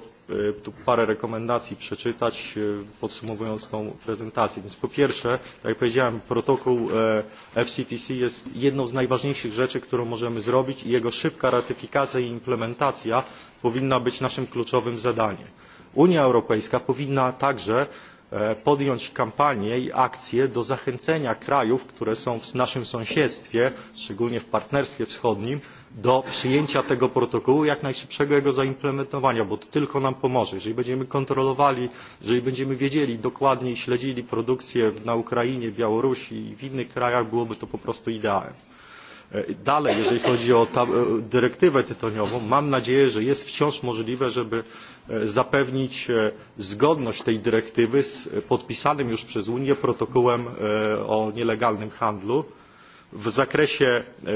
e, parę rekomendacji przeczytać e, podsumowując tą prezentację. Więc po pierwsze, jak powiedziałem, protokół e, FCTC jest jedną z najważniejszych rzeczy, którą możemy zrobić i jego szybka ratyfikacja i implementacja powinna być naszym kluczowym zadaniem. Unia Europejska powinna także podjąć kampanię i akcję do zachęcenia krajów, które są w naszym sąsiedztwie, szczególnie w partnerstwie wschodnim, do przyjęcia tego protokołu jak najszybszego jego zaimplementowania bo to tylko nam pomoże jeżeli będziemy kontrolowali jeżeli będziemy wiedzieli dokładnie i śledzili produkcję na ukrainie białorusi i w innych krajach byłoby to po prostu idealne. E, dalej jeżeli chodzi o ta, e, dyrektywę tytoniową mam nadzieję że jest wciąż możliwe żeby e, zapewnić zgodność tej dyrektywy z podpisanym już przez unię protokołem o nielegalnym handlu w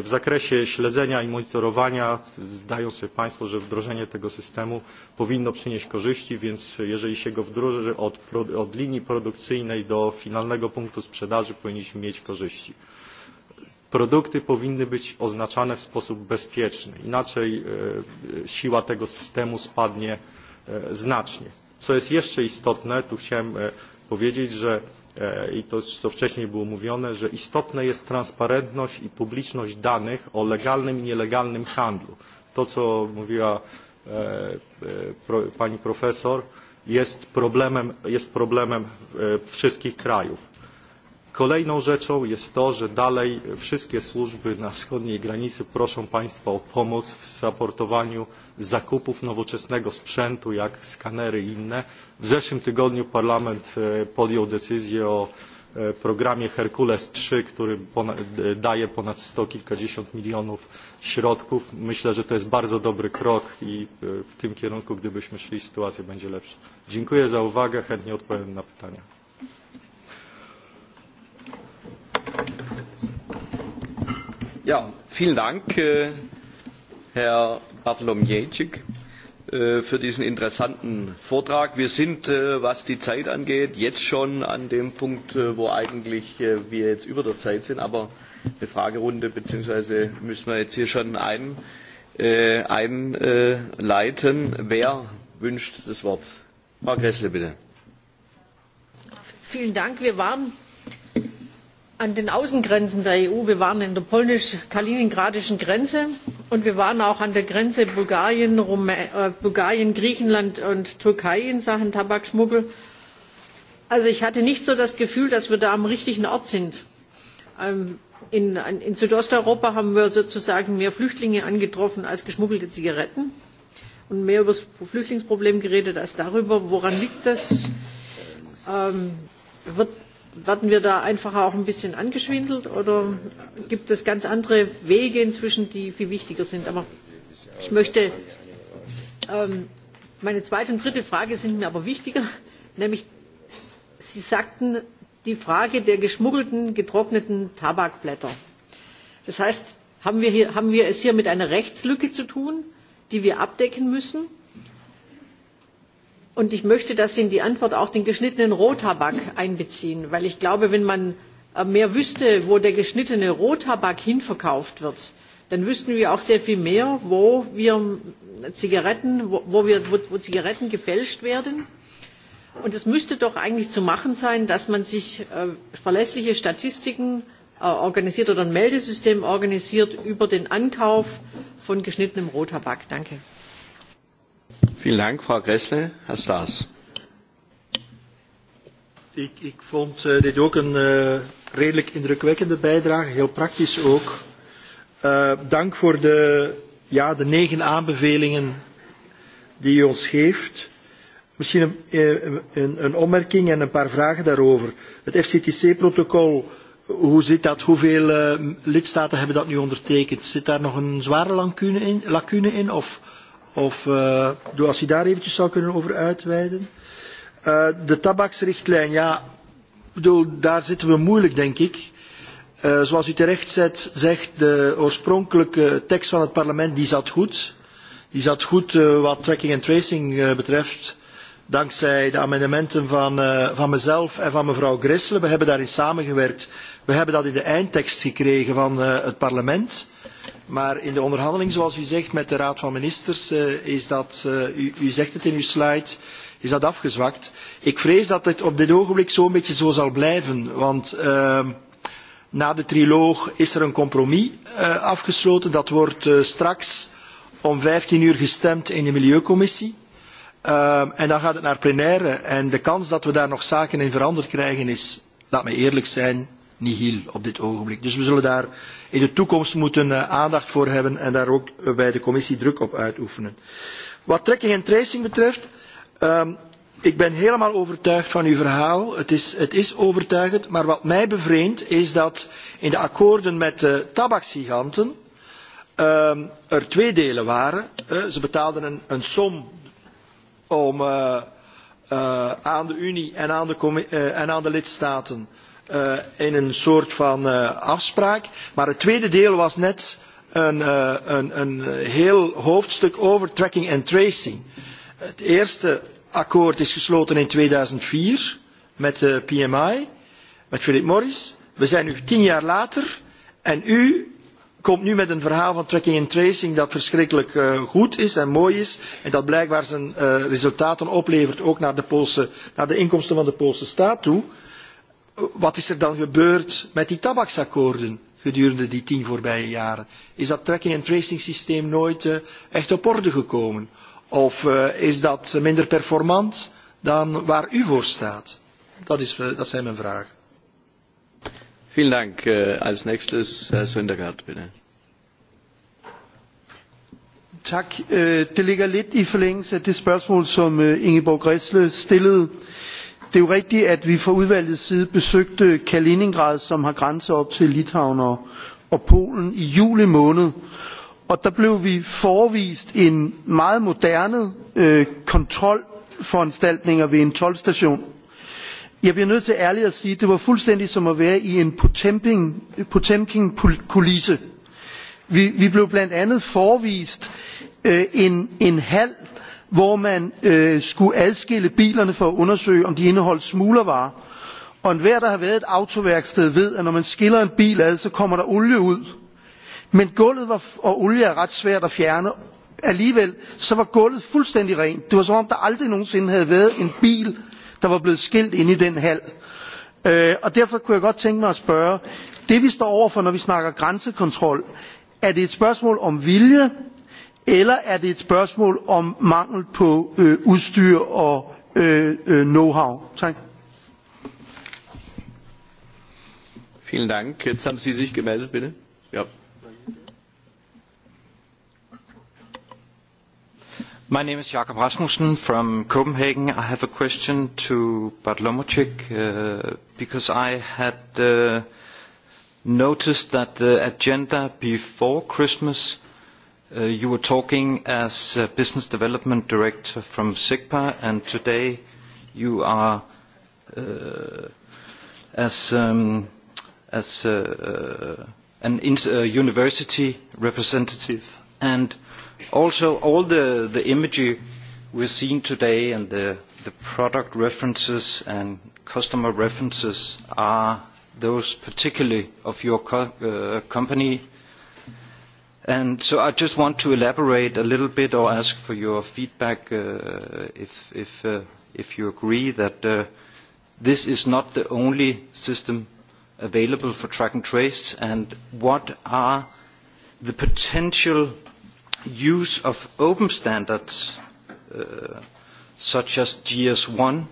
zakresie śledzenia i monitorowania zdają sobie państwo że wdrożenie tego systemu powinno przynieść korzyści więc jeżeli się go wdroży od linii produkcyjnej do finalnego punktu sprzedaży powinniśmy mieć korzyści. produkty powinny być oznaczane w sposób bezpieczny inaczej e, siła tego systemu spadnie e, znacznie. co jest jeszcze istotne tu chciałem e, powiedzieć że E, i to co wcześniej było mówione że istotna jest transparentność i publiczność danych o legalnym i nielegalnym handlu. to co mówiła e, e, pani profesor jest problemem wszystkich krajów. Kolejną rzeczą jest to, że dalej wszystkie służby na wschodniej granicy proszą Państwa o pomoc w zaportowaniu zakupów nowoczesnego sprzętu, jak skanery i inne. W zeszłym tygodniu Parlament e, podjął decyzję o e, programie Herkules 3, który e, daje ponad sto kilkadziesiąt milionów środków. Myślę, że to jest bardzo dobry krok i w tym kierunku, gdybyśmy szli, sytuacja będzie lepsza. Dziękuję za uwagę, chętnie odpowiem na pytania. Ja, vielen dank äh, herr bartolomiejczyk äh, für diesen interessanten vortrag. wir sind äh, was die zeit angeht jetzt schon an dem punkt wo wir eigentlich über der zeit sind aber eine fragerunde beziehungsweise müssen wir jetzt hier schon einleiten. wer wünscht das wort? frau gräßle bitte. vielen dank. wir waren an den Außengrenzen der EU. Wir waren an der polnisch-kaliningradischen Grenze und wir waren auch an der Grenze Bulgarien, Rumä äh, Bulgarien, Griechenland und Türkei in Sachen Tabakschmuggel. Also ich hatte nicht so das Gefühl, dass wir da am richtigen Ort sind. Ähm, in, in Südosteuropa haben wir sozusagen mehr Flüchtlinge angetroffen als geschmuggelte Zigaretten und mehr über das Flüchtlingsproblem geredet als darüber, woran liegt das? Ähm, wird werden wir da einfach auch ein bisschen angeschwindelt oder gibt es ganz andere Wege inzwischen, die viel wichtiger sind? Aber ich möchte, ähm, meine zweite und dritte Frage sind mir aber wichtiger, nämlich Sie sagten die Frage der geschmuggelten, getrockneten Tabakblätter. Das heißt, haben wir, hier, haben wir es hier mit einer Rechtslücke zu tun, die wir abdecken müssen? und ich möchte dass sie in die antwort auch den geschnittenen rohtabak einbeziehen weil ich glaube wenn man äh, mehr wüsste wo der geschnittene rohtabak hinverkauft wird dann wüssten wir auch sehr viel mehr wo wir äh, zigaretten wo, wo, wir, wo, wo zigaretten gefälscht werden und es müsste doch eigentlich zu machen sein dass man sich äh, verlässliche statistiken äh, organisiert oder ein meldesystem organisiert über den ankauf von geschnittenem rohtabak. danke. Vielen Dank, Frau Gressle. Herr Staas. Ik, ik vond uh, dit ook een uh, redelijk indrukwekkende bijdrage, heel praktisch ook. Uh, dank voor de, ja, de negen aanbevelingen die u ons geeft. Misschien een, een, een opmerking en een paar vragen daarover. Het FCTC-protocol, hoe zit dat? Hoeveel uh, lidstaten hebben dat nu ondertekend? Zit daar nog een zware lacune in? Lacune in of... Of uh, als u daar eventjes zou kunnen over uitweiden. Uh, de tabaksrichtlijn, ja, bedoel, daar zitten we moeilijk, denk ik. Uh, zoals u terecht zet, zegt, de oorspronkelijke tekst van het parlement die zat goed. Die zat goed uh, wat tracking en tracing uh, betreft, dankzij de amendementen van, uh, van mezelf en van mevrouw Gressle. We hebben daarin samengewerkt. We hebben dat in de eindtekst gekregen van uh, het parlement. Uh, Maar in de onderhandeling, zoals u zegt, met de Raad van Ministers, uh, is dat, uh, u, u zegt het in uw slide, is dat afgezwakt. Ik vrees dat het op dit ogenblik zo'n beetje zo zal blijven, want uh, na de triloog is er een compromis uh, afgesloten. Dat wordt uh, straks om 15 uur gestemd in de Milieucommissie. Uh, en dan gaat het naar plenaire en de kans dat we daar nog zaken in veranderd krijgen is, laat mij eerlijk zijn, nihil op dit ogenblik. Dus we zullen daar in de toekomst moeten eh, aandacht voor hebben en daar ook eh, bij de commissie druk op uitoefenen. Wat tracking en tracing betreft, um, ik ben helemaal overtuigd van uw verhaal. Het is, het is overtuigend, maar wat mij bevreemd is dat in de akkoorden met de tabaksgiganten um, er twee delen waren. Uh, ze betaalden een, een som om uh, uh, aan de Unie en aan de, uh, en aan de lidstaten Eh, in een soort van eh, afspraak. Maar het tweede deel was net een, eh, een, een heel hoofdstuk over tracking en tracing. Het eerste akkoord is gesloten in 2004 met de PMI, met Philip Morris. We zijn nu tien jaar later en u komt nu met een verhaal van tracking en tracing dat verschrikkelijk goed is en mooi is en dat blijkbaar zijn resultaten oplevert ook naar de, Poolse, naar de inkomsten van de Poolse staat toe wat is er dan gebeurd met die tabaksakkoorden gedurende die tien voorbije jaren? Is dat tracking en tracing systeem nooit uh, echt op orde gekomen? Of uh, is dat minder performant dan waar u voor staat? Dat, is, uh, dat zijn mijn vragen. Veel dank. Uh, als nächstes uh, Sundergaard, binnen. Tak. Uh, det ligger lidt i forlængelse af det spørgsmål, som uh, Ingeborg Græsle stillede. Uh, det er jo rigtigt at vi fra udvalgets side besøgte kaliningrad som har grænse op til litauen og og polen i juli måned og der blev vi forevist en meget moderne øh, kontrolforanstaltning ved en toldstation jeg bliver nødt til ærligt at sige at det var fuldstændig som at være i en potemkinkulisse vi blev blandt andet forevist øh, en en hal hvor man øh, skulle adskille bilerne for at undersøge om de indeholdt smuglervarer og enhver der har været et autoværksted ved at når man skiller en bil ad kommer der olie ud men gulvet og olie er ret svært at fjerne alligevel var gulvet fuldstændig rent det var som om der aldrig nogen sinde havde været en bil der var blevet skilt inde i den hal øh, derfor kunne jeg godt tænke mig at spørge det vi står over for når vi snakker grænsekontrol er det et spørgsmål om vilje eller er det et spørgsmål om mangel på øh, udstyr og øh, øh, know how? Tak. Vielen Dank. Jetzt haben Sie sich gemeldet, bitte. Ja. My name is Jakob Rasmussen from Copenhagen. I have a question to Bartlomacic uh, because I had uh, noticed that the agenda before Christmas uh, Uh, you were talking as a business development director from SIGPA, and today you are uh, as, um, as uh, uh, an ins- uh, university representative. And also, all the, the imagery we're seeing today and the, the product references and customer references are those particularly of your co- uh, company. And so I just want to elaborate a little bit or ask for your feedback uh, if, if, uh, if you agree that uh, this is not the only system available for track and trace and what are the potential use of open standards uh, such as GS1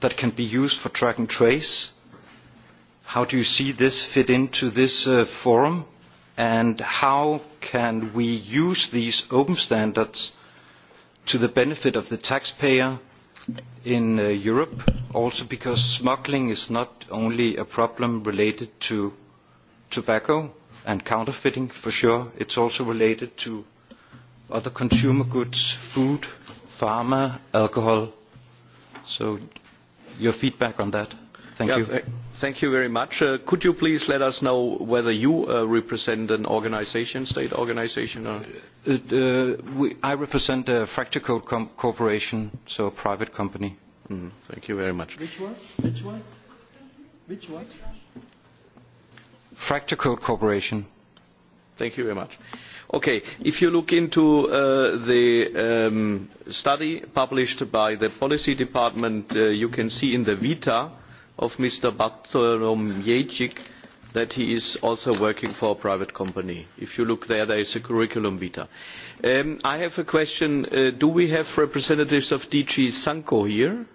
that can be used for track and trace. How do you see this fit into this uh, forum? And how can we use these open standards to the benefit of the taxpayer in uh, Europe also because smuggling is not only a problem related to tobacco and counterfeiting for sure it's also related to other consumer goods food pharma alcohol so your feedback on that Uh, could you please let us know whether you uh, represent an organisation a state organisation or uh, i represent a fracture code corporation so a private company mm-hmm. thank you very much which one which one fracture code corporation thank you very much okay if you look into uh, the um, study published by the policy department uh, you can see in the vita uh, of mr bartolom jeci that he is also working for a private company. if you look there there is a curriculum vitae. Um, i have a question uh, do we have representatives of dg sanco here?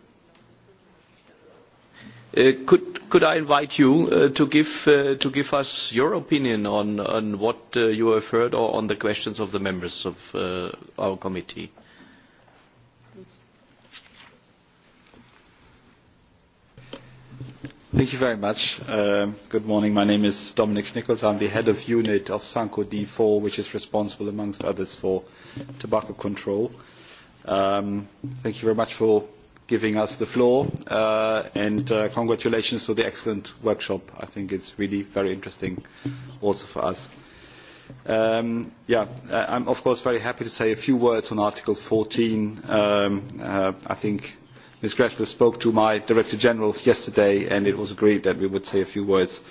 Uh, could, could i invite you uh, to give, uh, to give us your opinion on, on what uh, you have heard or on the questions of the members of uh, our committee? Thank you very much. Uh, good morning. My name is Dominic Nichols. I'm the head of unit of Sanco D4, which is responsible, amongst others, for tobacco control. Um, thank you very much for giving us the floor, uh, and uh, congratulations to the excellent workshop. I think it's really very interesting also for us. Um, yeah, uh, I'm, of course, very happy to say a few words on Article 14. Um, uh, I think ms grle spoke to my director general yesterday and it was agreed that we would say a few words.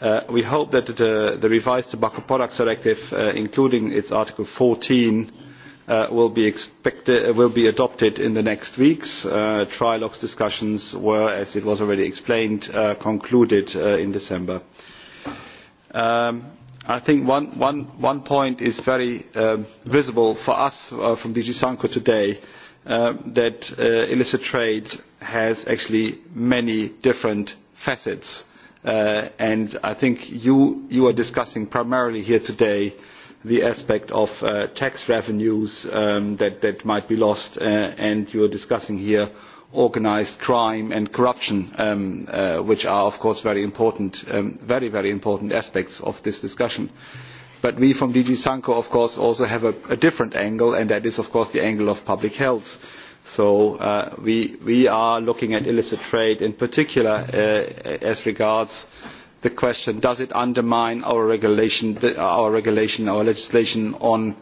Uh, we hope that the revised tobacco products directive uh, including its article fourteen uh, will be adopted in the next weeks. trialogue discussions were as was already explained concluded in december. Um, i think one point is very um, visible for us from dg sanco today Uh, that uh, illicit trade has actually many different facets. Uh, and I think you, you are discussing primarily here today the aspect of uh, tax revenues um, that, that might be lost, uh, and you are discussing here organized crime and corruption, um, uh, which are, of course, very important, um, very, very important aspects of this discussion. Mm-hmm but we from dg sanco of course also have a, a different angle and that is of course the angle of public health so uh, we we are looking at illicit trade in particular uh, as regards the question does it undermine our regulation our regulation our legislation on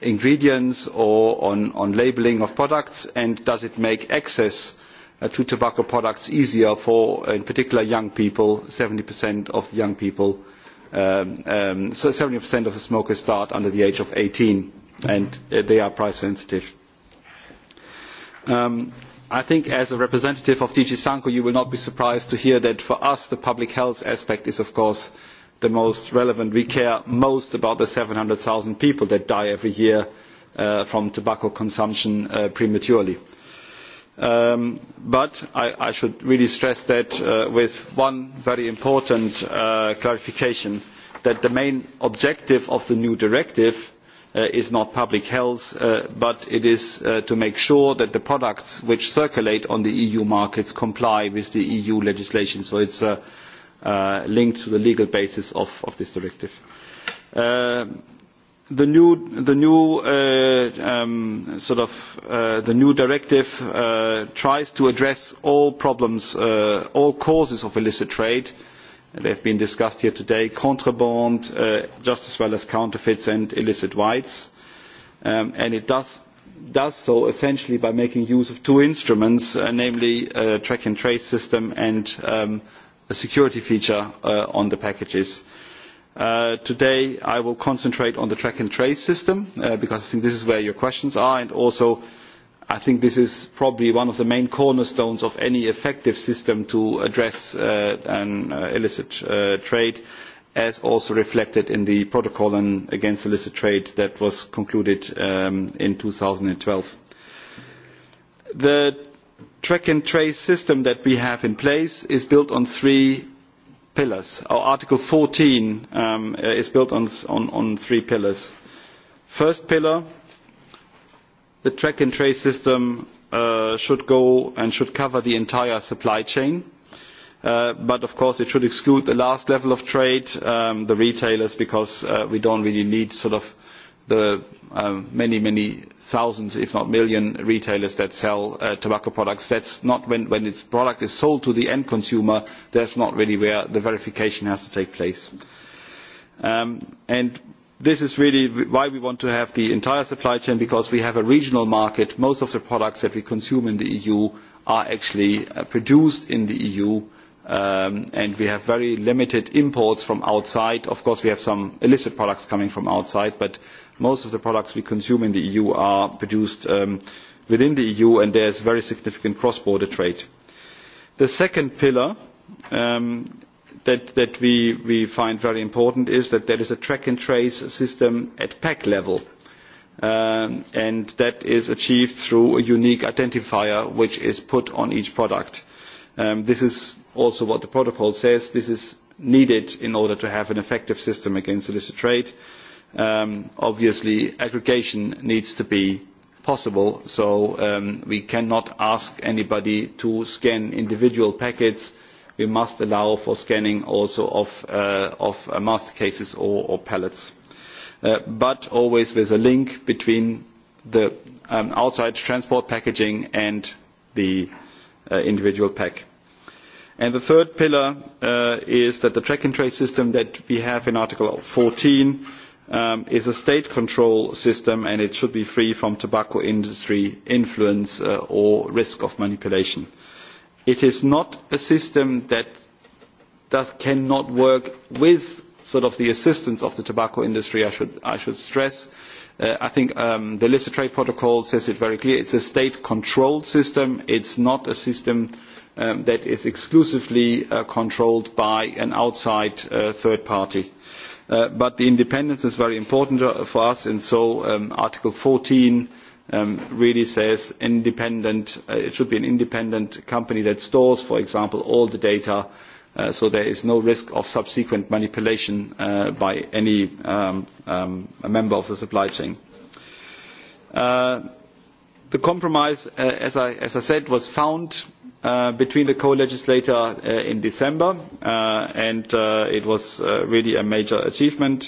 ingredients or on, on labeling of products and does it make access uh, to tobacco products easier for in particular young people 70% of the young people uh, Um, um, seventy percent of the smokers start under the age of eighteen and uh, they are price sensitive. Um, I think as a representative of DG Sanko you will not be surprised to hear that for us the public health aspect is of course the most relevant. We care most about the 700,000 people that die every year uh, from tobacco consumption uh, prematurely. Um, but i should really stress that uh, with one very important uh, clarification that the main objective of the new directive uh, is not public health but it is to make sure that the products which circulate on the eu markets comply with the eu legislation so it is linked to the legal basis of this directive the new the new uh, um, sort of uh, the new directive uh, tries to address all problems uh, all causes of illicit trade they have been discussed here today contraband uh, just as well as counterfeits and illicit whites um, and it does does so essentially by making use of two instruments uh, namely a track and trace system and um, a security feature uh, on the packages uh, Uh, today I will concentrate on the track and trace system uh, because I think this is where your questions are and also I think this is probably one of the main cornerstones of any effective system to address uh, an uh, illicit uh, trade as also reflected in the protocol on, against illicit trade that was concluded um, in 2012. The track and trace system that we have in place is built on three pillars. Our Article 14 um, uh, is built on, on, on three pillars. First pillar, the track and trace system uh, should go and should cover the entire supply chain. Uh, but of course it should exclude the last level of trade, um, the retailers, because uh, we don't really need sort of uh, the um, many many thousands if not millions of retailers that sell uh, tobacco products. that is not when the product is sold to the end consumer that is not really where the verification has to take place. Um, this is really why we want to have the entire supply chain because we have a regional market. most of the products that we consume in the eu are actually uh, produced in the eu um, and we have very limited imports from outside. of course we have some illicit products coming from outside most of the products we consume in the eu are produced um, within the eu and there is very significant cross border trade. the second pillar um, that, that we, we find very important is that there is a track and trace system at pac level. Um, and that is achieved through a unique identifier which is put on each product. Um, this is also what the protocol says. This is needed in order to have an effective system against illicit trade. Uh, Um, obviously aggregation needs to be possible so um, we cannot ask anybody to scan individual packets we must allow for scanning also of uh, uh, master cases or pallets uh, but always with a link between the um, outside transport packaging and the individual pack. The third pillar is that the track and trace system that we have in article fourteen Um, is a state control system and it should be free from tobacco industry influence uh, or risk of manipulation. It is not a system that, that cannot work with sort of the assistance of the tobacco industry, I should, I should stress. Uh, I think um, the illicit trade protocol says it very clearly. It's a state controlled system. It's not a system um, that is exclusively uh, controlled by an outside uh, third party. Uh, but the independence is very important uh, for us and so um, article 14 um, really says independent uh, it should be an independent company that stores for example all the data uh, so there is no risk of subsequent manipulation uh, by any um, um, a member of the supply chain. Uh, the compromise, uh, as, I, as I said, was found uh, between the co-legislator uh, in December, uh, and uh, it was uh, really a major achievement.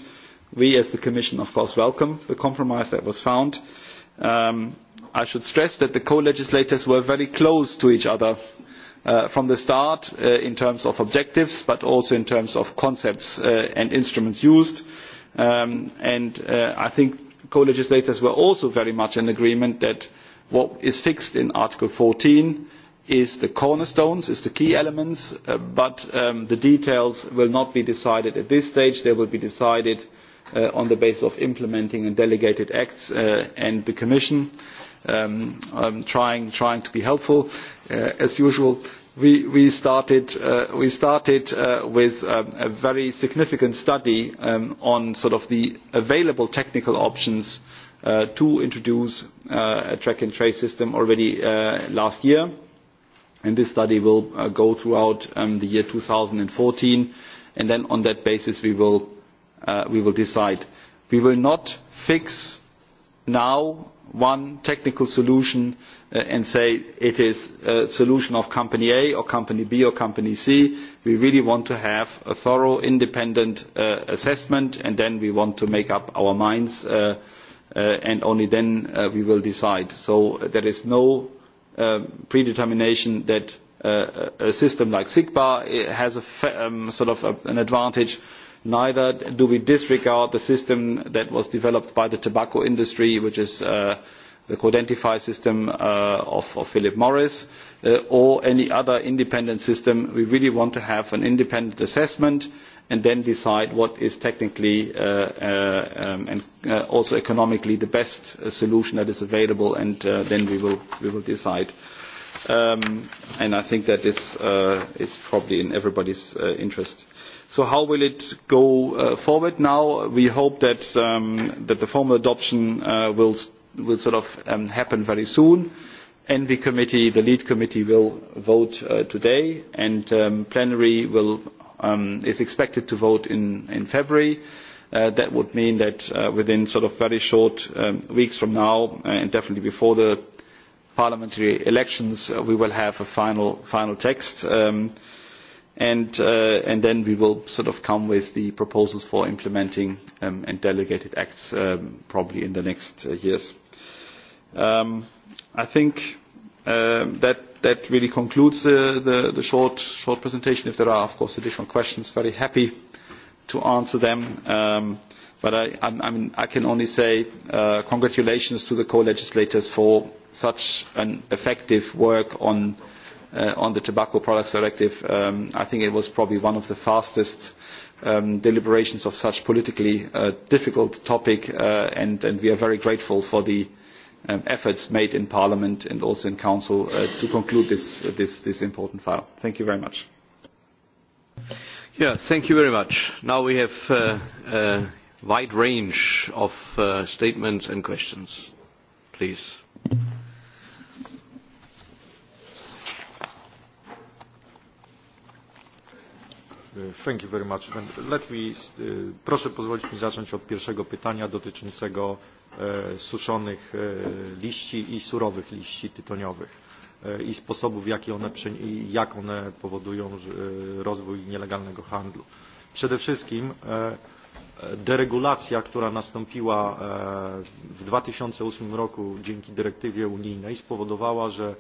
We, as the Commission, of course, welcome the compromise that was found. Um, I should stress that the co-legislators were very close to each other uh, from the start uh, in terms of objectives, but also in terms of concepts uh, and instruments used. Um, and uh, I think co-legislators were also very much in agreement that what is fixed in Article 14 is the cornerstones, is the key elements, uh, but um, the details will not be decided at this stage. They will be decided uh, on the basis of implementing and delegated acts uh, and the Commission. I'm um, um, trying to be helpful as usual. We started with a very significant study on sort of the available technical options to introduce a track and trace system already last year. This study will uh, go throughout um, the year 2014, and then on that basis, uh, we will decide. We will not fix now one technical solution uh, and say it is a solution of company A or company B or company C. We really want to have a thorough, independent assessment, and then we want to make up our minds, and only then we will decide. There is no Um, predetermination that uh, a system like SIGPA has a fa- um, sort of a, an advantage. Neither do we disregard the system that was developed by the tobacco industry, which is uh, the Codentify system uh, of, of Philip Morris, uh, or any other independent system. We really want to have an independent assessment and then decide what is technically uh, uh, um, and uh, also economically the best uh, solution that is available, and uh, then we will, we will decide. Um, and I think that this uh, is probably in everybody's uh, interest. So how will it go uh, forward now? We hope that, um, that the formal adoption uh, will, will sort of um, happen very soon. And the committee, the lead committee will vote uh, today and um, plenary will um, is expected to vote in, in February. Uh, that would mean that uh, within sort of very short um, weeks from now, uh, and definitely before the parliamentary elections, uh, we will have a final, final text. Um, and, uh, and then we will sort of come with the proposals for implementing um, and delegated acts um, probably in the next uh, years. Um, I think uh, that that really concludes uh, the, the short, short presentation. If there are, of course, additional questions, very happy to answer them. Um, but I, I, I, mean, I can only say uh, congratulations to the co-legislators for such an effective work on, uh, on the Tobacco Products Directive. Um, I think it was probably one of the fastest um, deliberations of such politically uh, difficult topic, uh, and, and we are very grateful for the uh, um, efforts made in Parliament and also in Council uh, to conclude this, uh, this, this important file. Thank you very much. Yeah, thank you very much. Now we have uh, a wide range of uh, statements and questions. Please. Uh, thank you very much. Let me, uh, proszę pozwolić mi zacząć od pierwszego pytania dotyczącego E, suszonych e, liści i surowych liści tytoniowych e, i sposobów, jak one, jak one powodują rozwój nielegalnego handlu. Przede wszystkim deregulacja, która nastąpiła w 2008 roku dzięki dyrektywie unijnej spowodowała, że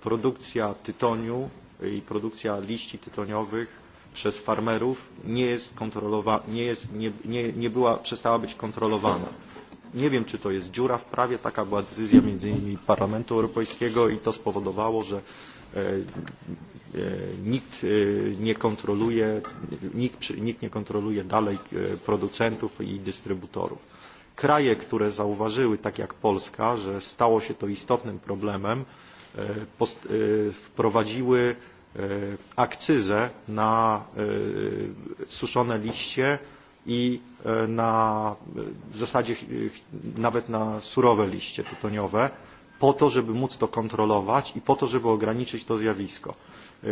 produkcja tytoniu i produkcja liści tytoniowych przez farmerów nie jest kontrolowana, nie, jest, nie, nie, nie była, przestała być kontrolowana. Nie wiem, czy to jest dziura w prawie, taka była decyzja między innymi Parlamentu Europejskiego i to spowodowało, że e, e, nikt e, nie kontroluje, nikt, nikt nie kontroluje dalej producentów i dystrybutorów. Kraje, które zauważyły, tak jak Polska, że stało się to istotnym problemem, wprowadziły akcyzę na suszone liście i e, na w zasadzie nawet na surowe liście tytoniowe po to, żeby móc to kontrolować i po to, żeby ograniczyć to zjawisko. E,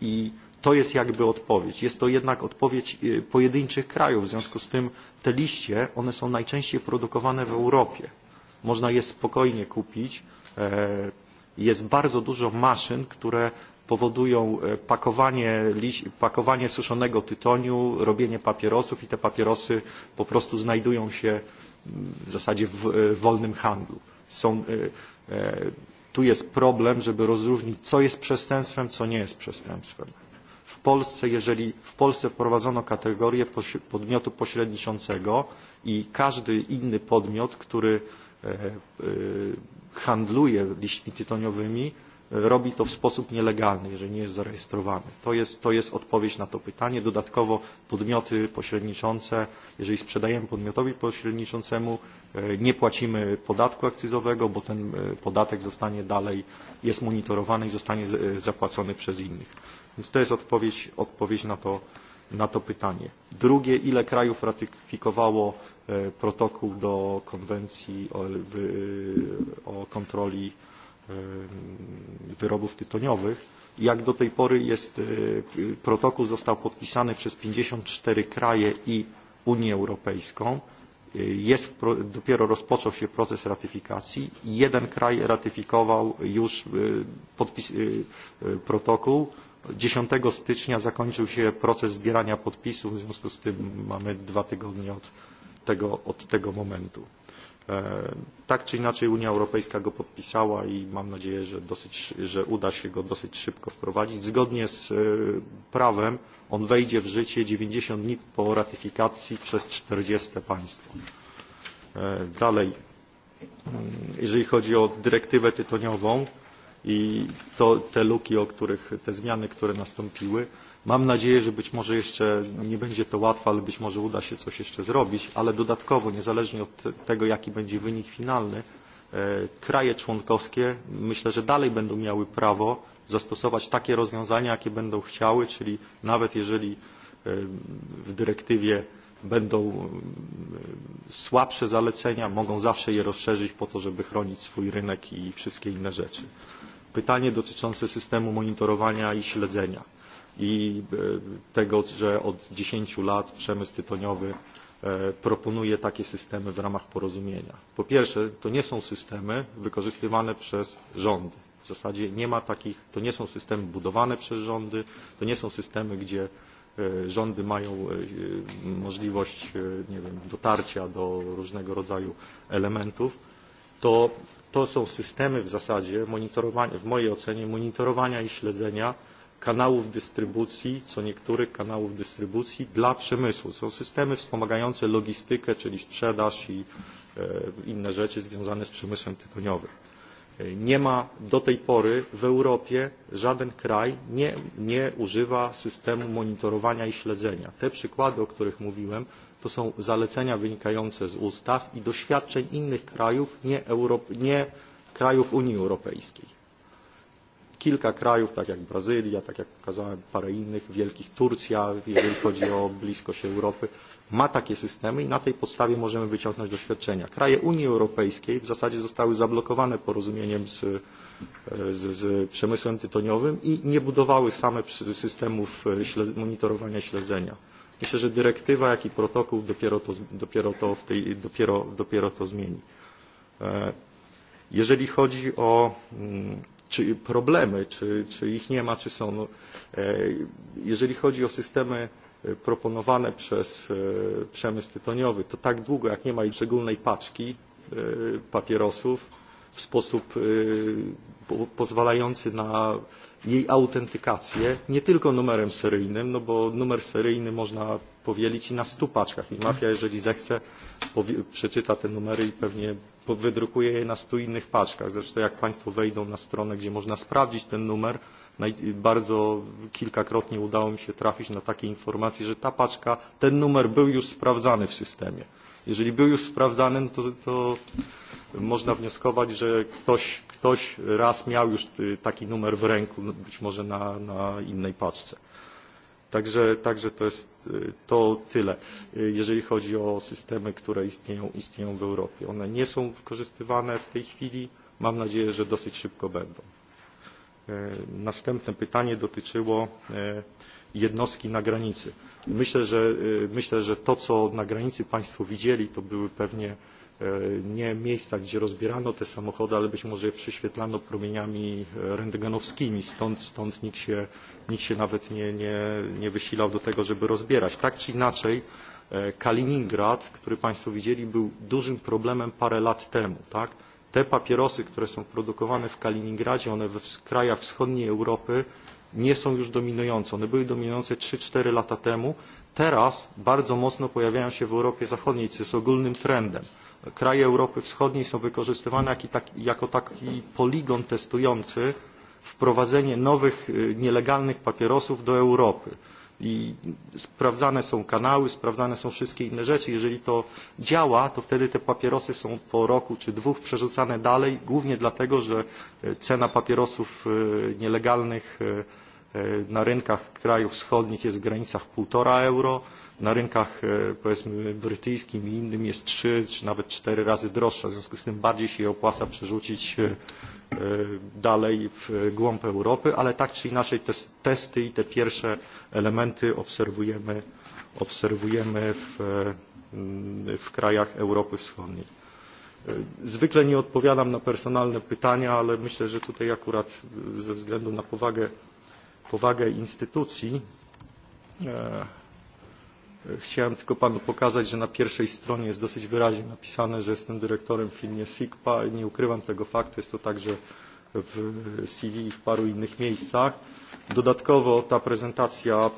I to jest jakby odpowiedź. Jest to jednak odpowiedź e, pojedynczych krajów. W związku z tym te liście, one są najczęściej produkowane w Europie. Można je spokojnie kupić. Jest bardzo dużo maszyn, które powodują e, pakowanie, pakowanie suszonego tytoniu, robienie papierosów i te papierosy po prostu znajdują się w zasadzie w, e, w wolnym handlu. Są, e, e, tu jest problem, żeby rozróżnić, co jest przestępstwem, co nie jest przestępstwem. W Polsce, jeżeli w Polsce wprowadzono kategorię podmiotu pośredniczącego i każdy inny podmiot, który handluje liśćmi tytoniowymi, robi to w sposób nielegalny, jeżeli nie jest zarejestrowany. To jest, to jest odpowiedź na to pytanie. Dodatkowo podmioty pośredniczące, jeżeli sprzedajemy podmiotowi pośredniczącemu, e, nie płacimy podatku akcyzowego, bo ten e, podatek zostanie dalej, jest monitorowany i zostanie e, zapłacony przez innych. Więc to jest odpowiedź, odpowiedź na, to, na to pytanie. Drugie, ile krajów ratyfikowało protokół do konwencji o, w, o kontroli wyrobów tytoniowych. Jak do tej pory jest, e, protokół został podpisany przez 54 kraje i Unię Europejską. E, jest, dopiero rozpoczął się proces ratyfikacji. Jeden kraj ratyfikował już e, podpis, protokół. 10 stycznia zakończył się proces zbierania podpisów. W związku z tym mamy dwa tygodnie od tego, od tego momentu. E, tak czy inaczej Unia Europejska go podpisała i mam nadzieję, że, dosyć, że uda się go dosyć szybko wprowadzić. Zgodnie z e, prawem on wejdzie w życie 90 dni po ratyfikacji przez 40 państwo. E, dalej, mm, jeżeli chodzi o dyrektywę tytoniową i to, te luki, o których, te zmiany, które nastąpiły, Mam nadzieję, że być może jeszcze nie będzie to łatwe, ale być może uda się coś jeszcze zrobić, ale dodatkowo, niezależnie od tego, jaki będzie wynik finalny, e, kraje członkowskie myślę, że dalej będą miały prawo zastosować takie rozwiązania, jakie będą chciały, czyli nawet jeżeli e, w dyrektywie będą e, słabsze zalecenia, mogą zawsze je rozszerzyć po to, żeby chronić swój rynek i wszystkie inne rzeczy. Pytanie dotyczące systemu monitorowania i śledzenia i e, tego że od dziesięciu lat przemysł tytoniowy e, proponuje takie systemy w ramach porozumienia. po pierwsze to nie są systemy wykorzystywane przez rządy w zasadzie nie ma takich to nie są systemy budowane przez rządy to nie są systemy gdzie e, rządy mają możliwość nie wiem, dotarcia do różnego rodzaju elementów to, to są systemy w zasadzie monitorowania w mojej ocenie monitorowania i śledzenia kanałów dystrybucji co niektórych kanałów dystrybucji dla przemysłu. Są systemy wspomagające logistykę, czyli sprzedaż i e, inne rzeczy związane z przemysłem tytoniowym. Nie ma do tej pory w Europie żaden kraj nie, nie używa systemu monitorowania i śledzenia. Te przykłady, o których mówiłem, to są zalecenia wynikające z ustaw i doświadczeń innych krajów, nie, Europ nie krajów Unii Europejskiej kilka krajów, tak jak Brazylia, tak jak pokazałem parę innych, wielkich Turcja, jeżeli chodzi o bliskość Europy, ma takie systemy i na tej podstawie możemy wyciągnąć doświadczenia. Kraje Unii Europejskiej w zasadzie zostały zablokowane porozumieniem z, z, z przemysłem tytoniowym i nie budowały same systemów e, śled, monitorowania śledzenia. Myślę, że dyrektywa, jak i protokół dopiero to, dopiero to, w tej, dopiero, dopiero to zmieni. E, jeżeli chodzi o mm, czy problemy, czy, czy ich nie ma, czy są. No, jeżeli chodzi o systemy e, proponowane przez e, przemysł tytoniowy, to tak długo, jak nie ma szczególnej paczki papierosów w sposób pozwalający na jej autentykację, nie tylko numerem seryjnym, no bo numer seryjny można powielić i na stu paczkach. I mafia, jeżeli zechce, przeczyta te numery i pewnie wydrukuje je na stu innych paczkach. Zresztą jak Państwo wejdą na stronę, gdzie można sprawdzić ten numer, bardzo kilkakrotnie udało mi się trafić na takie informacje, że ta paczka, ten numer był już sprawdzany w systemie. Jeżeli był już sprawdzany, no to, to można wnioskować, że ktoś, ktoś raz miał już taki numer w ręku, być może na, na innej paczce. Także, także to jest to tyle, jeżeli chodzi o systemy, które istnieją, istnieją w Europie. One nie są wykorzystywane w tej chwili. Mam nadzieję, że dosyć szybko będą. Następne pytanie dotyczyło jednostki na granicy. Myślę, że, myślę, że to, co na granicy Państwo widzieli, to były pewnie E, nie miejsca, gdzie rozbierano te samochody, ale być może je przyświetlano promieniami e, rentgenowskimi, stąd, stąd nikt, się, nikt się nawet nie, nie, nie wysilał do tego, żeby rozbierać. Tak czy inaczej, e, Kaliningrad, który Państwo widzieli, był dużym problemem parę lat temu. Tak? Te papierosy, które są produkowane w Kaliningradzie, one we krajach wschodniej Europy nie są już dominujące. One były dominujące 3-4 lata temu. Teraz bardzo mocno pojawiają się w Europie Zachodniej, co jest ogólnym trendem kraje Europy Wschodniej są wykorzystywane jako taki poligon testujący wprowadzenie nowych nielegalnych papierosów do Europy. I sprawdzane są kanały, sprawdzane są wszystkie inne rzeczy. Jeżeli to działa, to wtedy te papierosy są po roku czy dwóch przerzucane dalej, głównie dlatego, że cena papierosów nielegalnych E, na rynkach krajów wschodnich jest w granicach 1,5 euro, na rynkach e, powiedzmy brytyjskim i innym jest 3 czy nawet 4 razy droższa. W związku z tym bardziej się opłaca przerzucić e, dalej w głąb Europy, ale tak czy inaczej te testy i te pierwsze elementy obserwujemy, obserwujemy w, mm, w krajach Europy Wschodniej. Zwykle nie odpowiadam na personalne pytania, ale myślę, że tutaj akurat ze względu na powagę powagę instytucji e, chciałem tylko panu pokazać, że na pierwszej stronie jest dosyć wyraźnie napisane, że jestem dyrektorem w firmie SIGPA. Nie ukrywam tego faktu, jest to także w CV i w paru innych miejscach. Dodatkowo ta prezentacja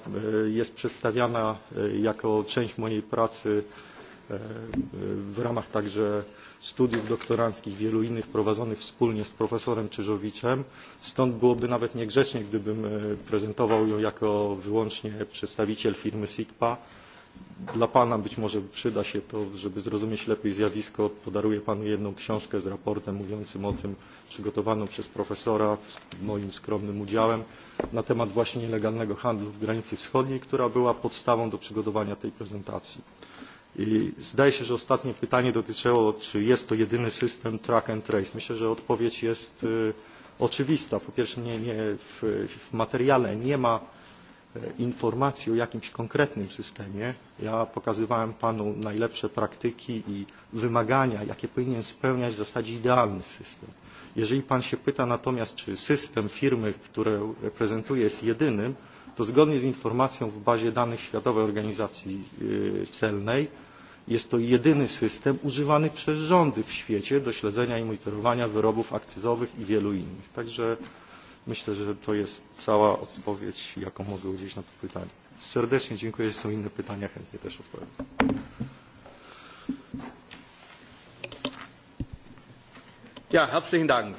e, jest przedstawiana e, jako część mojej pracy w ramach także studiów doktoranckich i wielu innych prowadzonych wspólnie z profesorem czyżowiczem stąd byłoby nawet niegrzecznie gdybym e, prezentował ją jako wyłącznie przedstawiciel firmy sigpa. Dla pana być może przyda się to, żeby zrozumieć lepiej zjawisko. Podaruję panu jedną książkę z raportem mówiącym o tym, przygotowaną przez profesora z moim skromnym udziałem na temat właśnie nielegalnego handlu w granicy wschodniej, która była podstawą do przygotowania tej prezentacji. I zdaje się, że ostatnie pytanie dotyczyło, czy jest to jedyny system track and trace. Myślę, że odpowiedź jest y, oczywista. Po pierwsze, nie, nie, w, w materiale nie ma e, informacji o jakimś konkretnym systemie. Ja pokazywałem Panu najlepsze praktyki i wymagania, jakie powinien spełniać w zasadzie idealny system. Jeżeli Pan się pyta natomiast, czy system firmy, które reprezentuje, jest jedynym, to zgodnie z informacją w bazie danych Światowej Organizacji Celnej jest to jedyny system używany przez rządy w świecie do śledzenia i monitorowania wyrobów akcyzowych i wielu innych. Także myślę, że to jest cała odpowiedź, jaką mogę udzielić na to pytanie. Serdecznie dziękuję, są inne pytania, chętnie też odpowiem. Ja, herzlichen Dank,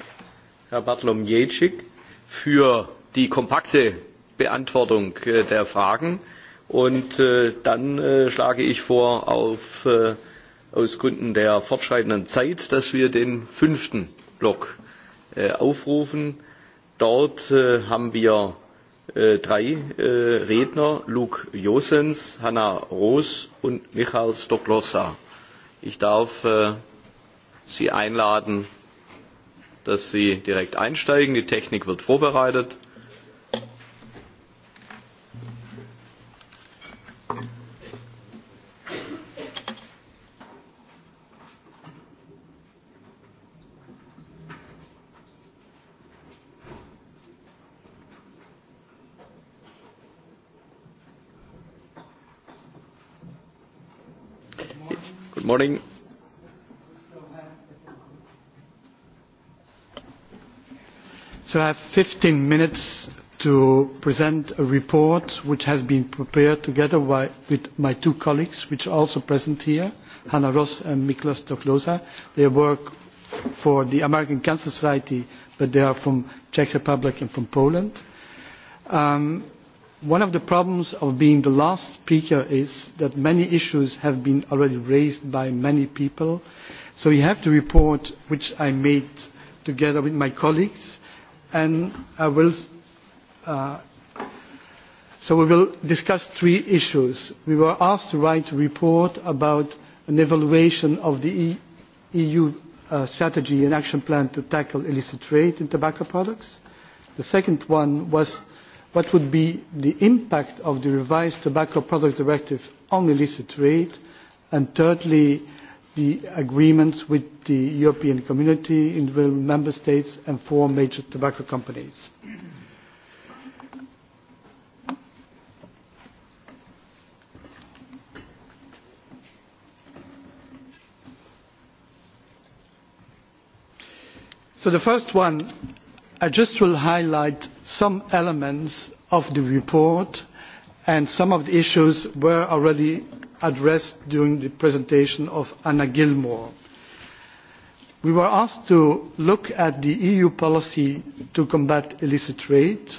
Herr Bartlom Jejczyk, für die kompakte Beantwortung äh, der Fragen. Und äh, dann äh, schlage ich vor, auf, aus Gründen der fortschreitenden Zeit, dass wir den fünften Block aufrufen. Dort haben wir drei Redner, Luke Josens, Hanna Roos und Michael Stoklosa. Ich darf Sie einladen, dass Sie direkt einsteigen. Die Technik wird vorbereitet. morning. So I have 15 minutes to present a report which has been prepared together by, with my two colleagues, which are also present here, Hannah Ross and Miklos Toklosa. They work for the American Cancer Society, but they are from Czech Republic and from Poland. Um, one of the problems of being the last speaker is that many issues have been already raised by many people so we have the report which i made together with my colleagues and i will uh, so we will discuss three issues we were asked to write a report about an evaluation of the e eu uh, strategy and action plan to tackle illicit trade in tobacco products the second one was what would be the impact of the revised tobacco product directive on illicit trade? And thirdly, the agreements with the European Community in the member states and four major tobacco companies. So the first one i will just highlight some elements of the report and some of the issues were already addressed during the presentation of anna gilmore. we were asked to look at the eu policy to combat illicit trade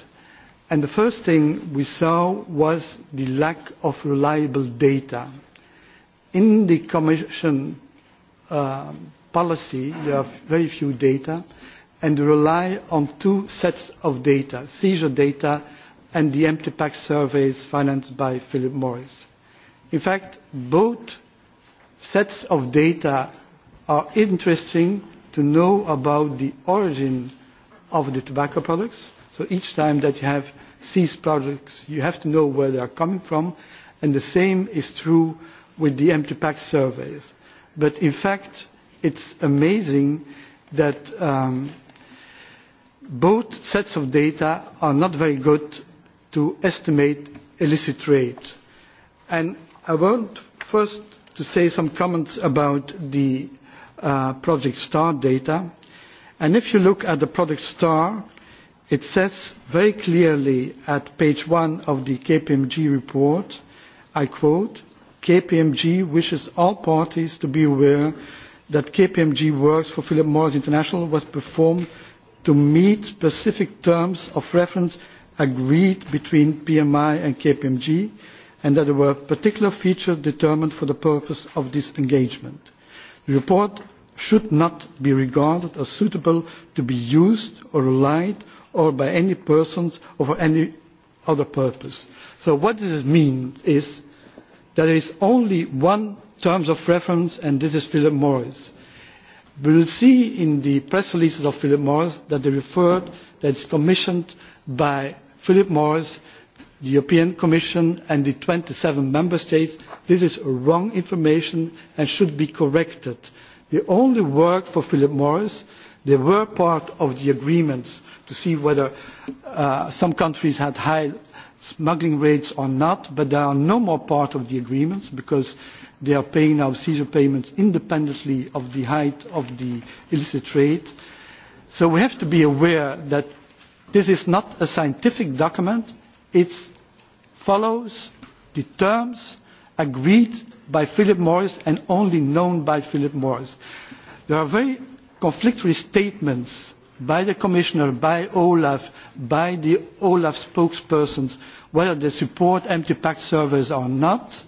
and the first thing we saw was the lack of reliable data. in the commission uh, policy there are very few data and rely on two sets of data seizure data and the empty pack surveys financed by Philip Morris. In fact, both sets of data are interesting to know about the origin of the tobacco products. So each time that you have seized products, you have to know where they are coming from. And the same is true with the empty pack surveys. But in fact, it's amazing that um, both sets of data are not very good to estimate illicit trade. And I want first to say some comments about the uh, Project STAR data. And if you look at the Project STAR, it says very clearly at page one of the KPMG report, I quote, KPMG wishes all parties to be aware that KPMG works for Philip Morris International was performed to meet specific terms of reference agreed between PMI and KPMG and that there were particular features determined for the purpose of this engagement. The report should not be regarded as suitable to be used or relied or by any persons or for any other purpose. So what does it mean is that there is only one terms of reference and this is Philip Morris. We will see in the press releases of Philip Morris that they referred that it's commissioned by Philip Morris, the European Commission and the 27 member states. This is wrong information and should be corrected. We only work for Philip Morris. They were part of the agreements to see whether uh, some countries had high smuggling rates or not, but they are no more part of the agreements because they are paying now seizure payments independently of the height of the illicit trade. So we have to be aware that this is not a scientific document. It follows the terms agreed by Philip Morris and only known by Philip Morris. There are very conflictory statements by the commissioner by olaf by the olaf spokespersons whether they support empty packet servers or not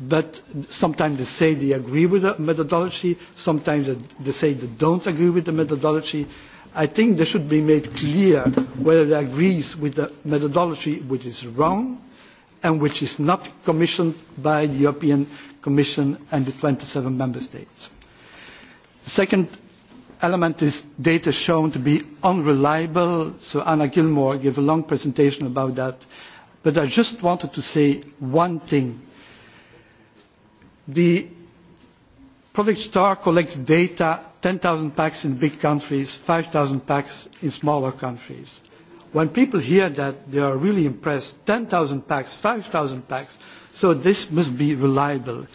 but sometimes they say they agree with the methodology sometimes they say they do not agree with the methodology. i think it should be made clear whether they agree with the methodology which is wrong and which is not commissioned by the european commission and the twenty seven member states. the second element is data shown to be unreliable. So Anna Gilmore gave a long presentation about that. But I just wanted to say one thing. The Project Star collects data, 10,000 packs in big countries, 5,000 packs in smaller countries. When people hear that, they are really impressed. 10,000 packs, 5,000 packs. So this must be reliable.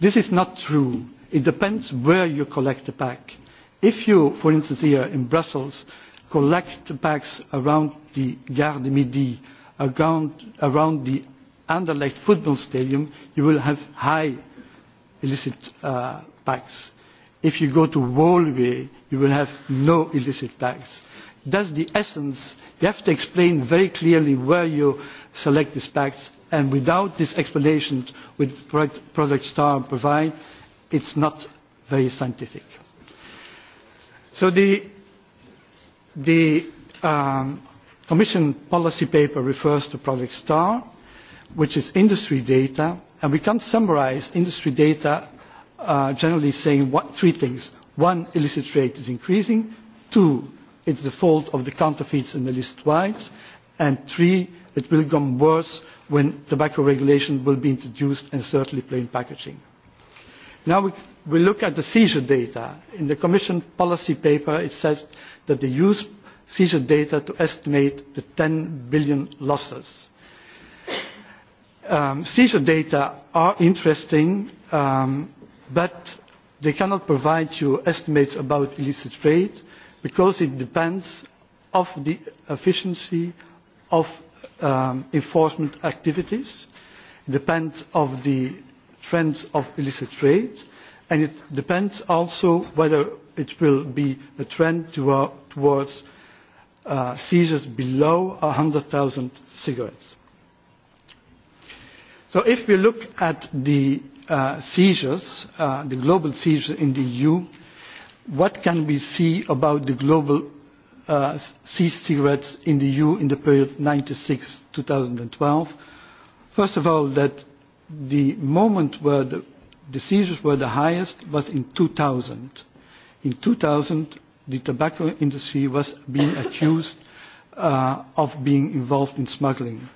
This is not true. It depends where you collect the pack if you for instance here in brussels collect bags around the gare du midi around the anderlecht football stadium you will have high illicit uh, bags. if you go to woluwe you will have no illicit bags. that is the essence. you have to explain very clearly where you select these bags and without this explanation which product star provides it is not very scientific. So the, the um, Commission policy paper refers to Project STAR, which is industry data, and we can summarize industry data uh, generally saying what, three things. One, illicit trade is increasing. Two, it's the fault of the counterfeits and the illicit whites. And three, it will become worse when tobacco regulation will be introduced and certainly plain packaging. Now we look at the seizure data. In the Commission policy paper, it says that they use seizure data to estimate the 10 billion losses. Um, seizure data are interesting, um, but they cannot provide you estimates about illicit trade because it depends on the efficiency of um, enforcement activities, depends on the trends of illicit trade, and it depends also whether it will be a trend to, uh, towards uh, seizures below 100,000 cigarettes. So if we look at the uh, seizures, uh, the global seizures in the EU, what can we see about the global uh, seized cigarettes in the EU in the period 96-2012? First of all, that the moment where the, the seizures were the highest was in 2000. In 2000, the tobacco industry was being accused uh, of being involved in smuggling.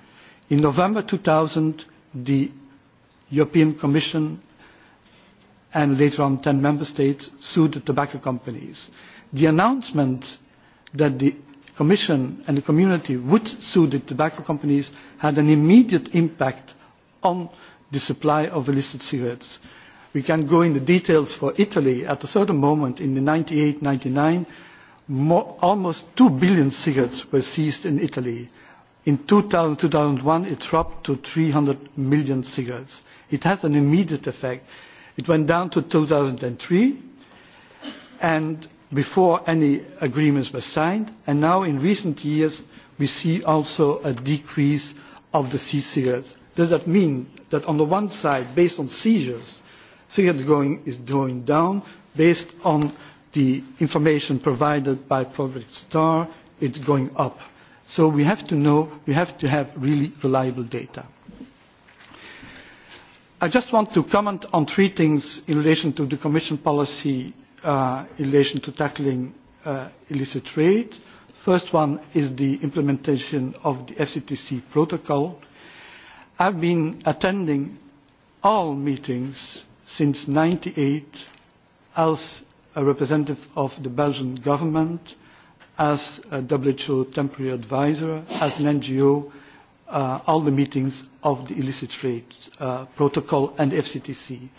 In November 2000, the European Commission and later on 10 member states sued the tobacco companies. The announcement that the Commission and the community would sue the tobacco companies had an immediate impact on uh, the supply of illicit cigarettes. We can go into details for Italy. At a certain moment in 1998-99, almost 2 billion cigarettes were seized in Italy. In 2000, 2001, it dropped to 300 million cigarettes. It has an immediate effect. It went down to 2003, and before any agreements were signed, and now in recent years, we see also a decrease of the sea cigarettes does that mean that on the one side, based on seizures, cigarette going is going down, based on the information provided by Project Star, it's going up. So we have to know, we have to have really reliable data. I just want to comment on three things in relation to the Commission policy uh, in relation to tackling uh, illicit trade. First one is the implementation of the FCTC protocol. I've been attending all meetings since 1998 as a representative of the Belgian government, as a WHO temporary advisor, as an NGO, uh, all the meetings of the illicit trade uh, protocol and FCTC.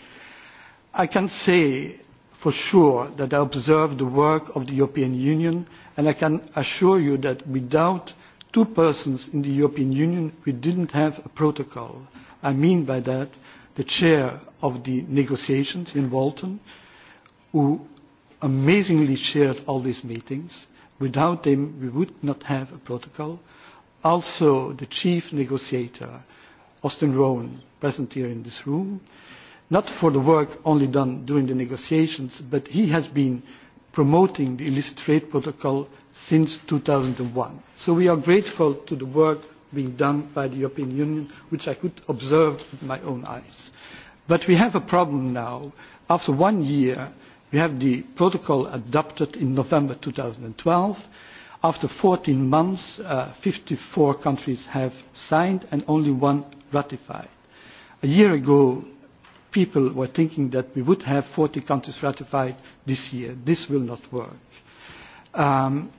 I can say for sure that I observe the work of the European Union and I can assure you that without two persons in the European Union we didn't have a protocol. I mean by that the chair of the negotiations in Walton, who amazingly chaired all these meetings. Without him, we would not have a protocol. Also, the chief negotiator, Austin Rowan, present here in this room, not for the work only done during the negotiations, but he has been promoting the illicit trade protocol since 2001. So we are grateful to the work being done by the European Union, which I could observe with my own eyes. But we have a problem now. After one year, we have the protocol adopted in November 2012. After 14 months, uh, 54 countries have signed and only one ratified. A year ago, people were thinking that we would have 40 countries ratified this year. This will not work. Um,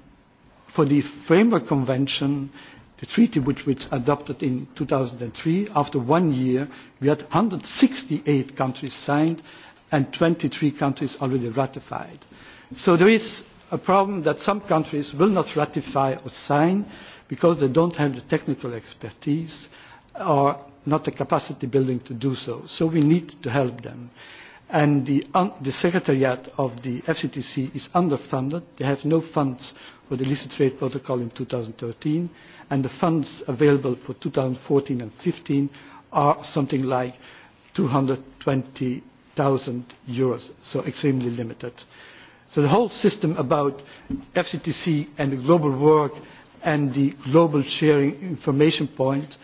for the framework convention, the treaty which was adopted in 2003, after one year, we had 168 countries signed and 23 countries already ratified. So there is a problem that some countries will not ratify or sign because they don't have the technical expertise or not the capacity building to do so. So we need to help them and the, un the secretariat of the FCTC is underfunded. They have no funds for the illicit trade protocol in 2013, and the funds available for 2014 and 15 are something like 220,000 euros, so extremely limited. So the whole system about FCTC and the global work and the global sharing information point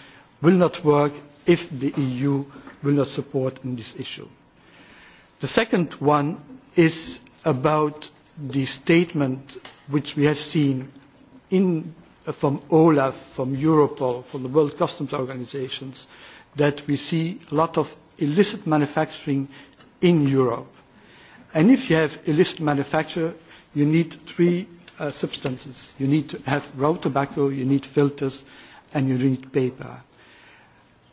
will not work if the EU will not support in this issue. The second one is about the statement which we have seen in, uh, from OLAF, from Europol, from the World Customs Organizations, that we see a lot of illicit manufacturing in Europe. And if you have illicit manufacture, you need three uh, substances. You need to have raw tobacco, you need filters, and you need paper.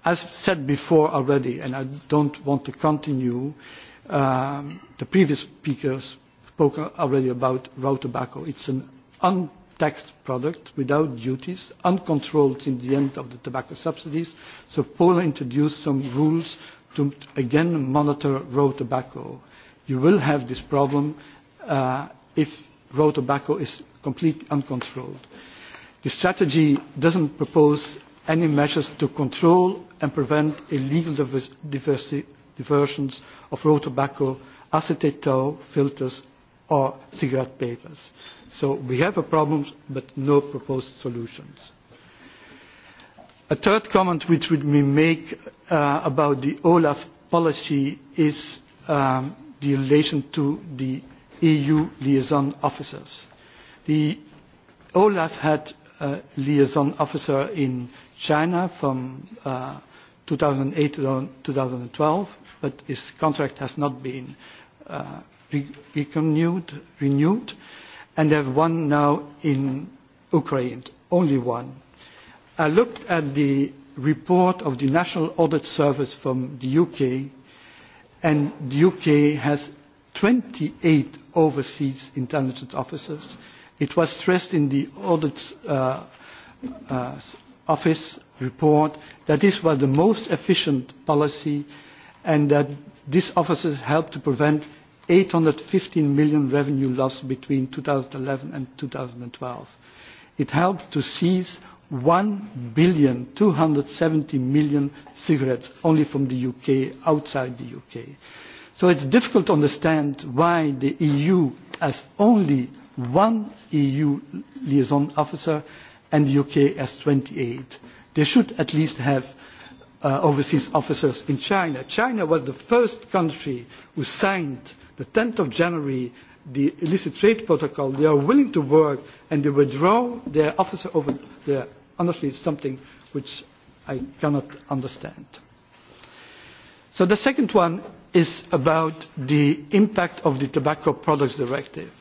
As said before already, and I don't want to continue, uh, um, the previous speakers spoke already about raw tobacco. It's an untaxed product without duties, uncontrolled in the end of the tobacco subsidies. So Poland introduced some rules to again monitor raw tobacco. You will have this problem uh, if raw tobacco is completely uncontrolled. The strategy doesn't propose any measures to control and prevent illegal diversity. Diversi- diversions of raw tobacco, acetate tow filters, or cigarette papers. So we have a problem, but no proposed solutions. A third comment which we make uh, about the OLAF policy is um, the relation to the EU liaison officers. The OLAF had a liaison officer in China from uh, 2008-2012, but his contract has not been uh, renewed, renewed, and they have one now in Ukraine, only one. I looked at the report of the National Audit Service from the UK, and the UK has 28 overseas intelligence officers. It was stressed in the audit uh, uh, office report that this was the most efficient policy and that this officer helped to prevent 815 million revenue loss between 2011 and 2012. It helped to seize 1 billion 270 million cigarettes only from the UK outside the UK. So it's difficult to understand why the EU has only one EU liaison officer and the UK has 28 they should at least have uh, overseas officers in China. China was the first country who signed the 10th of January the illicit trade protocol. They are willing to work and they withdraw their officer over there. Honestly, it's something which I cannot understand. So the second one is about the impact of the Tobacco Products Directive.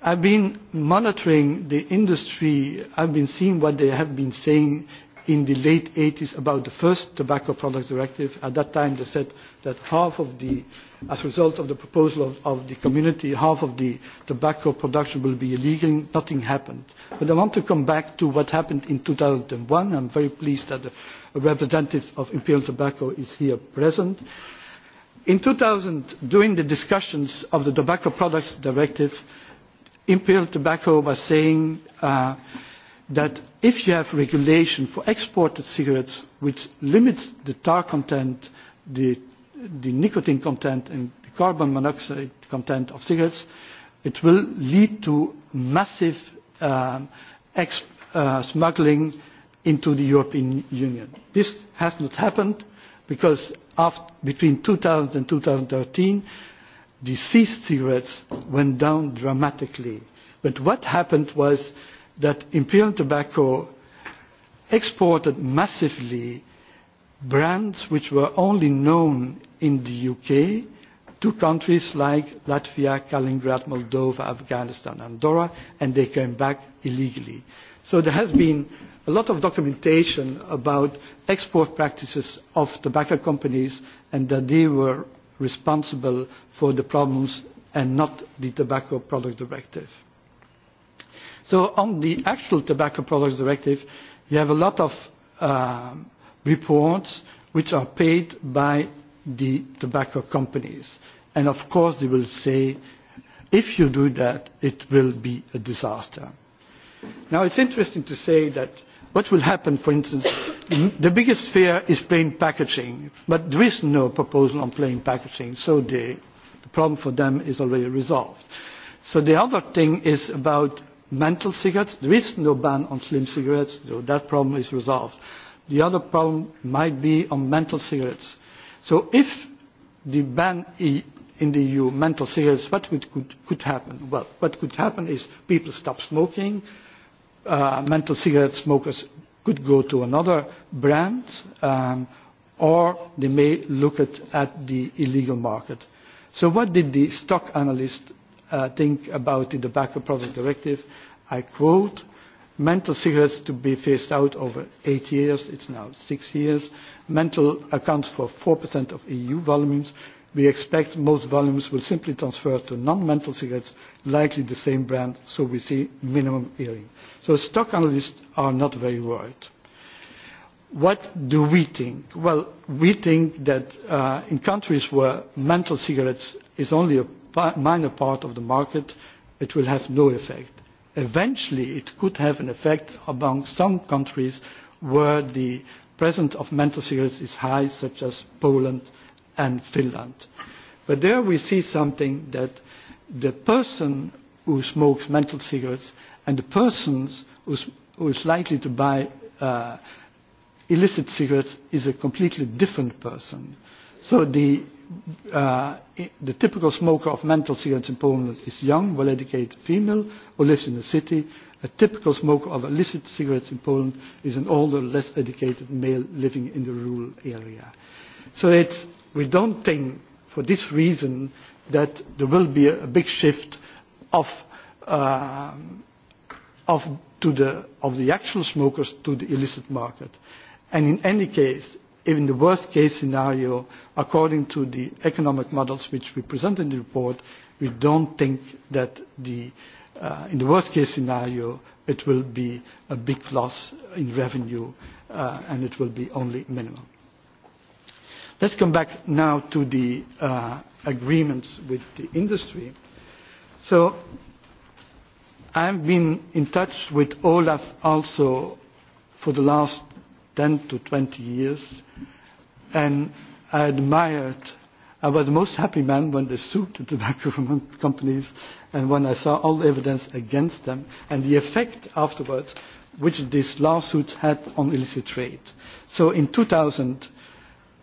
I've been monitoring the industry. I've been seeing what they have been saying in the late 80s about the first tobacco products directive. At that time, they said that half of the, as a result of the proposal of, of the community, half of the tobacco production will be illegal. Nothing happened. But I want to come back to what happened in 2001. I'm very pleased that a representative of Imperial Tobacco is here present. In 2000, during the discussions of the tobacco products directive, imperial tobacco was saying uh, that if you have regulation for exported cigarettes which limits the tar content, the, the nicotine content and the carbon monoxide content of cigarettes, it will lead to massive um, ex- uh, smuggling into the european union. this has not happened because after, between 2000 and 2013, the seized cigarettes went down dramatically. But what happened was that Imperial Tobacco exported massively brands which were only known in the UK to countries like Latvia, Kaliningrad, Moldova, Afghanistan, Andorra, and they came back illegally. So there has been a lot of documentation about export practices of tobacco companies and that they were responsible for the problems and not the Tobacco Product Directive. So on the actual Tobacco Product Directive, you have a lot of um, reports which are paid by the tobacco companies. And of course they will say, if you do that, it will be a disaster. Now it's interesting to say that what will happen for instance the biggest fear is plain packaging but there is no proposal on plain packaging so the problem for them is already resolved. the other thing is about menthol cigarettes there is no ban on slim cigarettes so that problem is resolved. the other problem might be on menthol cigarettes. so if the ban in the eu on menthol cigarettes what could, could happen? well what could happen is people stop smoking Uh, mental cigarette smokers could go to another brand um, or they may look at, at the illegal market. So what did the stock analyst uh, think about the tobacco product directive? I quote, mental cigarettes to be phased out over eight years, it's now six years. Mental accounts for 4% of EU volumes. We expect most volumes will simply transfer to non-mental cigarettes, likely the same brand, so we see minimum earring stock analysts are not very worried. What do we think? Well, we think that uh, in countries where menthol cigarettes is only a minor part of the market, it will have no effect. Eventually, it could have an effect among some countries where the presence of menthol cigarettes is high, such as Poland and Finland. There we see something that the person who smokes menthol cigarettes and the persons who's, who is likely to buy uh, illicit cigarettes is a completely different person. So the, uh, the typical smoker of menthol cigarettes in Poland is young, well-educated female who lives in the city. A typical smoker of illicit cigarettes in Poland is an older, less educated male living in the rural area. So it's, we don't think for this reason that there will be a, a big shift of, uh, of, to the, of the actual smokers to the illicit market. And in any case, even the worst case scenario, according to the economic models which we present in the report, we don't think that the, uh, in the worst case scenario, it will be a big loss in revenue uh, and it will be only minimal. Let's come back now to the uh, agreements with the industry. So I've been in touch with Olaf also for the last 10 to 20 years, and I admired, I was the most happy man when they sued the tobacco [laughs] companies and when I saw all the evidence against them and the effect afterwards which this lawsuit had on illicit trade. So in 2000,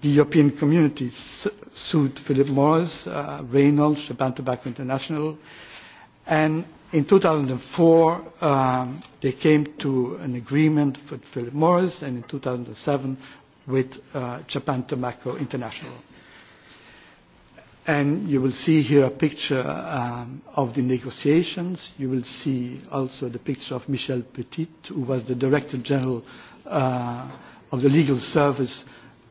the European Community su- sued Philip Morris, uh, Reynolds, Japan Tobacco International and in 2004 um, they came to an agreement with Philip Morris and in 2007 with uh, Japan Tobacco International. And you will see here a picture um, of the negotiations. You will see also the picture of Michel Petit, who was the Director General uh, of the Legal Service,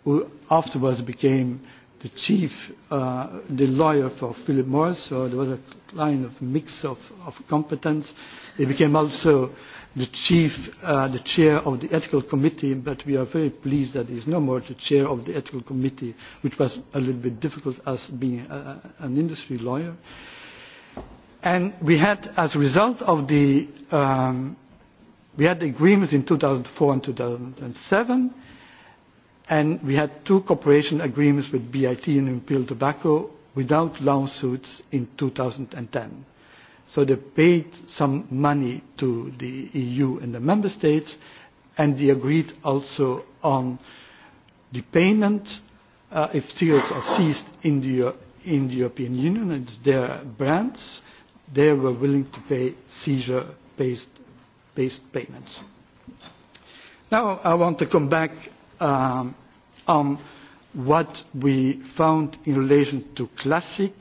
who afterwards became the chief, uh, the lawyer for Philip Morris, so there was a line of mix of, of competence. He became also the chief, uh, the chair of the ethical committee, but we are very pleased that he is no more the chair of the ethical committee, which was a little bit difficult as being a, a, an industry lawyer. And we had, as a result of the, um, we had the agreements in 2004 and 2007, and we had two cooperation agreements with BIT and Imperial Tobacco without lawsuits in 2010. So they paid some money to the EU and the member states, and they agreed also on the payment uh, if cigarettes are seized in the, in the European Union and their brands, they were willing to pay seizure-based based payments. Now I want to come back um, on what we found in relation to classic,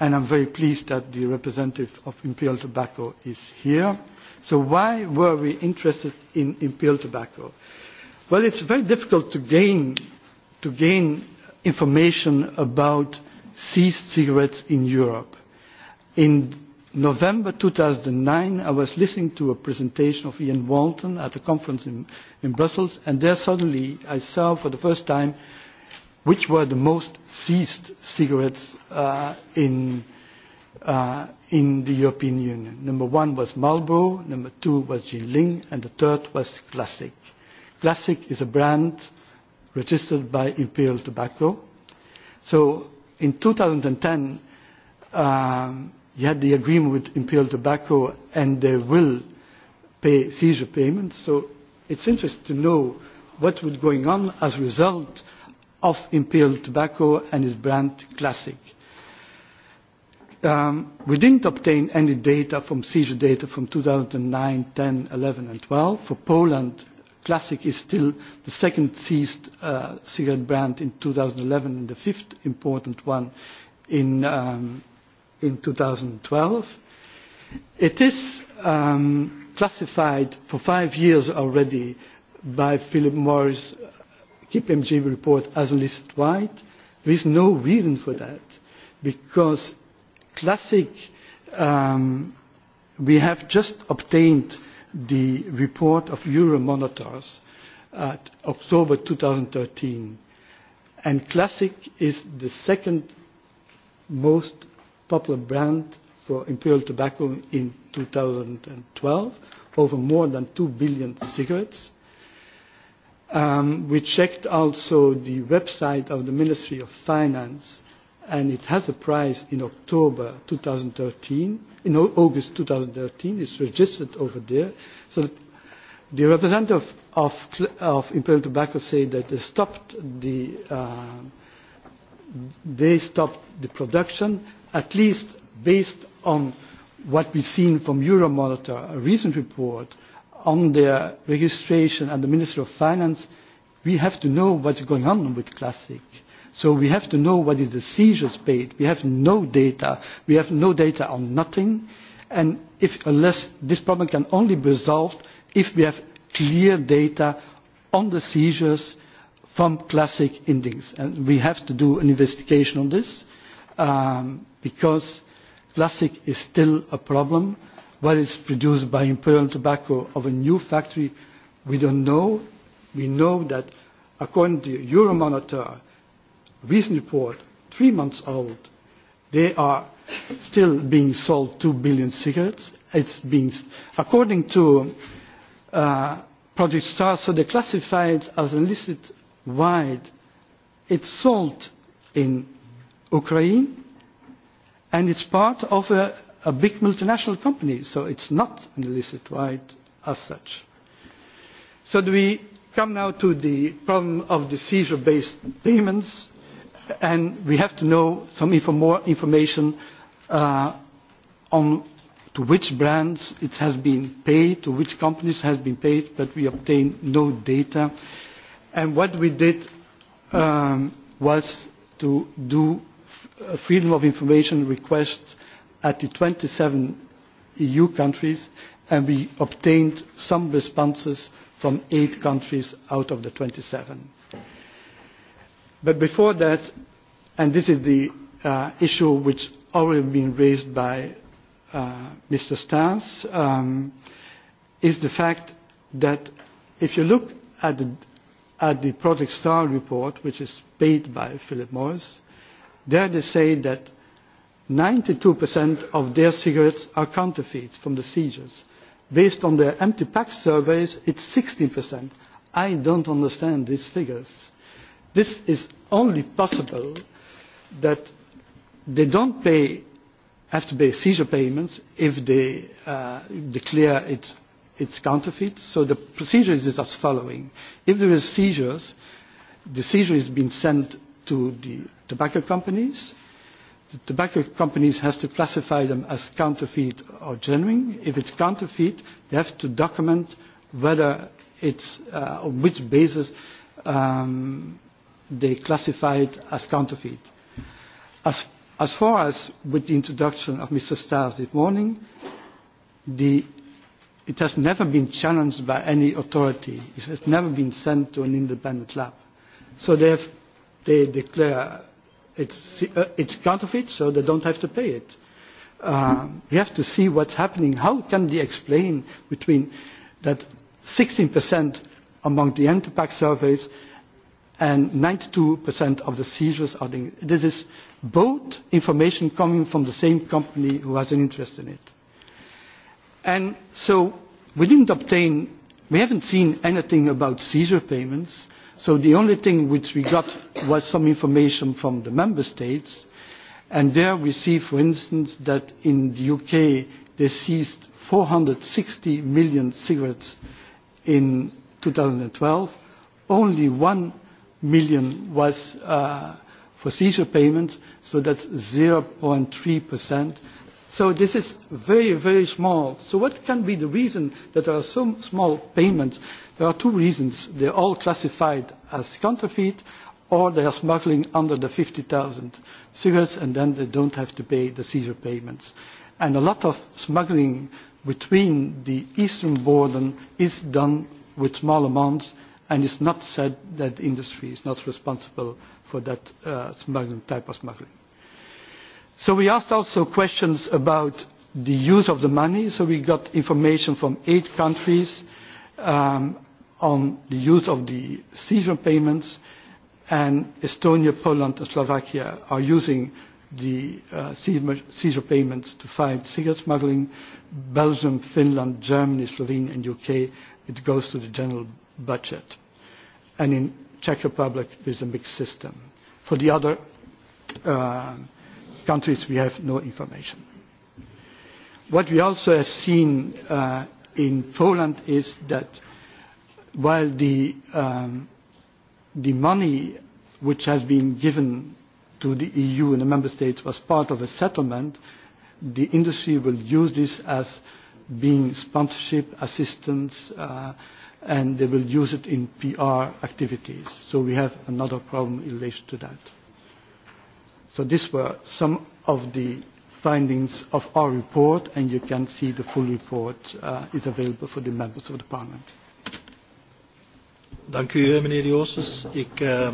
and I'm very pleased that the representative of Imperial Tobacco is here. So why were we interested in Imperial Tobacco? Well, it's very difficult to gain, to gain information about seized cigarettes in Europe. In November 2009, I was listening to a presentation of Ian Walton at a conference in, in Brussels, and there suddenly I saw for the first time which were the most seized cigarettes uh, in, uh, in the European Union. Number one was Marlboro, number two was Jinling, and the third was Classic. Classic is a brand registered by Imperial Tobacco. So in 2010, um, you had the agreement with Imperial Tobacco and they will pay seizure payments. So it's interesting to know what was going on as a result of Imperial Tobacco and its brand Classic. Um, we didn't obtain any data from seizure data from 2009, 10, 11 and 12. For Poland, Classic is still the second seized uh, cigarette brand in 2011 and the fifth important one in um, in 2012. It is um, classified for five years already by Philip Morris KPMG report as listed white. There is no reason for that because classic, um, we have just obtained the report of Euromonitors at October 2013 and classic is the second most popular brand for Imperial Tobacco in 2012, over more than 2 billion cigarettes. Um, we checked also the website of the Ministry of Finance, and it has a price in October 2013, in August 2013, it's registered over there. So the representative of, of Imperial Tobacco said that they stopped the, uh, they stopped the production at least based on what we've seen from Euromonitor, a recent report on their registration and the Minister of Finance, we have to know what's going on with Classic. So we have to know what is the seizures paid. We have no data. We have no data on nothing. And if, unless this problem can only be resolved if we have clear data on the seizures from Classic Indings. And we have to do an investigation on this. Um, because plastic is still a problem. Whether it's produced by imperial tobacco of a new factory, we don't know. We know that according to Euromonitor, recent report, three months old, they are still being sold 2 billion cigarettes. It's being, according to uh, Project Star, so they classify it as illicit wide. It's sold in Ukraine, and it is part of a, a big multinational company, so it is not an illicit right as such. So we come now to the problem of the seizure based payments, and we have to know some inf- more information uh, on to which brands it has been paid, to which companies it has been paid, but we obtained no data. And what we did um, was to do Uh, freedom of information requests at the 27 EU countries, and we obtained some responses from eight countries out of the 27. But before that, and this is the uh, issue which already been raised by uh, Mr. Stans, um, is the fact that if you look at the, at the Project STAR report, which is paid by Philip Morris, There they say that 92% of their cigarettes are counterfeit from the seizures. Based on their empty pack surveys, it's 60%. I don't understand these figures. This is only possible that they don't pay, have to pay seizure payments if they uh, declare it's, it's counterfeit. So the procedure is as following. If there is seizures, the seizure has been sent to the tobacco companies. The tobacco companies have to classify them as counterfeit or genuine. If it's counterfeit, they have to document whether it's uh, on which basis um, they classify it as counterfeit. As, as far as with the introduction of Mr. Stars this morning, the, it has never been challenged by any authority. It has never been sent to an independent lab. So they have they declare it's, uh, it's counterfeit, so they don't have to pay it. Uh, we have to see what's happening. How can they explain between that 16% among the Enterpack surveys and 92% of the seizures are the, This is both information coming from the same company who has an interest in it. And so we didn't obtain, we haven't seen anything about seizure payments. So the only thing which we got was some information from the member states. And there we see, for instance, that in the UK they seized 460 million cigarettes in 2012. Only one million was uh, for seizure payments, so that's 0.3 percent. So this is very, very small. So what can be the reason that there are so small payments? Mm-hmm. There are two reasons. They are all classified as counterfeit or they are smuggling under the 50,000 cigarettes and then they don't have to pay the seizure payments. And a lot of smuggling between the eastern border is done with small amounts and it's not said that the industry is not responsible for that uh, smuggling type of smuggling. So we asked also questions about the use of the money. So we got information from eight countries um, on the use of the seizure payments, and Estonia, Poland, and Slovakia are using the uh, seizure payments to fight cigarette smuggling. Belgium, Finland, Germany, Slovenia, and UK, it goes to the general budget. And in Czech Republic, there's a mixed system. For the other uh, countries, we have no information. What we also have seen uh, in Poland is that while the um, the money which has been given to the EU and the member states was part of a settlement, the industry will use this as being sponsorship assistance, uh, and they will use it in PR activities. So we have another problem in relation to that. So these were some of the findings of our report, and you can see the full report uh, is available for the members of the parliament. Dank u, eh, meneer Joosens. Ik, uh,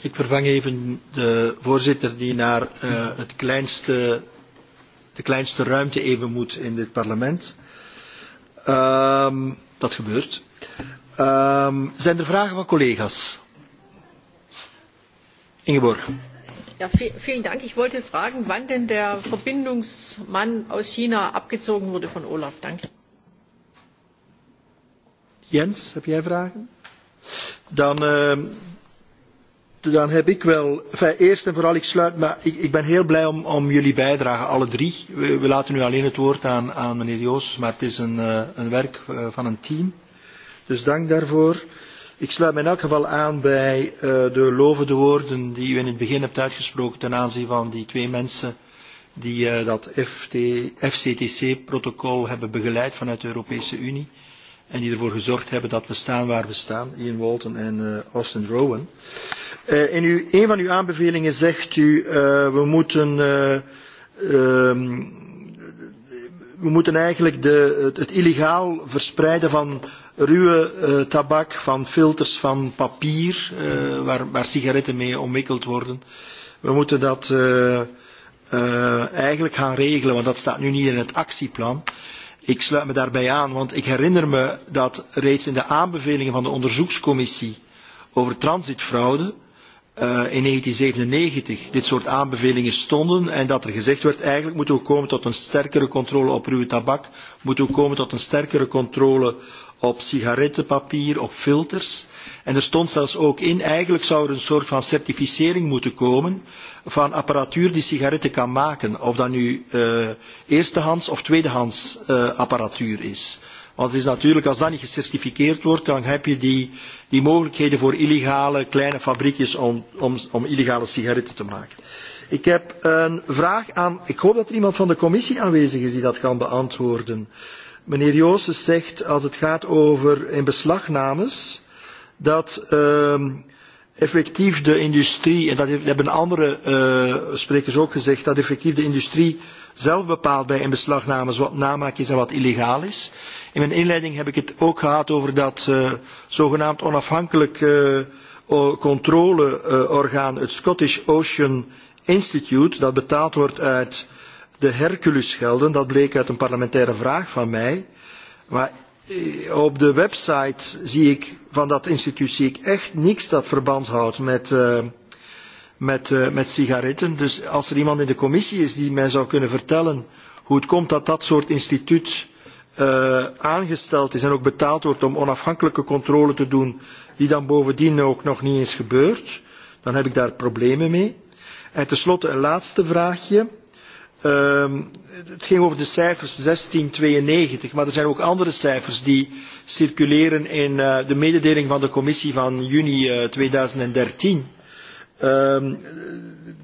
ik vervang even de voorzitter die naar uh, het kleinste, de kleinste ruimte even moet in dit parlement. Um, dat gebeurt. Um, zijn er vragen van collega's? Ingeborg. Ja, vielen Dank. Ich wollte fragen, wann denn der Verbindungsmann aus China abgezogen wurde von Olaf. Danke. Jens, heb jij vragen? Dan, uh, dan heb ik wel. Enfin, eerst en vooral, ik sluit. Maar ik, ik ben heel blij om, om jullie bijdrage, alle drie. We, we laten nu alleen het woord aan, aan meneer Joos, maar het is een, uh, een werk uh, van een team. Dus dank daarvoor. Ik sluit me in elk geval aan bij uh, de lovende woorden die u in het begin hebt uitgesproken ten aanzien van die twee mensen die uh, dat FCTC-protocol hebben begeleid vanuit de Europese Unie. En die ervoor gezorgd hebben dat we staan waar we staan. Ian Walton en uh, Austin Rowan. Uh, in uw, een van uw aanbevelingen zegt u, uh, we moeten... Uh, um, we moeten eigenlijk de, het, het illegaal verspreiden van ruwe uh, tabak, van filters, van papier, uh, waar, waar sigaretten mee omwikkeld worden. We moeten dat uh, uh, eigenlijk gaan regelen, want dat staat nu niet in het actieplan. Uh, Ik sluit me daarbij aan, want ik herinner me dat reeds in de aanbevelingen van de onderzoekscommissie over transitfraude uh, in 1997 dit soort aanbevelingen stonden en dat er gezegd werd eigenlijk moeten we komen tot een sterkere controle op ruwe tabak, moeten we komen tot een sterkere controle op sigarettenpapier, op filters en er stond zelfs ook in eigenlijk zou er een soort van certificering moeten komen van apparatuur die sigaretten kan maken of dat nu uh, eerstehands of tweedehands uh, apparatuur is want het is natuurlijk als dat niet gecertificeerd wordt dan heb je die, die mogelijkheden voor illegale kleine fabriekjes om, om, om illegale sigaretten te maken ik heb een vraag aan ik hoop dat er iemand van de commissie aanwezig is die dat kan beantwoorden Meneer Joosse zegt als het gaat over inbeslagnames uh, dat uh, effectief de industrie, en dat hebben andere uh, sprekers ook gezegd, dat effectief de industrie zelf bepaalt bij inbeslagnames wat namaak is en wat illegaal is. In mijn inleiding heb ik het ook gehad over dat uh, zogenaamd onafhankelijk uh, eh, controleorgaan, uh, het Scottish Ocean Institute, dat betaald wordt uit de Hercules-gelden. Dat bleek uit een parlementaire vraag van mij. Maar Eh, op de website zie ik, van dat instituut zie ik echt niks dat verband houdt met, uh, met, uh, met sigaretten. Dus als er iemand in de commissie is die mij zou kunnen vertellen hoe het komt dat dat soort instituut uh, aangesteld is en ook betaald wordt om onafhankelijke controle te doen die dan bovendien ook nog niet eens gebeurt, dan heb ik daar problemen mee. En tenslotte een laatste vraagje. Uh, het ging over de cijfers 1692, maar er zijn ook andere cijfers die circuleren in uh, de mededeling van de commissie van juni uh, 2013. Uh,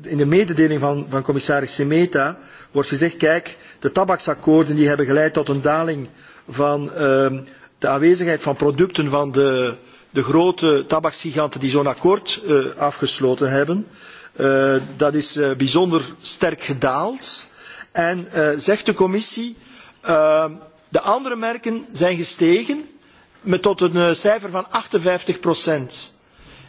in de mededeling van, van commissaris Semeta wordt gezegd, kijk, de tabaksakkoorden die hebben geleid tot een daling van uh, de aanwezigheid van producten van de, de grote tabaksgiganten die zo'n akkoord uh, afgesloten hebben. Uh, Eh, dat is eh, bijzonder sterk gedaald. En eh, zegt de commissie, de andere merken zijn gestegen met tot een cijfer van 58 procent.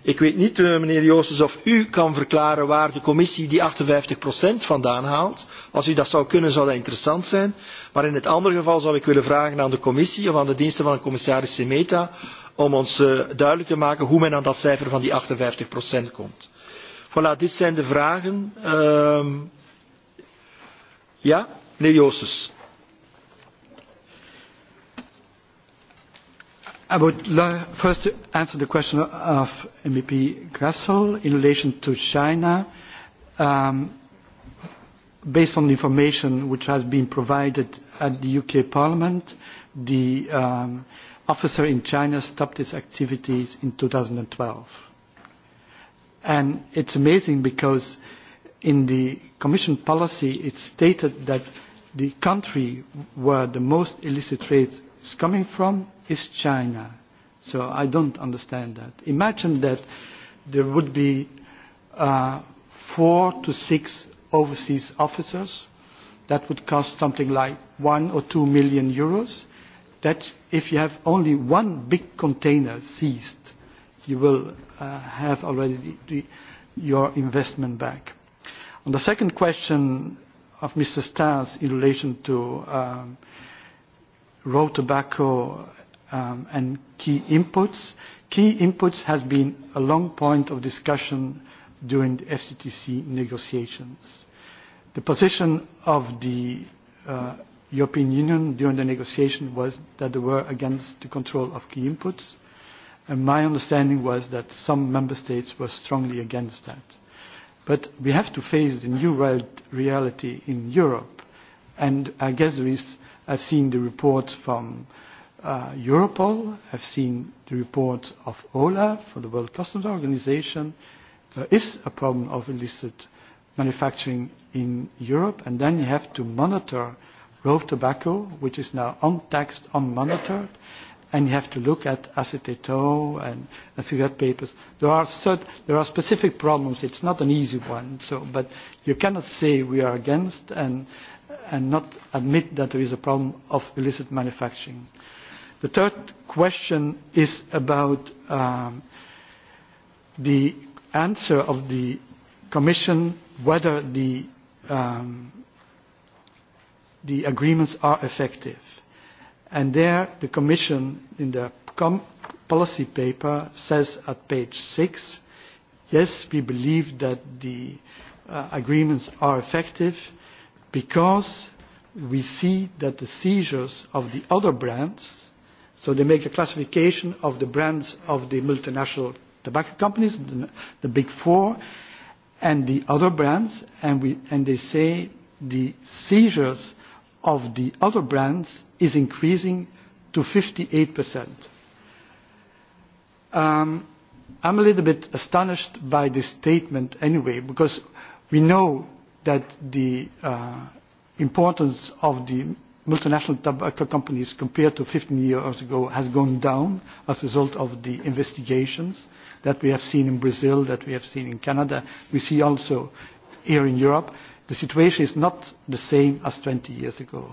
Ik weet niet, meneer Joostes, of u kan verklaren waar de commissie die 58 procent vandaan haalt. Als u dat zou kunnen, zou dat interessant zijn. Maar in het andere geval zou ik willen vragen aan de commissie of aan de diensten van de commissaris Semeta om ons duidelijk te maken hoe men aan dat cijfer van die 58 procent komt dit zijn de vragen. Uh, ja, meneer Joostes. I would first to answer the question of MEP Gressel in relation to China. Um, based on the information which has been provided at the UK Parliament, the um, officer in China stopped his activities in 2012. And it's amazing because in the Commission policy, it's stated that the country where the most illicit trade is coming from is China. So I don't understand that. Imagine that there would be uh, four to six overseas officers. That would cost something like one or two million euros. That if you have only one big container seized, uh, you will uh, have already the, the, your investment back. On the second question of Mr. Stas in relation to um, raw tobacco um, and key inputs, key inputs has been a long point of discussion during the FCTC negotiations. The position of the uh, European Union during the negotiation was that they were against the control of key inputs. And my understanding was that some member states were strongly against that. But we have to face the new real reality in Europe. And I guess there is, I've seen the reports from uh, Europol, I've seen the reports of OLAF, for the World Customs Organization. There is a problem of illicit manufacturing in Europe. And then you have to monitor raw tobacco, which is now untaxed, unmonitored and you have to look at acetatol and, and cigarette papers. There are, cert, there are specific problems. It's not an easy one. So, but you cannot say we are against and, and not admit that there is a problem of illicit manufacturing. The third question is about um, the answer of the Commission whether the, um, the agreements are effective and there the commission in the com policy paper says at page 6 yes we believe that the uh, agreements are effective because we see that the seizures of the other brands so they make a classification of the brands of the multinational tobacco companies the, the big 4 and the other brands and we and they say the seizures uh, of the other brands is increasing to 58%. Um, I'm a little bit astonished by this statement anyway, because we know that the uh, importance of the multinational tobacco companies compared to 15 years ago has gone down as a result of the investigations that we have seen in Brazil, that we have seen in Canada. We see also here in Europe, The situation is not the same as 20 years ago.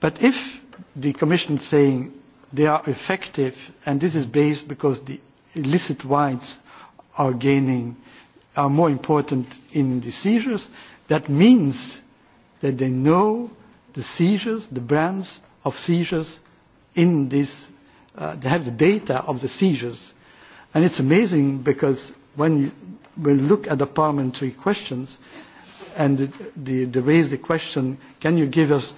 But if the Commission is saying they are effective, and this is based because the illicit wines are gaining, are more important in the seizures, that means that they know the seizures, the brands of seizures in this, uh, they have the data of the seizures. And it's amazing because when we look at the parliamentary questions, and the, the, the raise the question, can you give us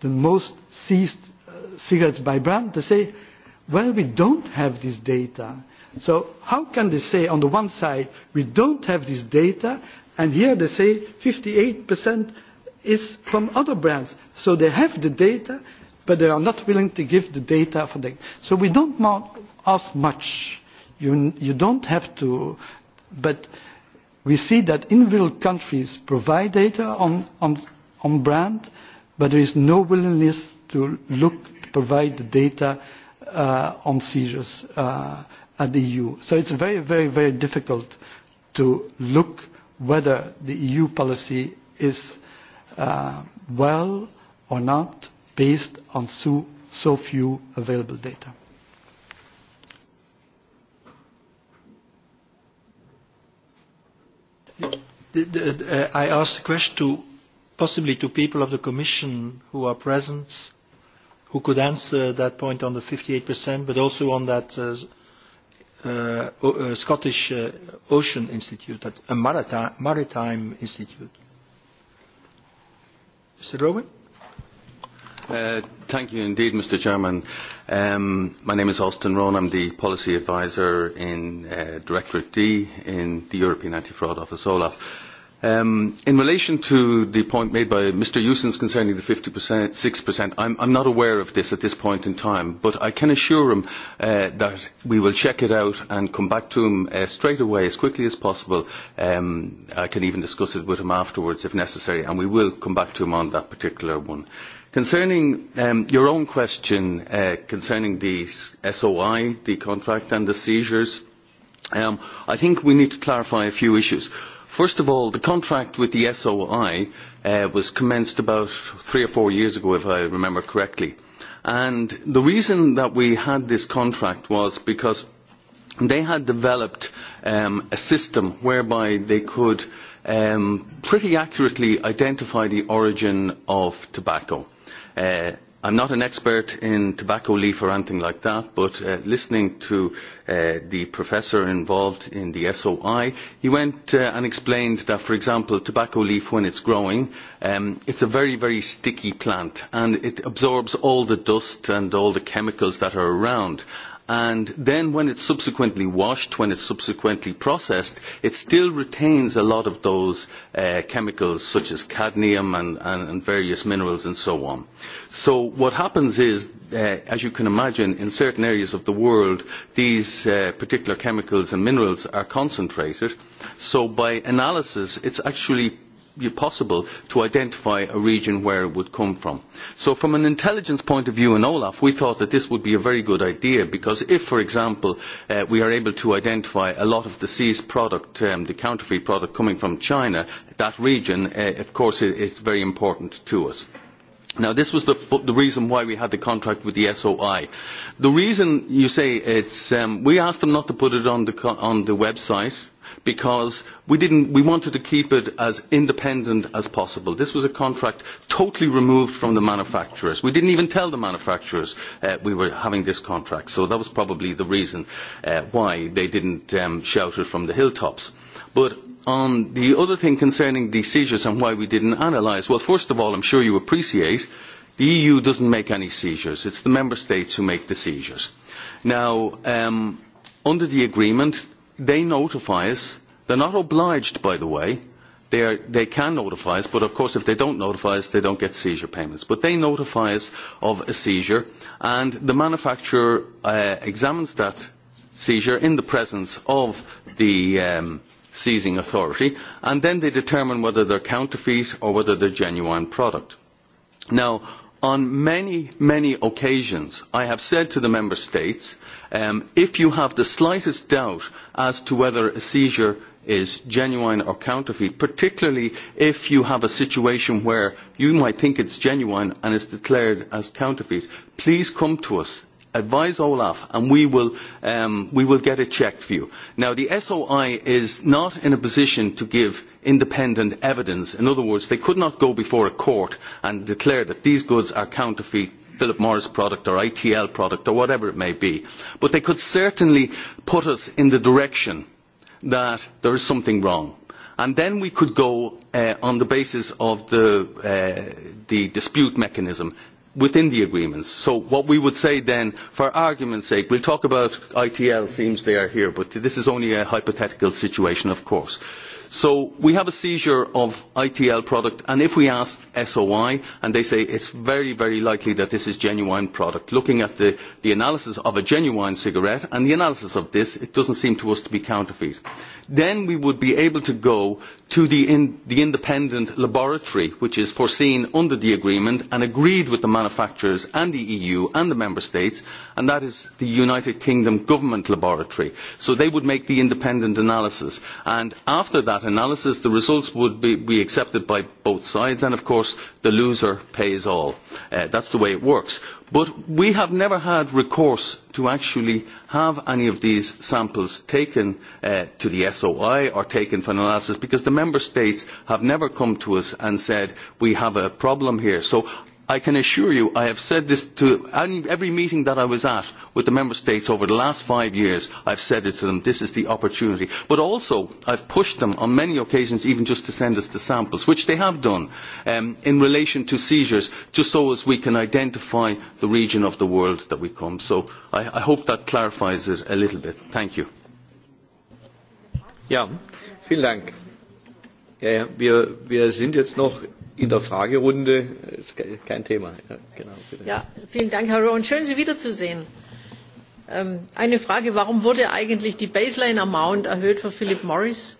the most seized uh, cigarettes by brand? They say, well, we don't have this data. So how can they say on the one side, we don't have this data, and here they say 58% is from other brands. So they have the data, but they are not willing to give the data for them. So we don't ask much. You, you don't have to, but... Uh, we see that individual countries provide data on brand but there is no willingness to look to provide the data uh, on seizures uh, at the EU. So it's very, very, very difficult to look whether the EU policy is uh, well or not based on so, so few available data. I ask the question to possibly to people of the Commission who are present, who could answer that point on the 58%, but also on that uh, uh, uh, Scottish uh, Ocean Institute, that, a maritime, maritime institute. Mr. Rowan? Uh, thank you indeed, Mr. Chairman. Um, my name is Austin Rohn. I'm the policy advisor in uh, Directorate D in the European Anti-Fraud Office, OLAF. Um, in relation to the point made by Mr. Eusens concerning the 50%, 6%, I'm, I'm not aware of this at this point in time, but I can assure him uh, that we will check it out and come back to him uh, straight away as quickly as possible. Um, I can even discuss it with him afterwards if necessary, and we will come back to him on that particular one. Uh, Concerning um, your own question uh, concerning the SOI, the contract, and the seizures, um, I think we need to clarify a few issues. First of all, the contract with the SOI uh, was commenced about three or four years ago, if I remember correctly. And the reason that we had this contract was because they had developed um, a system whereby they could um, pretty accurately identify the origin of tobacco. Uh, I'm not an expert in tobacco leaf or anything like that, but uh, listening to uh, the professor involved in the SOI, he went uh, and explained that, for example, tobacco leaf, when it's growing, um, it's a very, very sticky plant, and it absorbs all the dust and all the chemicals that are around and then when it's subsequently washed, when it's subsequently processed, it still retains a lot of those uh, chemicals such as cadmium and, and, and various minerals and so on. So what happens is, uh, as you can imagine, in certain areas of the world, these uh, particular chemicals and minerals are concentrated. So by analysis, it's actually possible to identify a region where it would come from. So from an intelligence point of view in OLAF, we thought that this would be a very good idea because if, for example, uh, we are able to identify a lot of the seized product, um, the counterfeit product coming from China, that region, uh, of course, is it, very important to us. Now, this was the, the reason why we had the contract with the SOI. The reason you say it's, um, we asked them not to put it on the, on the website because we didn't we wanted to keep it as independent as possible. This was a contract totally removed from the manufacturers. We didn't even tell the manufacturers uh, we were having this contract. So that was probably the reason uh, why they didn't um, shout it from the hilltops. But on the other thing concerning the seizures and why we didn't analyse, well, first of all, I'm sure you appreciate the EU doesn't make any seizures. It's the member states who make the seizures. Now, um, under the agreement, they notify us. They're not obliged, by the way. They, are, they can notify us, but of course, if they don't notify us, they don't get seizure payments. But they notify us of a seizure, and the manufacturer uh, examines that seizure in the presence of the um, seizing authority, and then they determine whether they're counterfeit or whether they're genuine product. Now, on many, many occasions, I have said to the Member States, um, if you have the slightest doubt as to whether a seizure is genuine or counterfeit, particularly if you have a situation where you might think it's genuine and it's declared as counterfeit, please come to us, advise Olaf, and we will, um, we will get it checked for you. Now, the SOI is not in a position to give independent evidence. In other words, they could not go before a court and declare that these goods are counterfeit Philip Morris product or ITL product or whatever it may be. But they could certainly put us in the direction that there is something wrong. And then we could go uh, on the basis of the, uh, the dispute mechanism within the agreements. So what we would say then, for argument's sake, we'll talk about ITL, seems they are here, but this is only a hypothetical situation, of course. Uh, So we have a seizure of ITL product, and if we ask SOI, and they say it's very, very likely that this is genuine product, looking at the, the analysis of a genuine cigarette and the analysis of this, it doesn't seem to us to be counterfeit then we would be able to go to the, in, the independent laboratory, which is foreseen under the agreement and agreed with the manufacturers and the EU and the Member States, and that is the United Kingdom Government Laboratory. So they would make the independent analysis. And after that analysis, the results would be, be accepted by both sides, and of course, the loser pays all. Uh, that's the way it works but we have never had recourse to actually having any of these samples taken uh, to the SOI or taken for analysis because the member states have never come to us and said we have a problem here. So I can assure you, I have said this to every meeting that I was at with the Member States over the last five years, I've said it to them, this is the opportunity. But also, I've pushed them on many occasions even just to send us the samples, which they have done, um, in relation to seizures, just so as we can identify the region of the world that we come. So I, I hope that clarifies it a little bit. Thank you. Ja, vielen Dank. Ja, ja, wir, wir sind jetzt noch in der Fragerunde ist kein Thema. Ja, genau, bitte. Ja, vielen Dank, Herr Rowan. Schön, Sie wiederzusehen. Ähm, eine Frage, warum wurde eigentlich die Baseline-Amount erhöht für Philip Morris?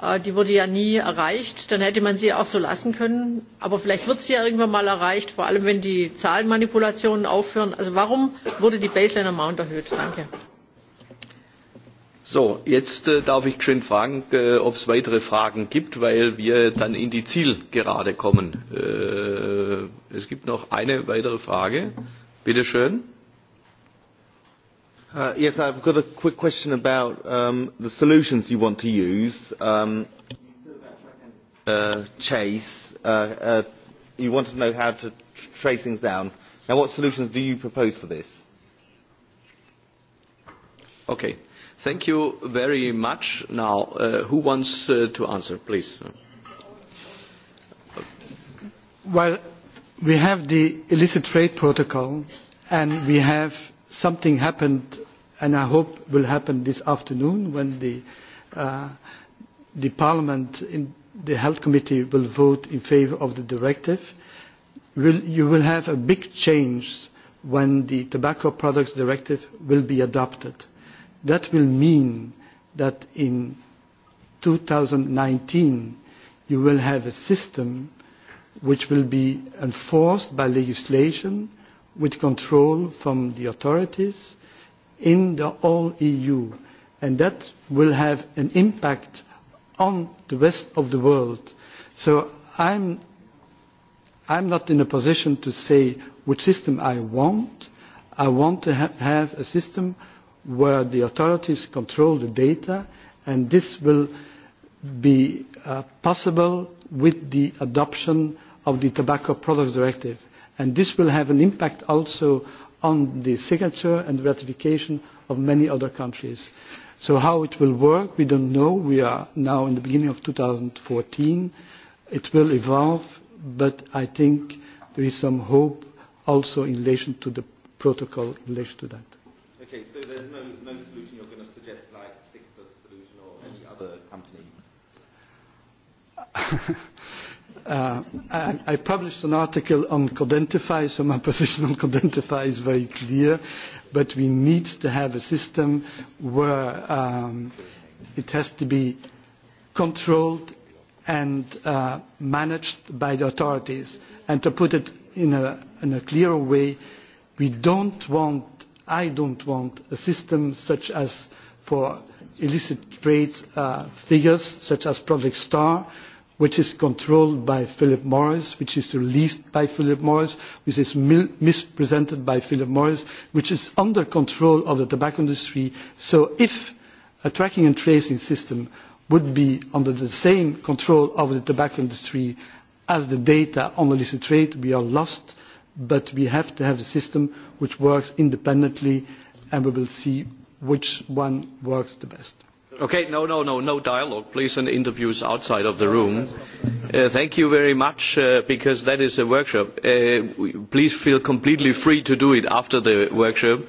Äh, die wurde ja nie erreicht. Dann hätte man sie auch so lassen können. Aber vielleicht wird sie ja irgendwann mal erreicht, vor allem wenn die Zahlenmanipulationen aufhören. Also warum wurde die Baseline-Amount erhöht? Danke. So, jetzt äh, darf ich schon fragen, äh, ob es weitere Fragen gibt, weil wir dann in die Zielgerade kommen. Äh, es gibt noch eine weitere Frage. Bitte schön. Uh, yes, I've got a quick question about um, the solutions you want to use. Um, uh, chase, uh, uh, you want to know how to trace things down. Now, what solutions do you propose for this? Okay. Thank you very much. Now, uh, who wants uh, to answer, please? Well, we have the illicit trade protocol, and we have something happened, and I hope will happen this afternoon when the, uh, the Parliament in the Health Committee will vote in favour of the directive. Will, you will have a big change when the Tobacco Products Directive will be adopted that will mean that in 2019 you will have a system which will be enforced by legislation with control from the authorities in the all EU and that will have an impact on the rest of the world. So I'm, I'm not in a position to say which system I want. I want to ha have a system where the authorities control the data, and this will be uh, possible with the adoption of the Tobacco Products Directive. And this will have an impact also on the signature and ratification of many other countries. So how it will work, we don't know. We are now in the beginning of 2014. It will evolve, but I think there is some hope also in relation to the protocol in relation to that there's no, no solution you're going to suggest like stick the solution or any other company? [laughs] uh, I, I published an article on Codentify, so my [laughs] position on Codentify is very clear. But we need to have a system where um, it has to be controlled and uh, managed by the authorities. And to put it in a, in a clearer way, we don't want I don't want a system such as for illicit trade uh, figures, such as Project Star, which is controlled by Philip Morris, which is released by Philip Morris, which is mil- misrepresented by Philip Morris, which is under control of the tobacco industry. So if a tracking and tracing system would be under the same control of the tobacco industry as the data on illicit trade, we are lost but we have to have a system which works independently and we will see which one works the best. Okay, no, no, no, no dialogue, please, and interviews outside of the room. Uh, thank you very much, uh, because that is a workshop. Uh, please feel completely free to do it after the workshop.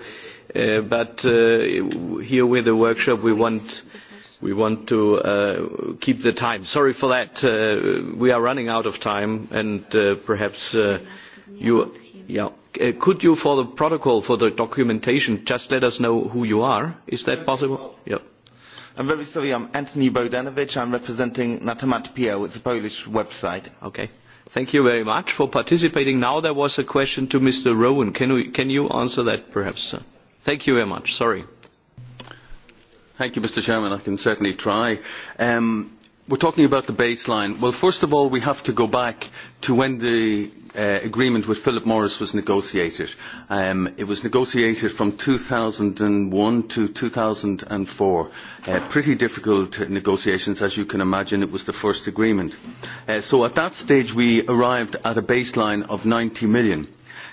Uh, but uh, here with the workshop, we want, we want to uh, keep the time. Sorry for that. Uh, we are running out of time, and uh, perhaps. Uh, you, yeah. uh, could you, for the protocol, for the documentation, just let us know who you are? Is that possible? Yeah. I'm very sorry. I'm Anthony Bodanovich. I'm representing Natomat.pl. It's a Polish website. Okay. Thank you very much for participating. Now there was a question to Mr. Rowan. Can, we, can you answer that, perhaps? Sir? Thank you very much. Sorry. Thank you, Mr. Chairman. I can certainly try. Um, we're talking about the baseline. Well, first of all, we have to go back to when the uh, agreement with Philip Morris was negotiated. Um, it was negotiated from 2001 to 2004. Uh, pretty difficult negotiations, as you can imagine. It was the first agreement. Uh, so at that stage, we arrived at a baseline of 90 million.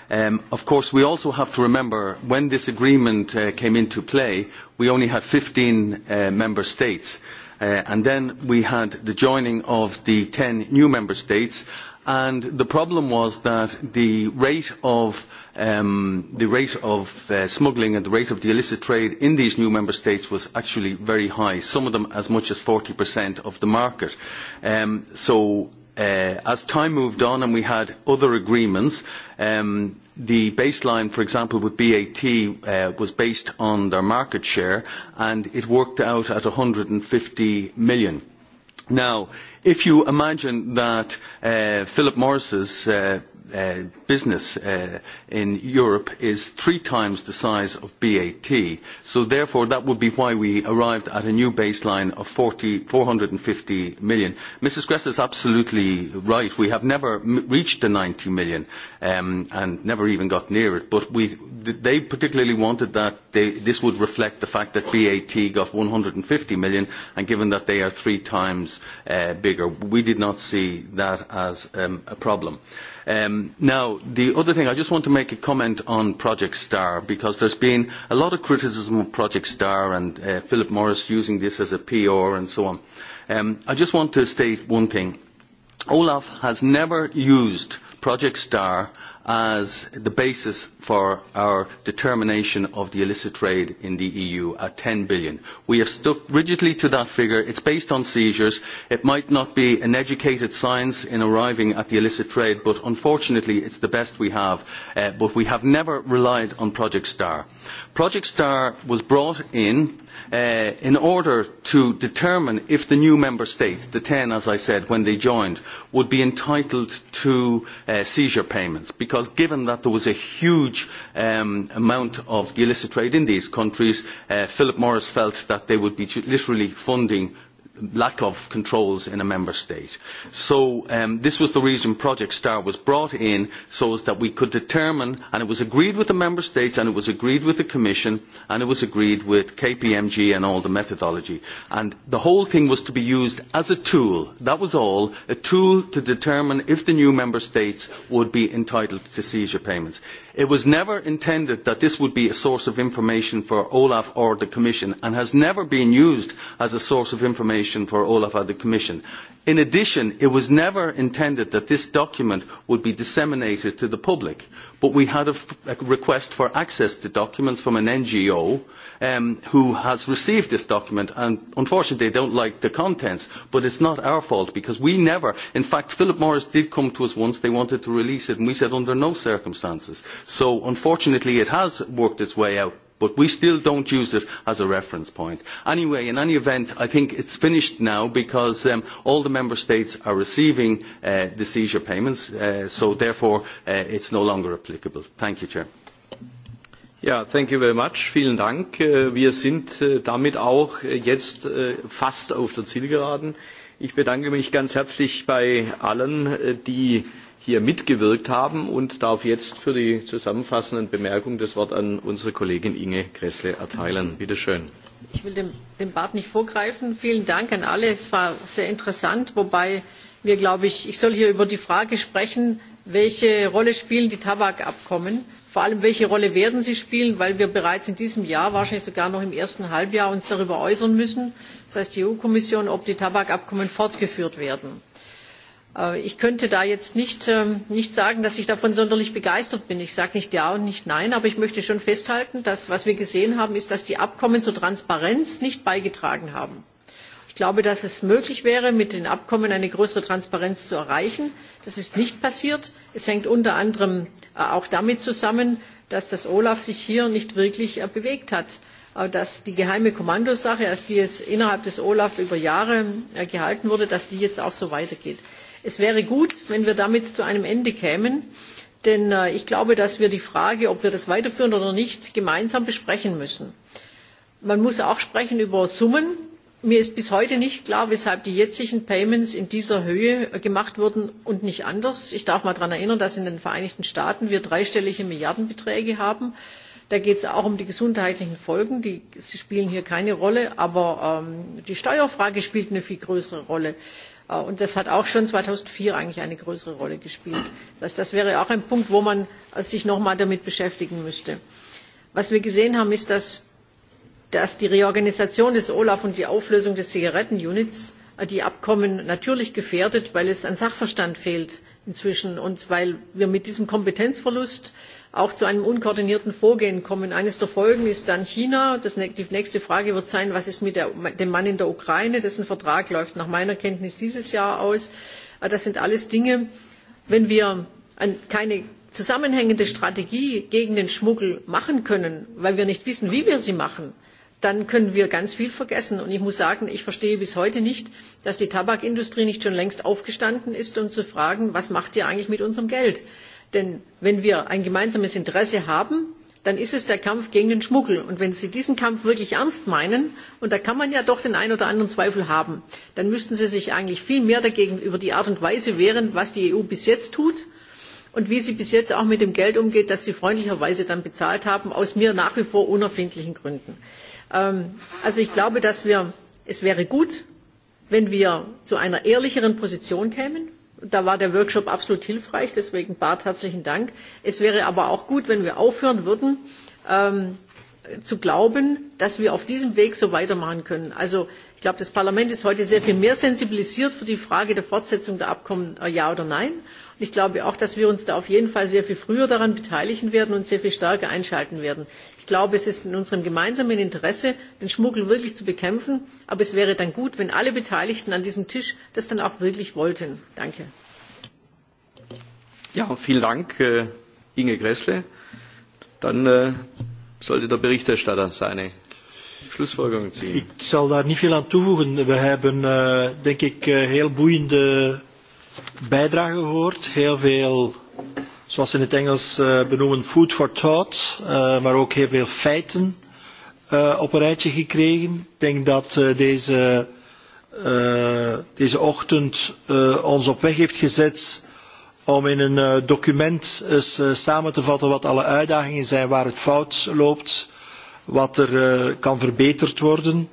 Um, of course, we also have to remember when this agreement uh, came into play, we only had 15 uh, member states. Uh, and then we had the joining of the 10 new member states and the problem was that the rate of, um, the rate of uh, smuggling and the rate of the illicit trade in these new member states was actually very high, some of them as much as 40% of the market. Um, so uh, as time moved on and we had other agreements, um, the baseline, for example, with BAT uh, was based on their market share and it worked out at 150 million now if you imagine that uh, philip morris's uh, Uh, business uh, in Europe is three times the size of BAT. So therefore, that would be why we arrived at a new baseline of 40, 450 million. Mrs. Gress is absolutely right. We have never m- reached the 90 million um, and never even got near it. But we, th- they particularly wanted that they, this would reflect the fact that BAT got 150 million, and given that they are three times uh, bigger, we did not see that as um, a problem. Um, now, the other thing, I just want to make a comment on Project STAR because there's been a lot of criticism of Project STAR and uh, Philip Morris using this as a PR and so on. Um, I just want to state one thing. Olaf has never used Project STAR as the basis for our determination of the illicit trade in the EU at 10 billion. We have stuck rigidly to that figure. It's based on seizures. It might not be an educated science in arriving at the illicit trade, but unfortunately it's the best we have. Uh, but we have never relied on Project Star. Project Star was brought in uh, Uh, in order to determine if the new member states, the 10, as I said, when they joined, would be entitled to uh, seizure payments. Because given that there was a huge um, amount of illicit trade in these countries, uh, Philip Morris felt that they would be literally funding lack of controls in a member state. So um, this was the reason Project STAR was brought in, so as that we could determine, and it was agreed with the member states, and it was agreed with the Commission, and it was agreed with KPMG and all the methodology. And the whole thing was to be used as a tool, that was all, a tool to determine if the new member states would be entitled to seizure payments. It was never intended that this would be a source of information for Olaf or the Commission and has never been used as a source of information for Olaf or the Commission. In addition, it was never intended that this document would be disseminated to the public but we had a, f- a request for access to documents from an NGO um, who has received this document, and unfortunately they don't like the contents, but it's not our fault because we never, in fact, Philip Morris did come to us once, they wanted to release it, and we said under no circumstances. So unfortunately it has worked its way out but we still don't use it as a reference point. Anyway, in any event, I think it's finished now because um, all the member states are receiving uh, the seizure payments, uh, so therefore uh, it's no longer applicable. Thank you, Chair. Ja, thank you very much. Vielen Dank. Äh, wir sind äh, damit auch äh, jetzt fast auf der Zielgeraden. Ich bedanke mich ganz herzlich bei allen, die hier mitgewirkt haben und darf jetzt für die zusammenfassenden bemerkungen das wort an unsere kollegin inge grässle erteilen. bitte schön. ich will dem debat nicht vorgreifen. vielen dank an alle. es war sehr interessant wobei wir glaube ich ich soll hier über die frage sprechen welche rolle spielen die tabakabkommen? vor allem welche rolle werden sie spielen weil wir uns bereits in diesem jahr wahrscheinlich sogar noch im ersten halbjahr darüber äußern müssen das heißt die eu kommission ob die tabakabkommen fortgeführt werden. Äh, ich könnte da jetzt ähm, nicht sagen dass ich davon sonderlich begeistert bin ich sage nicht ja und nicht nein aber ich möchte schon festhalten dass was wir gesehen haben ist dass die abkommen zur transparenz nicht beigetragen haben. ich glaube dass es möglich wäre mit den abkommen eine größere transparenz zu erreichen. das ist nicht passiert. es hängt unter anderem äh, auch damit zusammen dass das olaf sich hier nicht wirklich äh, bewegt hat dass die geheime kommandosache als die es innerhalb des olaf über jahre gehalten wurde dass die jetzt auch so weitergeht. Es wäre gut, wenn wir damit zu einem Ende kämen, denn äh, ich glaube, dass wir die Frage, ob wir das weiterführen oder nicht, gemeinsam besprechen müssen. Man muss auch sprechen über Summen. Mir ist bis heute nicht klar, weshalb die jetzigen Payments in dieser Höhe äh, gemacht wurden und nicht anders. Ich darf mal daran erinnern, dass in den Vereinigten Staaten wir dreistellige Milliardenbeträge haben. Da geht es auch um die gesundheitlichen Folgen. Die sie spielen hier keine Rolle, aber ähm, die Steuerfrage spielt eine viel größere Rolle. Äh, und das hat auch schon zweitausendvier eigentlich eine größere rolle gespielt. das heißt das wäre auch ein punkt wo man äh, sich noch einmal damit beschäftigen müsste. was wir gesehen haben ist dass, dass die reorganisation des olaf und die auflösung des zigaretten units äh, die abkommen natürlich gefährdet weil es an sachverstand fehlt inzwischen und weil wir mit diesem kompetenzverlust auch zu einem unkoordinierten Vorgehen kommen. Eines der Folgen ist dann China. Das, die nächste Frage wird sein, was ist mit der, dem Mann in der Ukraine? Dessen Vertrag läuft nach meiner Kenntnis dieses Jahr aus. Ah, das sind alles Dinge, wenn wir keine zusammenhängende Strategie gegen den Schmuggel machen können, weil wir nicht wissen, wie wir sie machen, dann können wir ganz viel vergessen. Und ich muss sagen, ich verstehe bis heute nicht, dass die Tabakindustrie nicht schon längst aufgestanden ist, um zu fragen, was macht ihr eigentlich mit unserem Geld? denn wenn wir ein gemeinsames interesse haben dann ist es der kampf gegen den schmuggel. und wenn sie diesen kampf wirklich ernst meinen und da kann man ja doch den einen oder anderen zweifel haben dann müssten sie sich eigentlich viel mehr gegenüber der art und weise wehren was die eu bis jetzt tut und wie sie bis jetzt auch mit dem geld umgeht das sie freundlicherweise dann bezahlt haben aus mir nach wie vor unerfindlichen gründen. Ähm, also ich glaube dass wir, es wäre gut wenn wir zu einer ehrlicheren position kämen da war der workshop absolut hilfreich deswegen bart herzlichen dank. es wäre aber auch gut wenn wir aufhören würden ähm, zu glauben dass wir auf diesem weg so weitermachen können. ich glaube das parlament ist heute sehr viel mehr sensibilisiert für die frage der fortsetzung der abkommen äh, ja oder nein und ich glaube auch dass wir uns da auf jeden fall sehr viel früher daran beteiligen werden und sehr viel stärker einschalten werden ich glaube es ist in unserem gemeinsamen interesse den schmuggel wirklich zu bekämpfen aber es wäre dann gut wenn alle beteiligten an diesem tisch das dann auch wirklich wollten. Ja, vielen dank äh, inge grässle! dann äh, sollte der berichterstatter seine schlussfolgerungen ziehen. ich soll da nicht viel an toevoegen. wir haben eh, denke ich eh, heel boeiende bijdrage gehoord heel veel zoals in het Engels uh, benoemen, food for thought, uh, maar ook heel veel feiten uh, op een rijtje gekregen. Ik denk dat uh, deze, uh, deze ochtend uh, ons op weg heeft gezet om in een uh, document eens uh, samen te vatten wat alle uitdagingen zijn, waar het fout loopt, wat er uh, kan verbeterd worden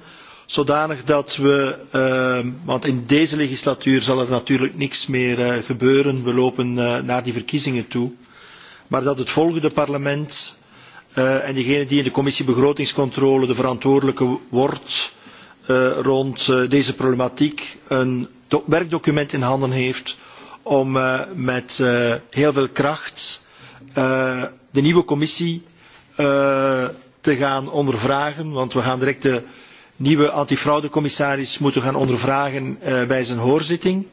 zodanig dat we, uh, want in deze legislatuur zal er natuurlijk niks meer uh, gebeuren, we lopen uh, naar die verkiezingen toe, maar dat het volgende parlement uh, en degene die in de commissie begrotingscontrole de verantwoordelijke wordt uh, rond uh, deze problematiek een werkdocument in handen heeft om uh, met uh, heel veel kracht uh, de nieuwe commissie uh, te gaan ondervragen, want we gaan direct de nieuwe antifraudecommissaris moeten gaan ondervragen eh, bij zijn hoorzitting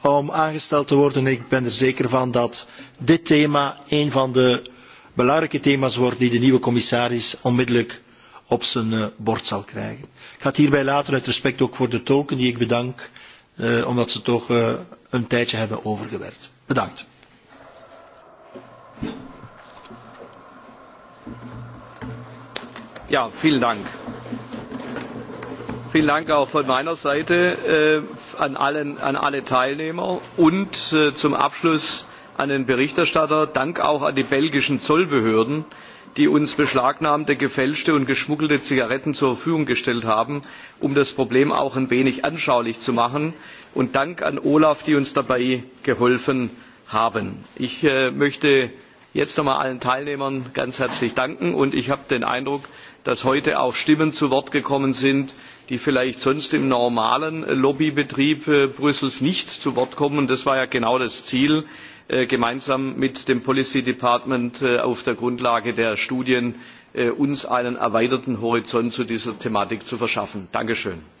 om aangesteld te worden. Ik ben er zeker van dat dit thema een van de belangrijke thema's wordt die de nieuwe commissaris onmiddellijk op zijn eh, bord zal krijgen. Ik ga het hierbij laten uit respect ook voor de tolken die ik bedank eh, omdat ze toch een tijdje hebben overgewerkt. Bedankt. Ja, vielen Dank. Vielen Dank auch von meiner Seite äh, an, allen, an alle Teilnehmer und äh, zum Abschluss an den Berichterstatter. Dank auch an die belgischen Zollbehörden, die uns beschlagnahmte, gefälschte und geschmuggelte Zigaretten zur Verfügung gestellt haben, um das Problem auch ein wenig anschaulich zu machen. Und Dank an Olaf, die uns dabei geholfen haben. Ich äh, möchte jetzt nochmal allen Teilnehmern ganz herzlich danken und ich habe den Eindruck, dass heute auch Stimmen zu Wort gekommen sind, die vielleicht sonst im normalen lobbybetrieb äh, brüssels nicht zu wort kommen. das war ja genau das ziel äh, gemeinsam mit dem policy department äh, auf der grundlage der studien uns einen erweiterten horizont zu dieser thematik zu verschaffen. dankeschön.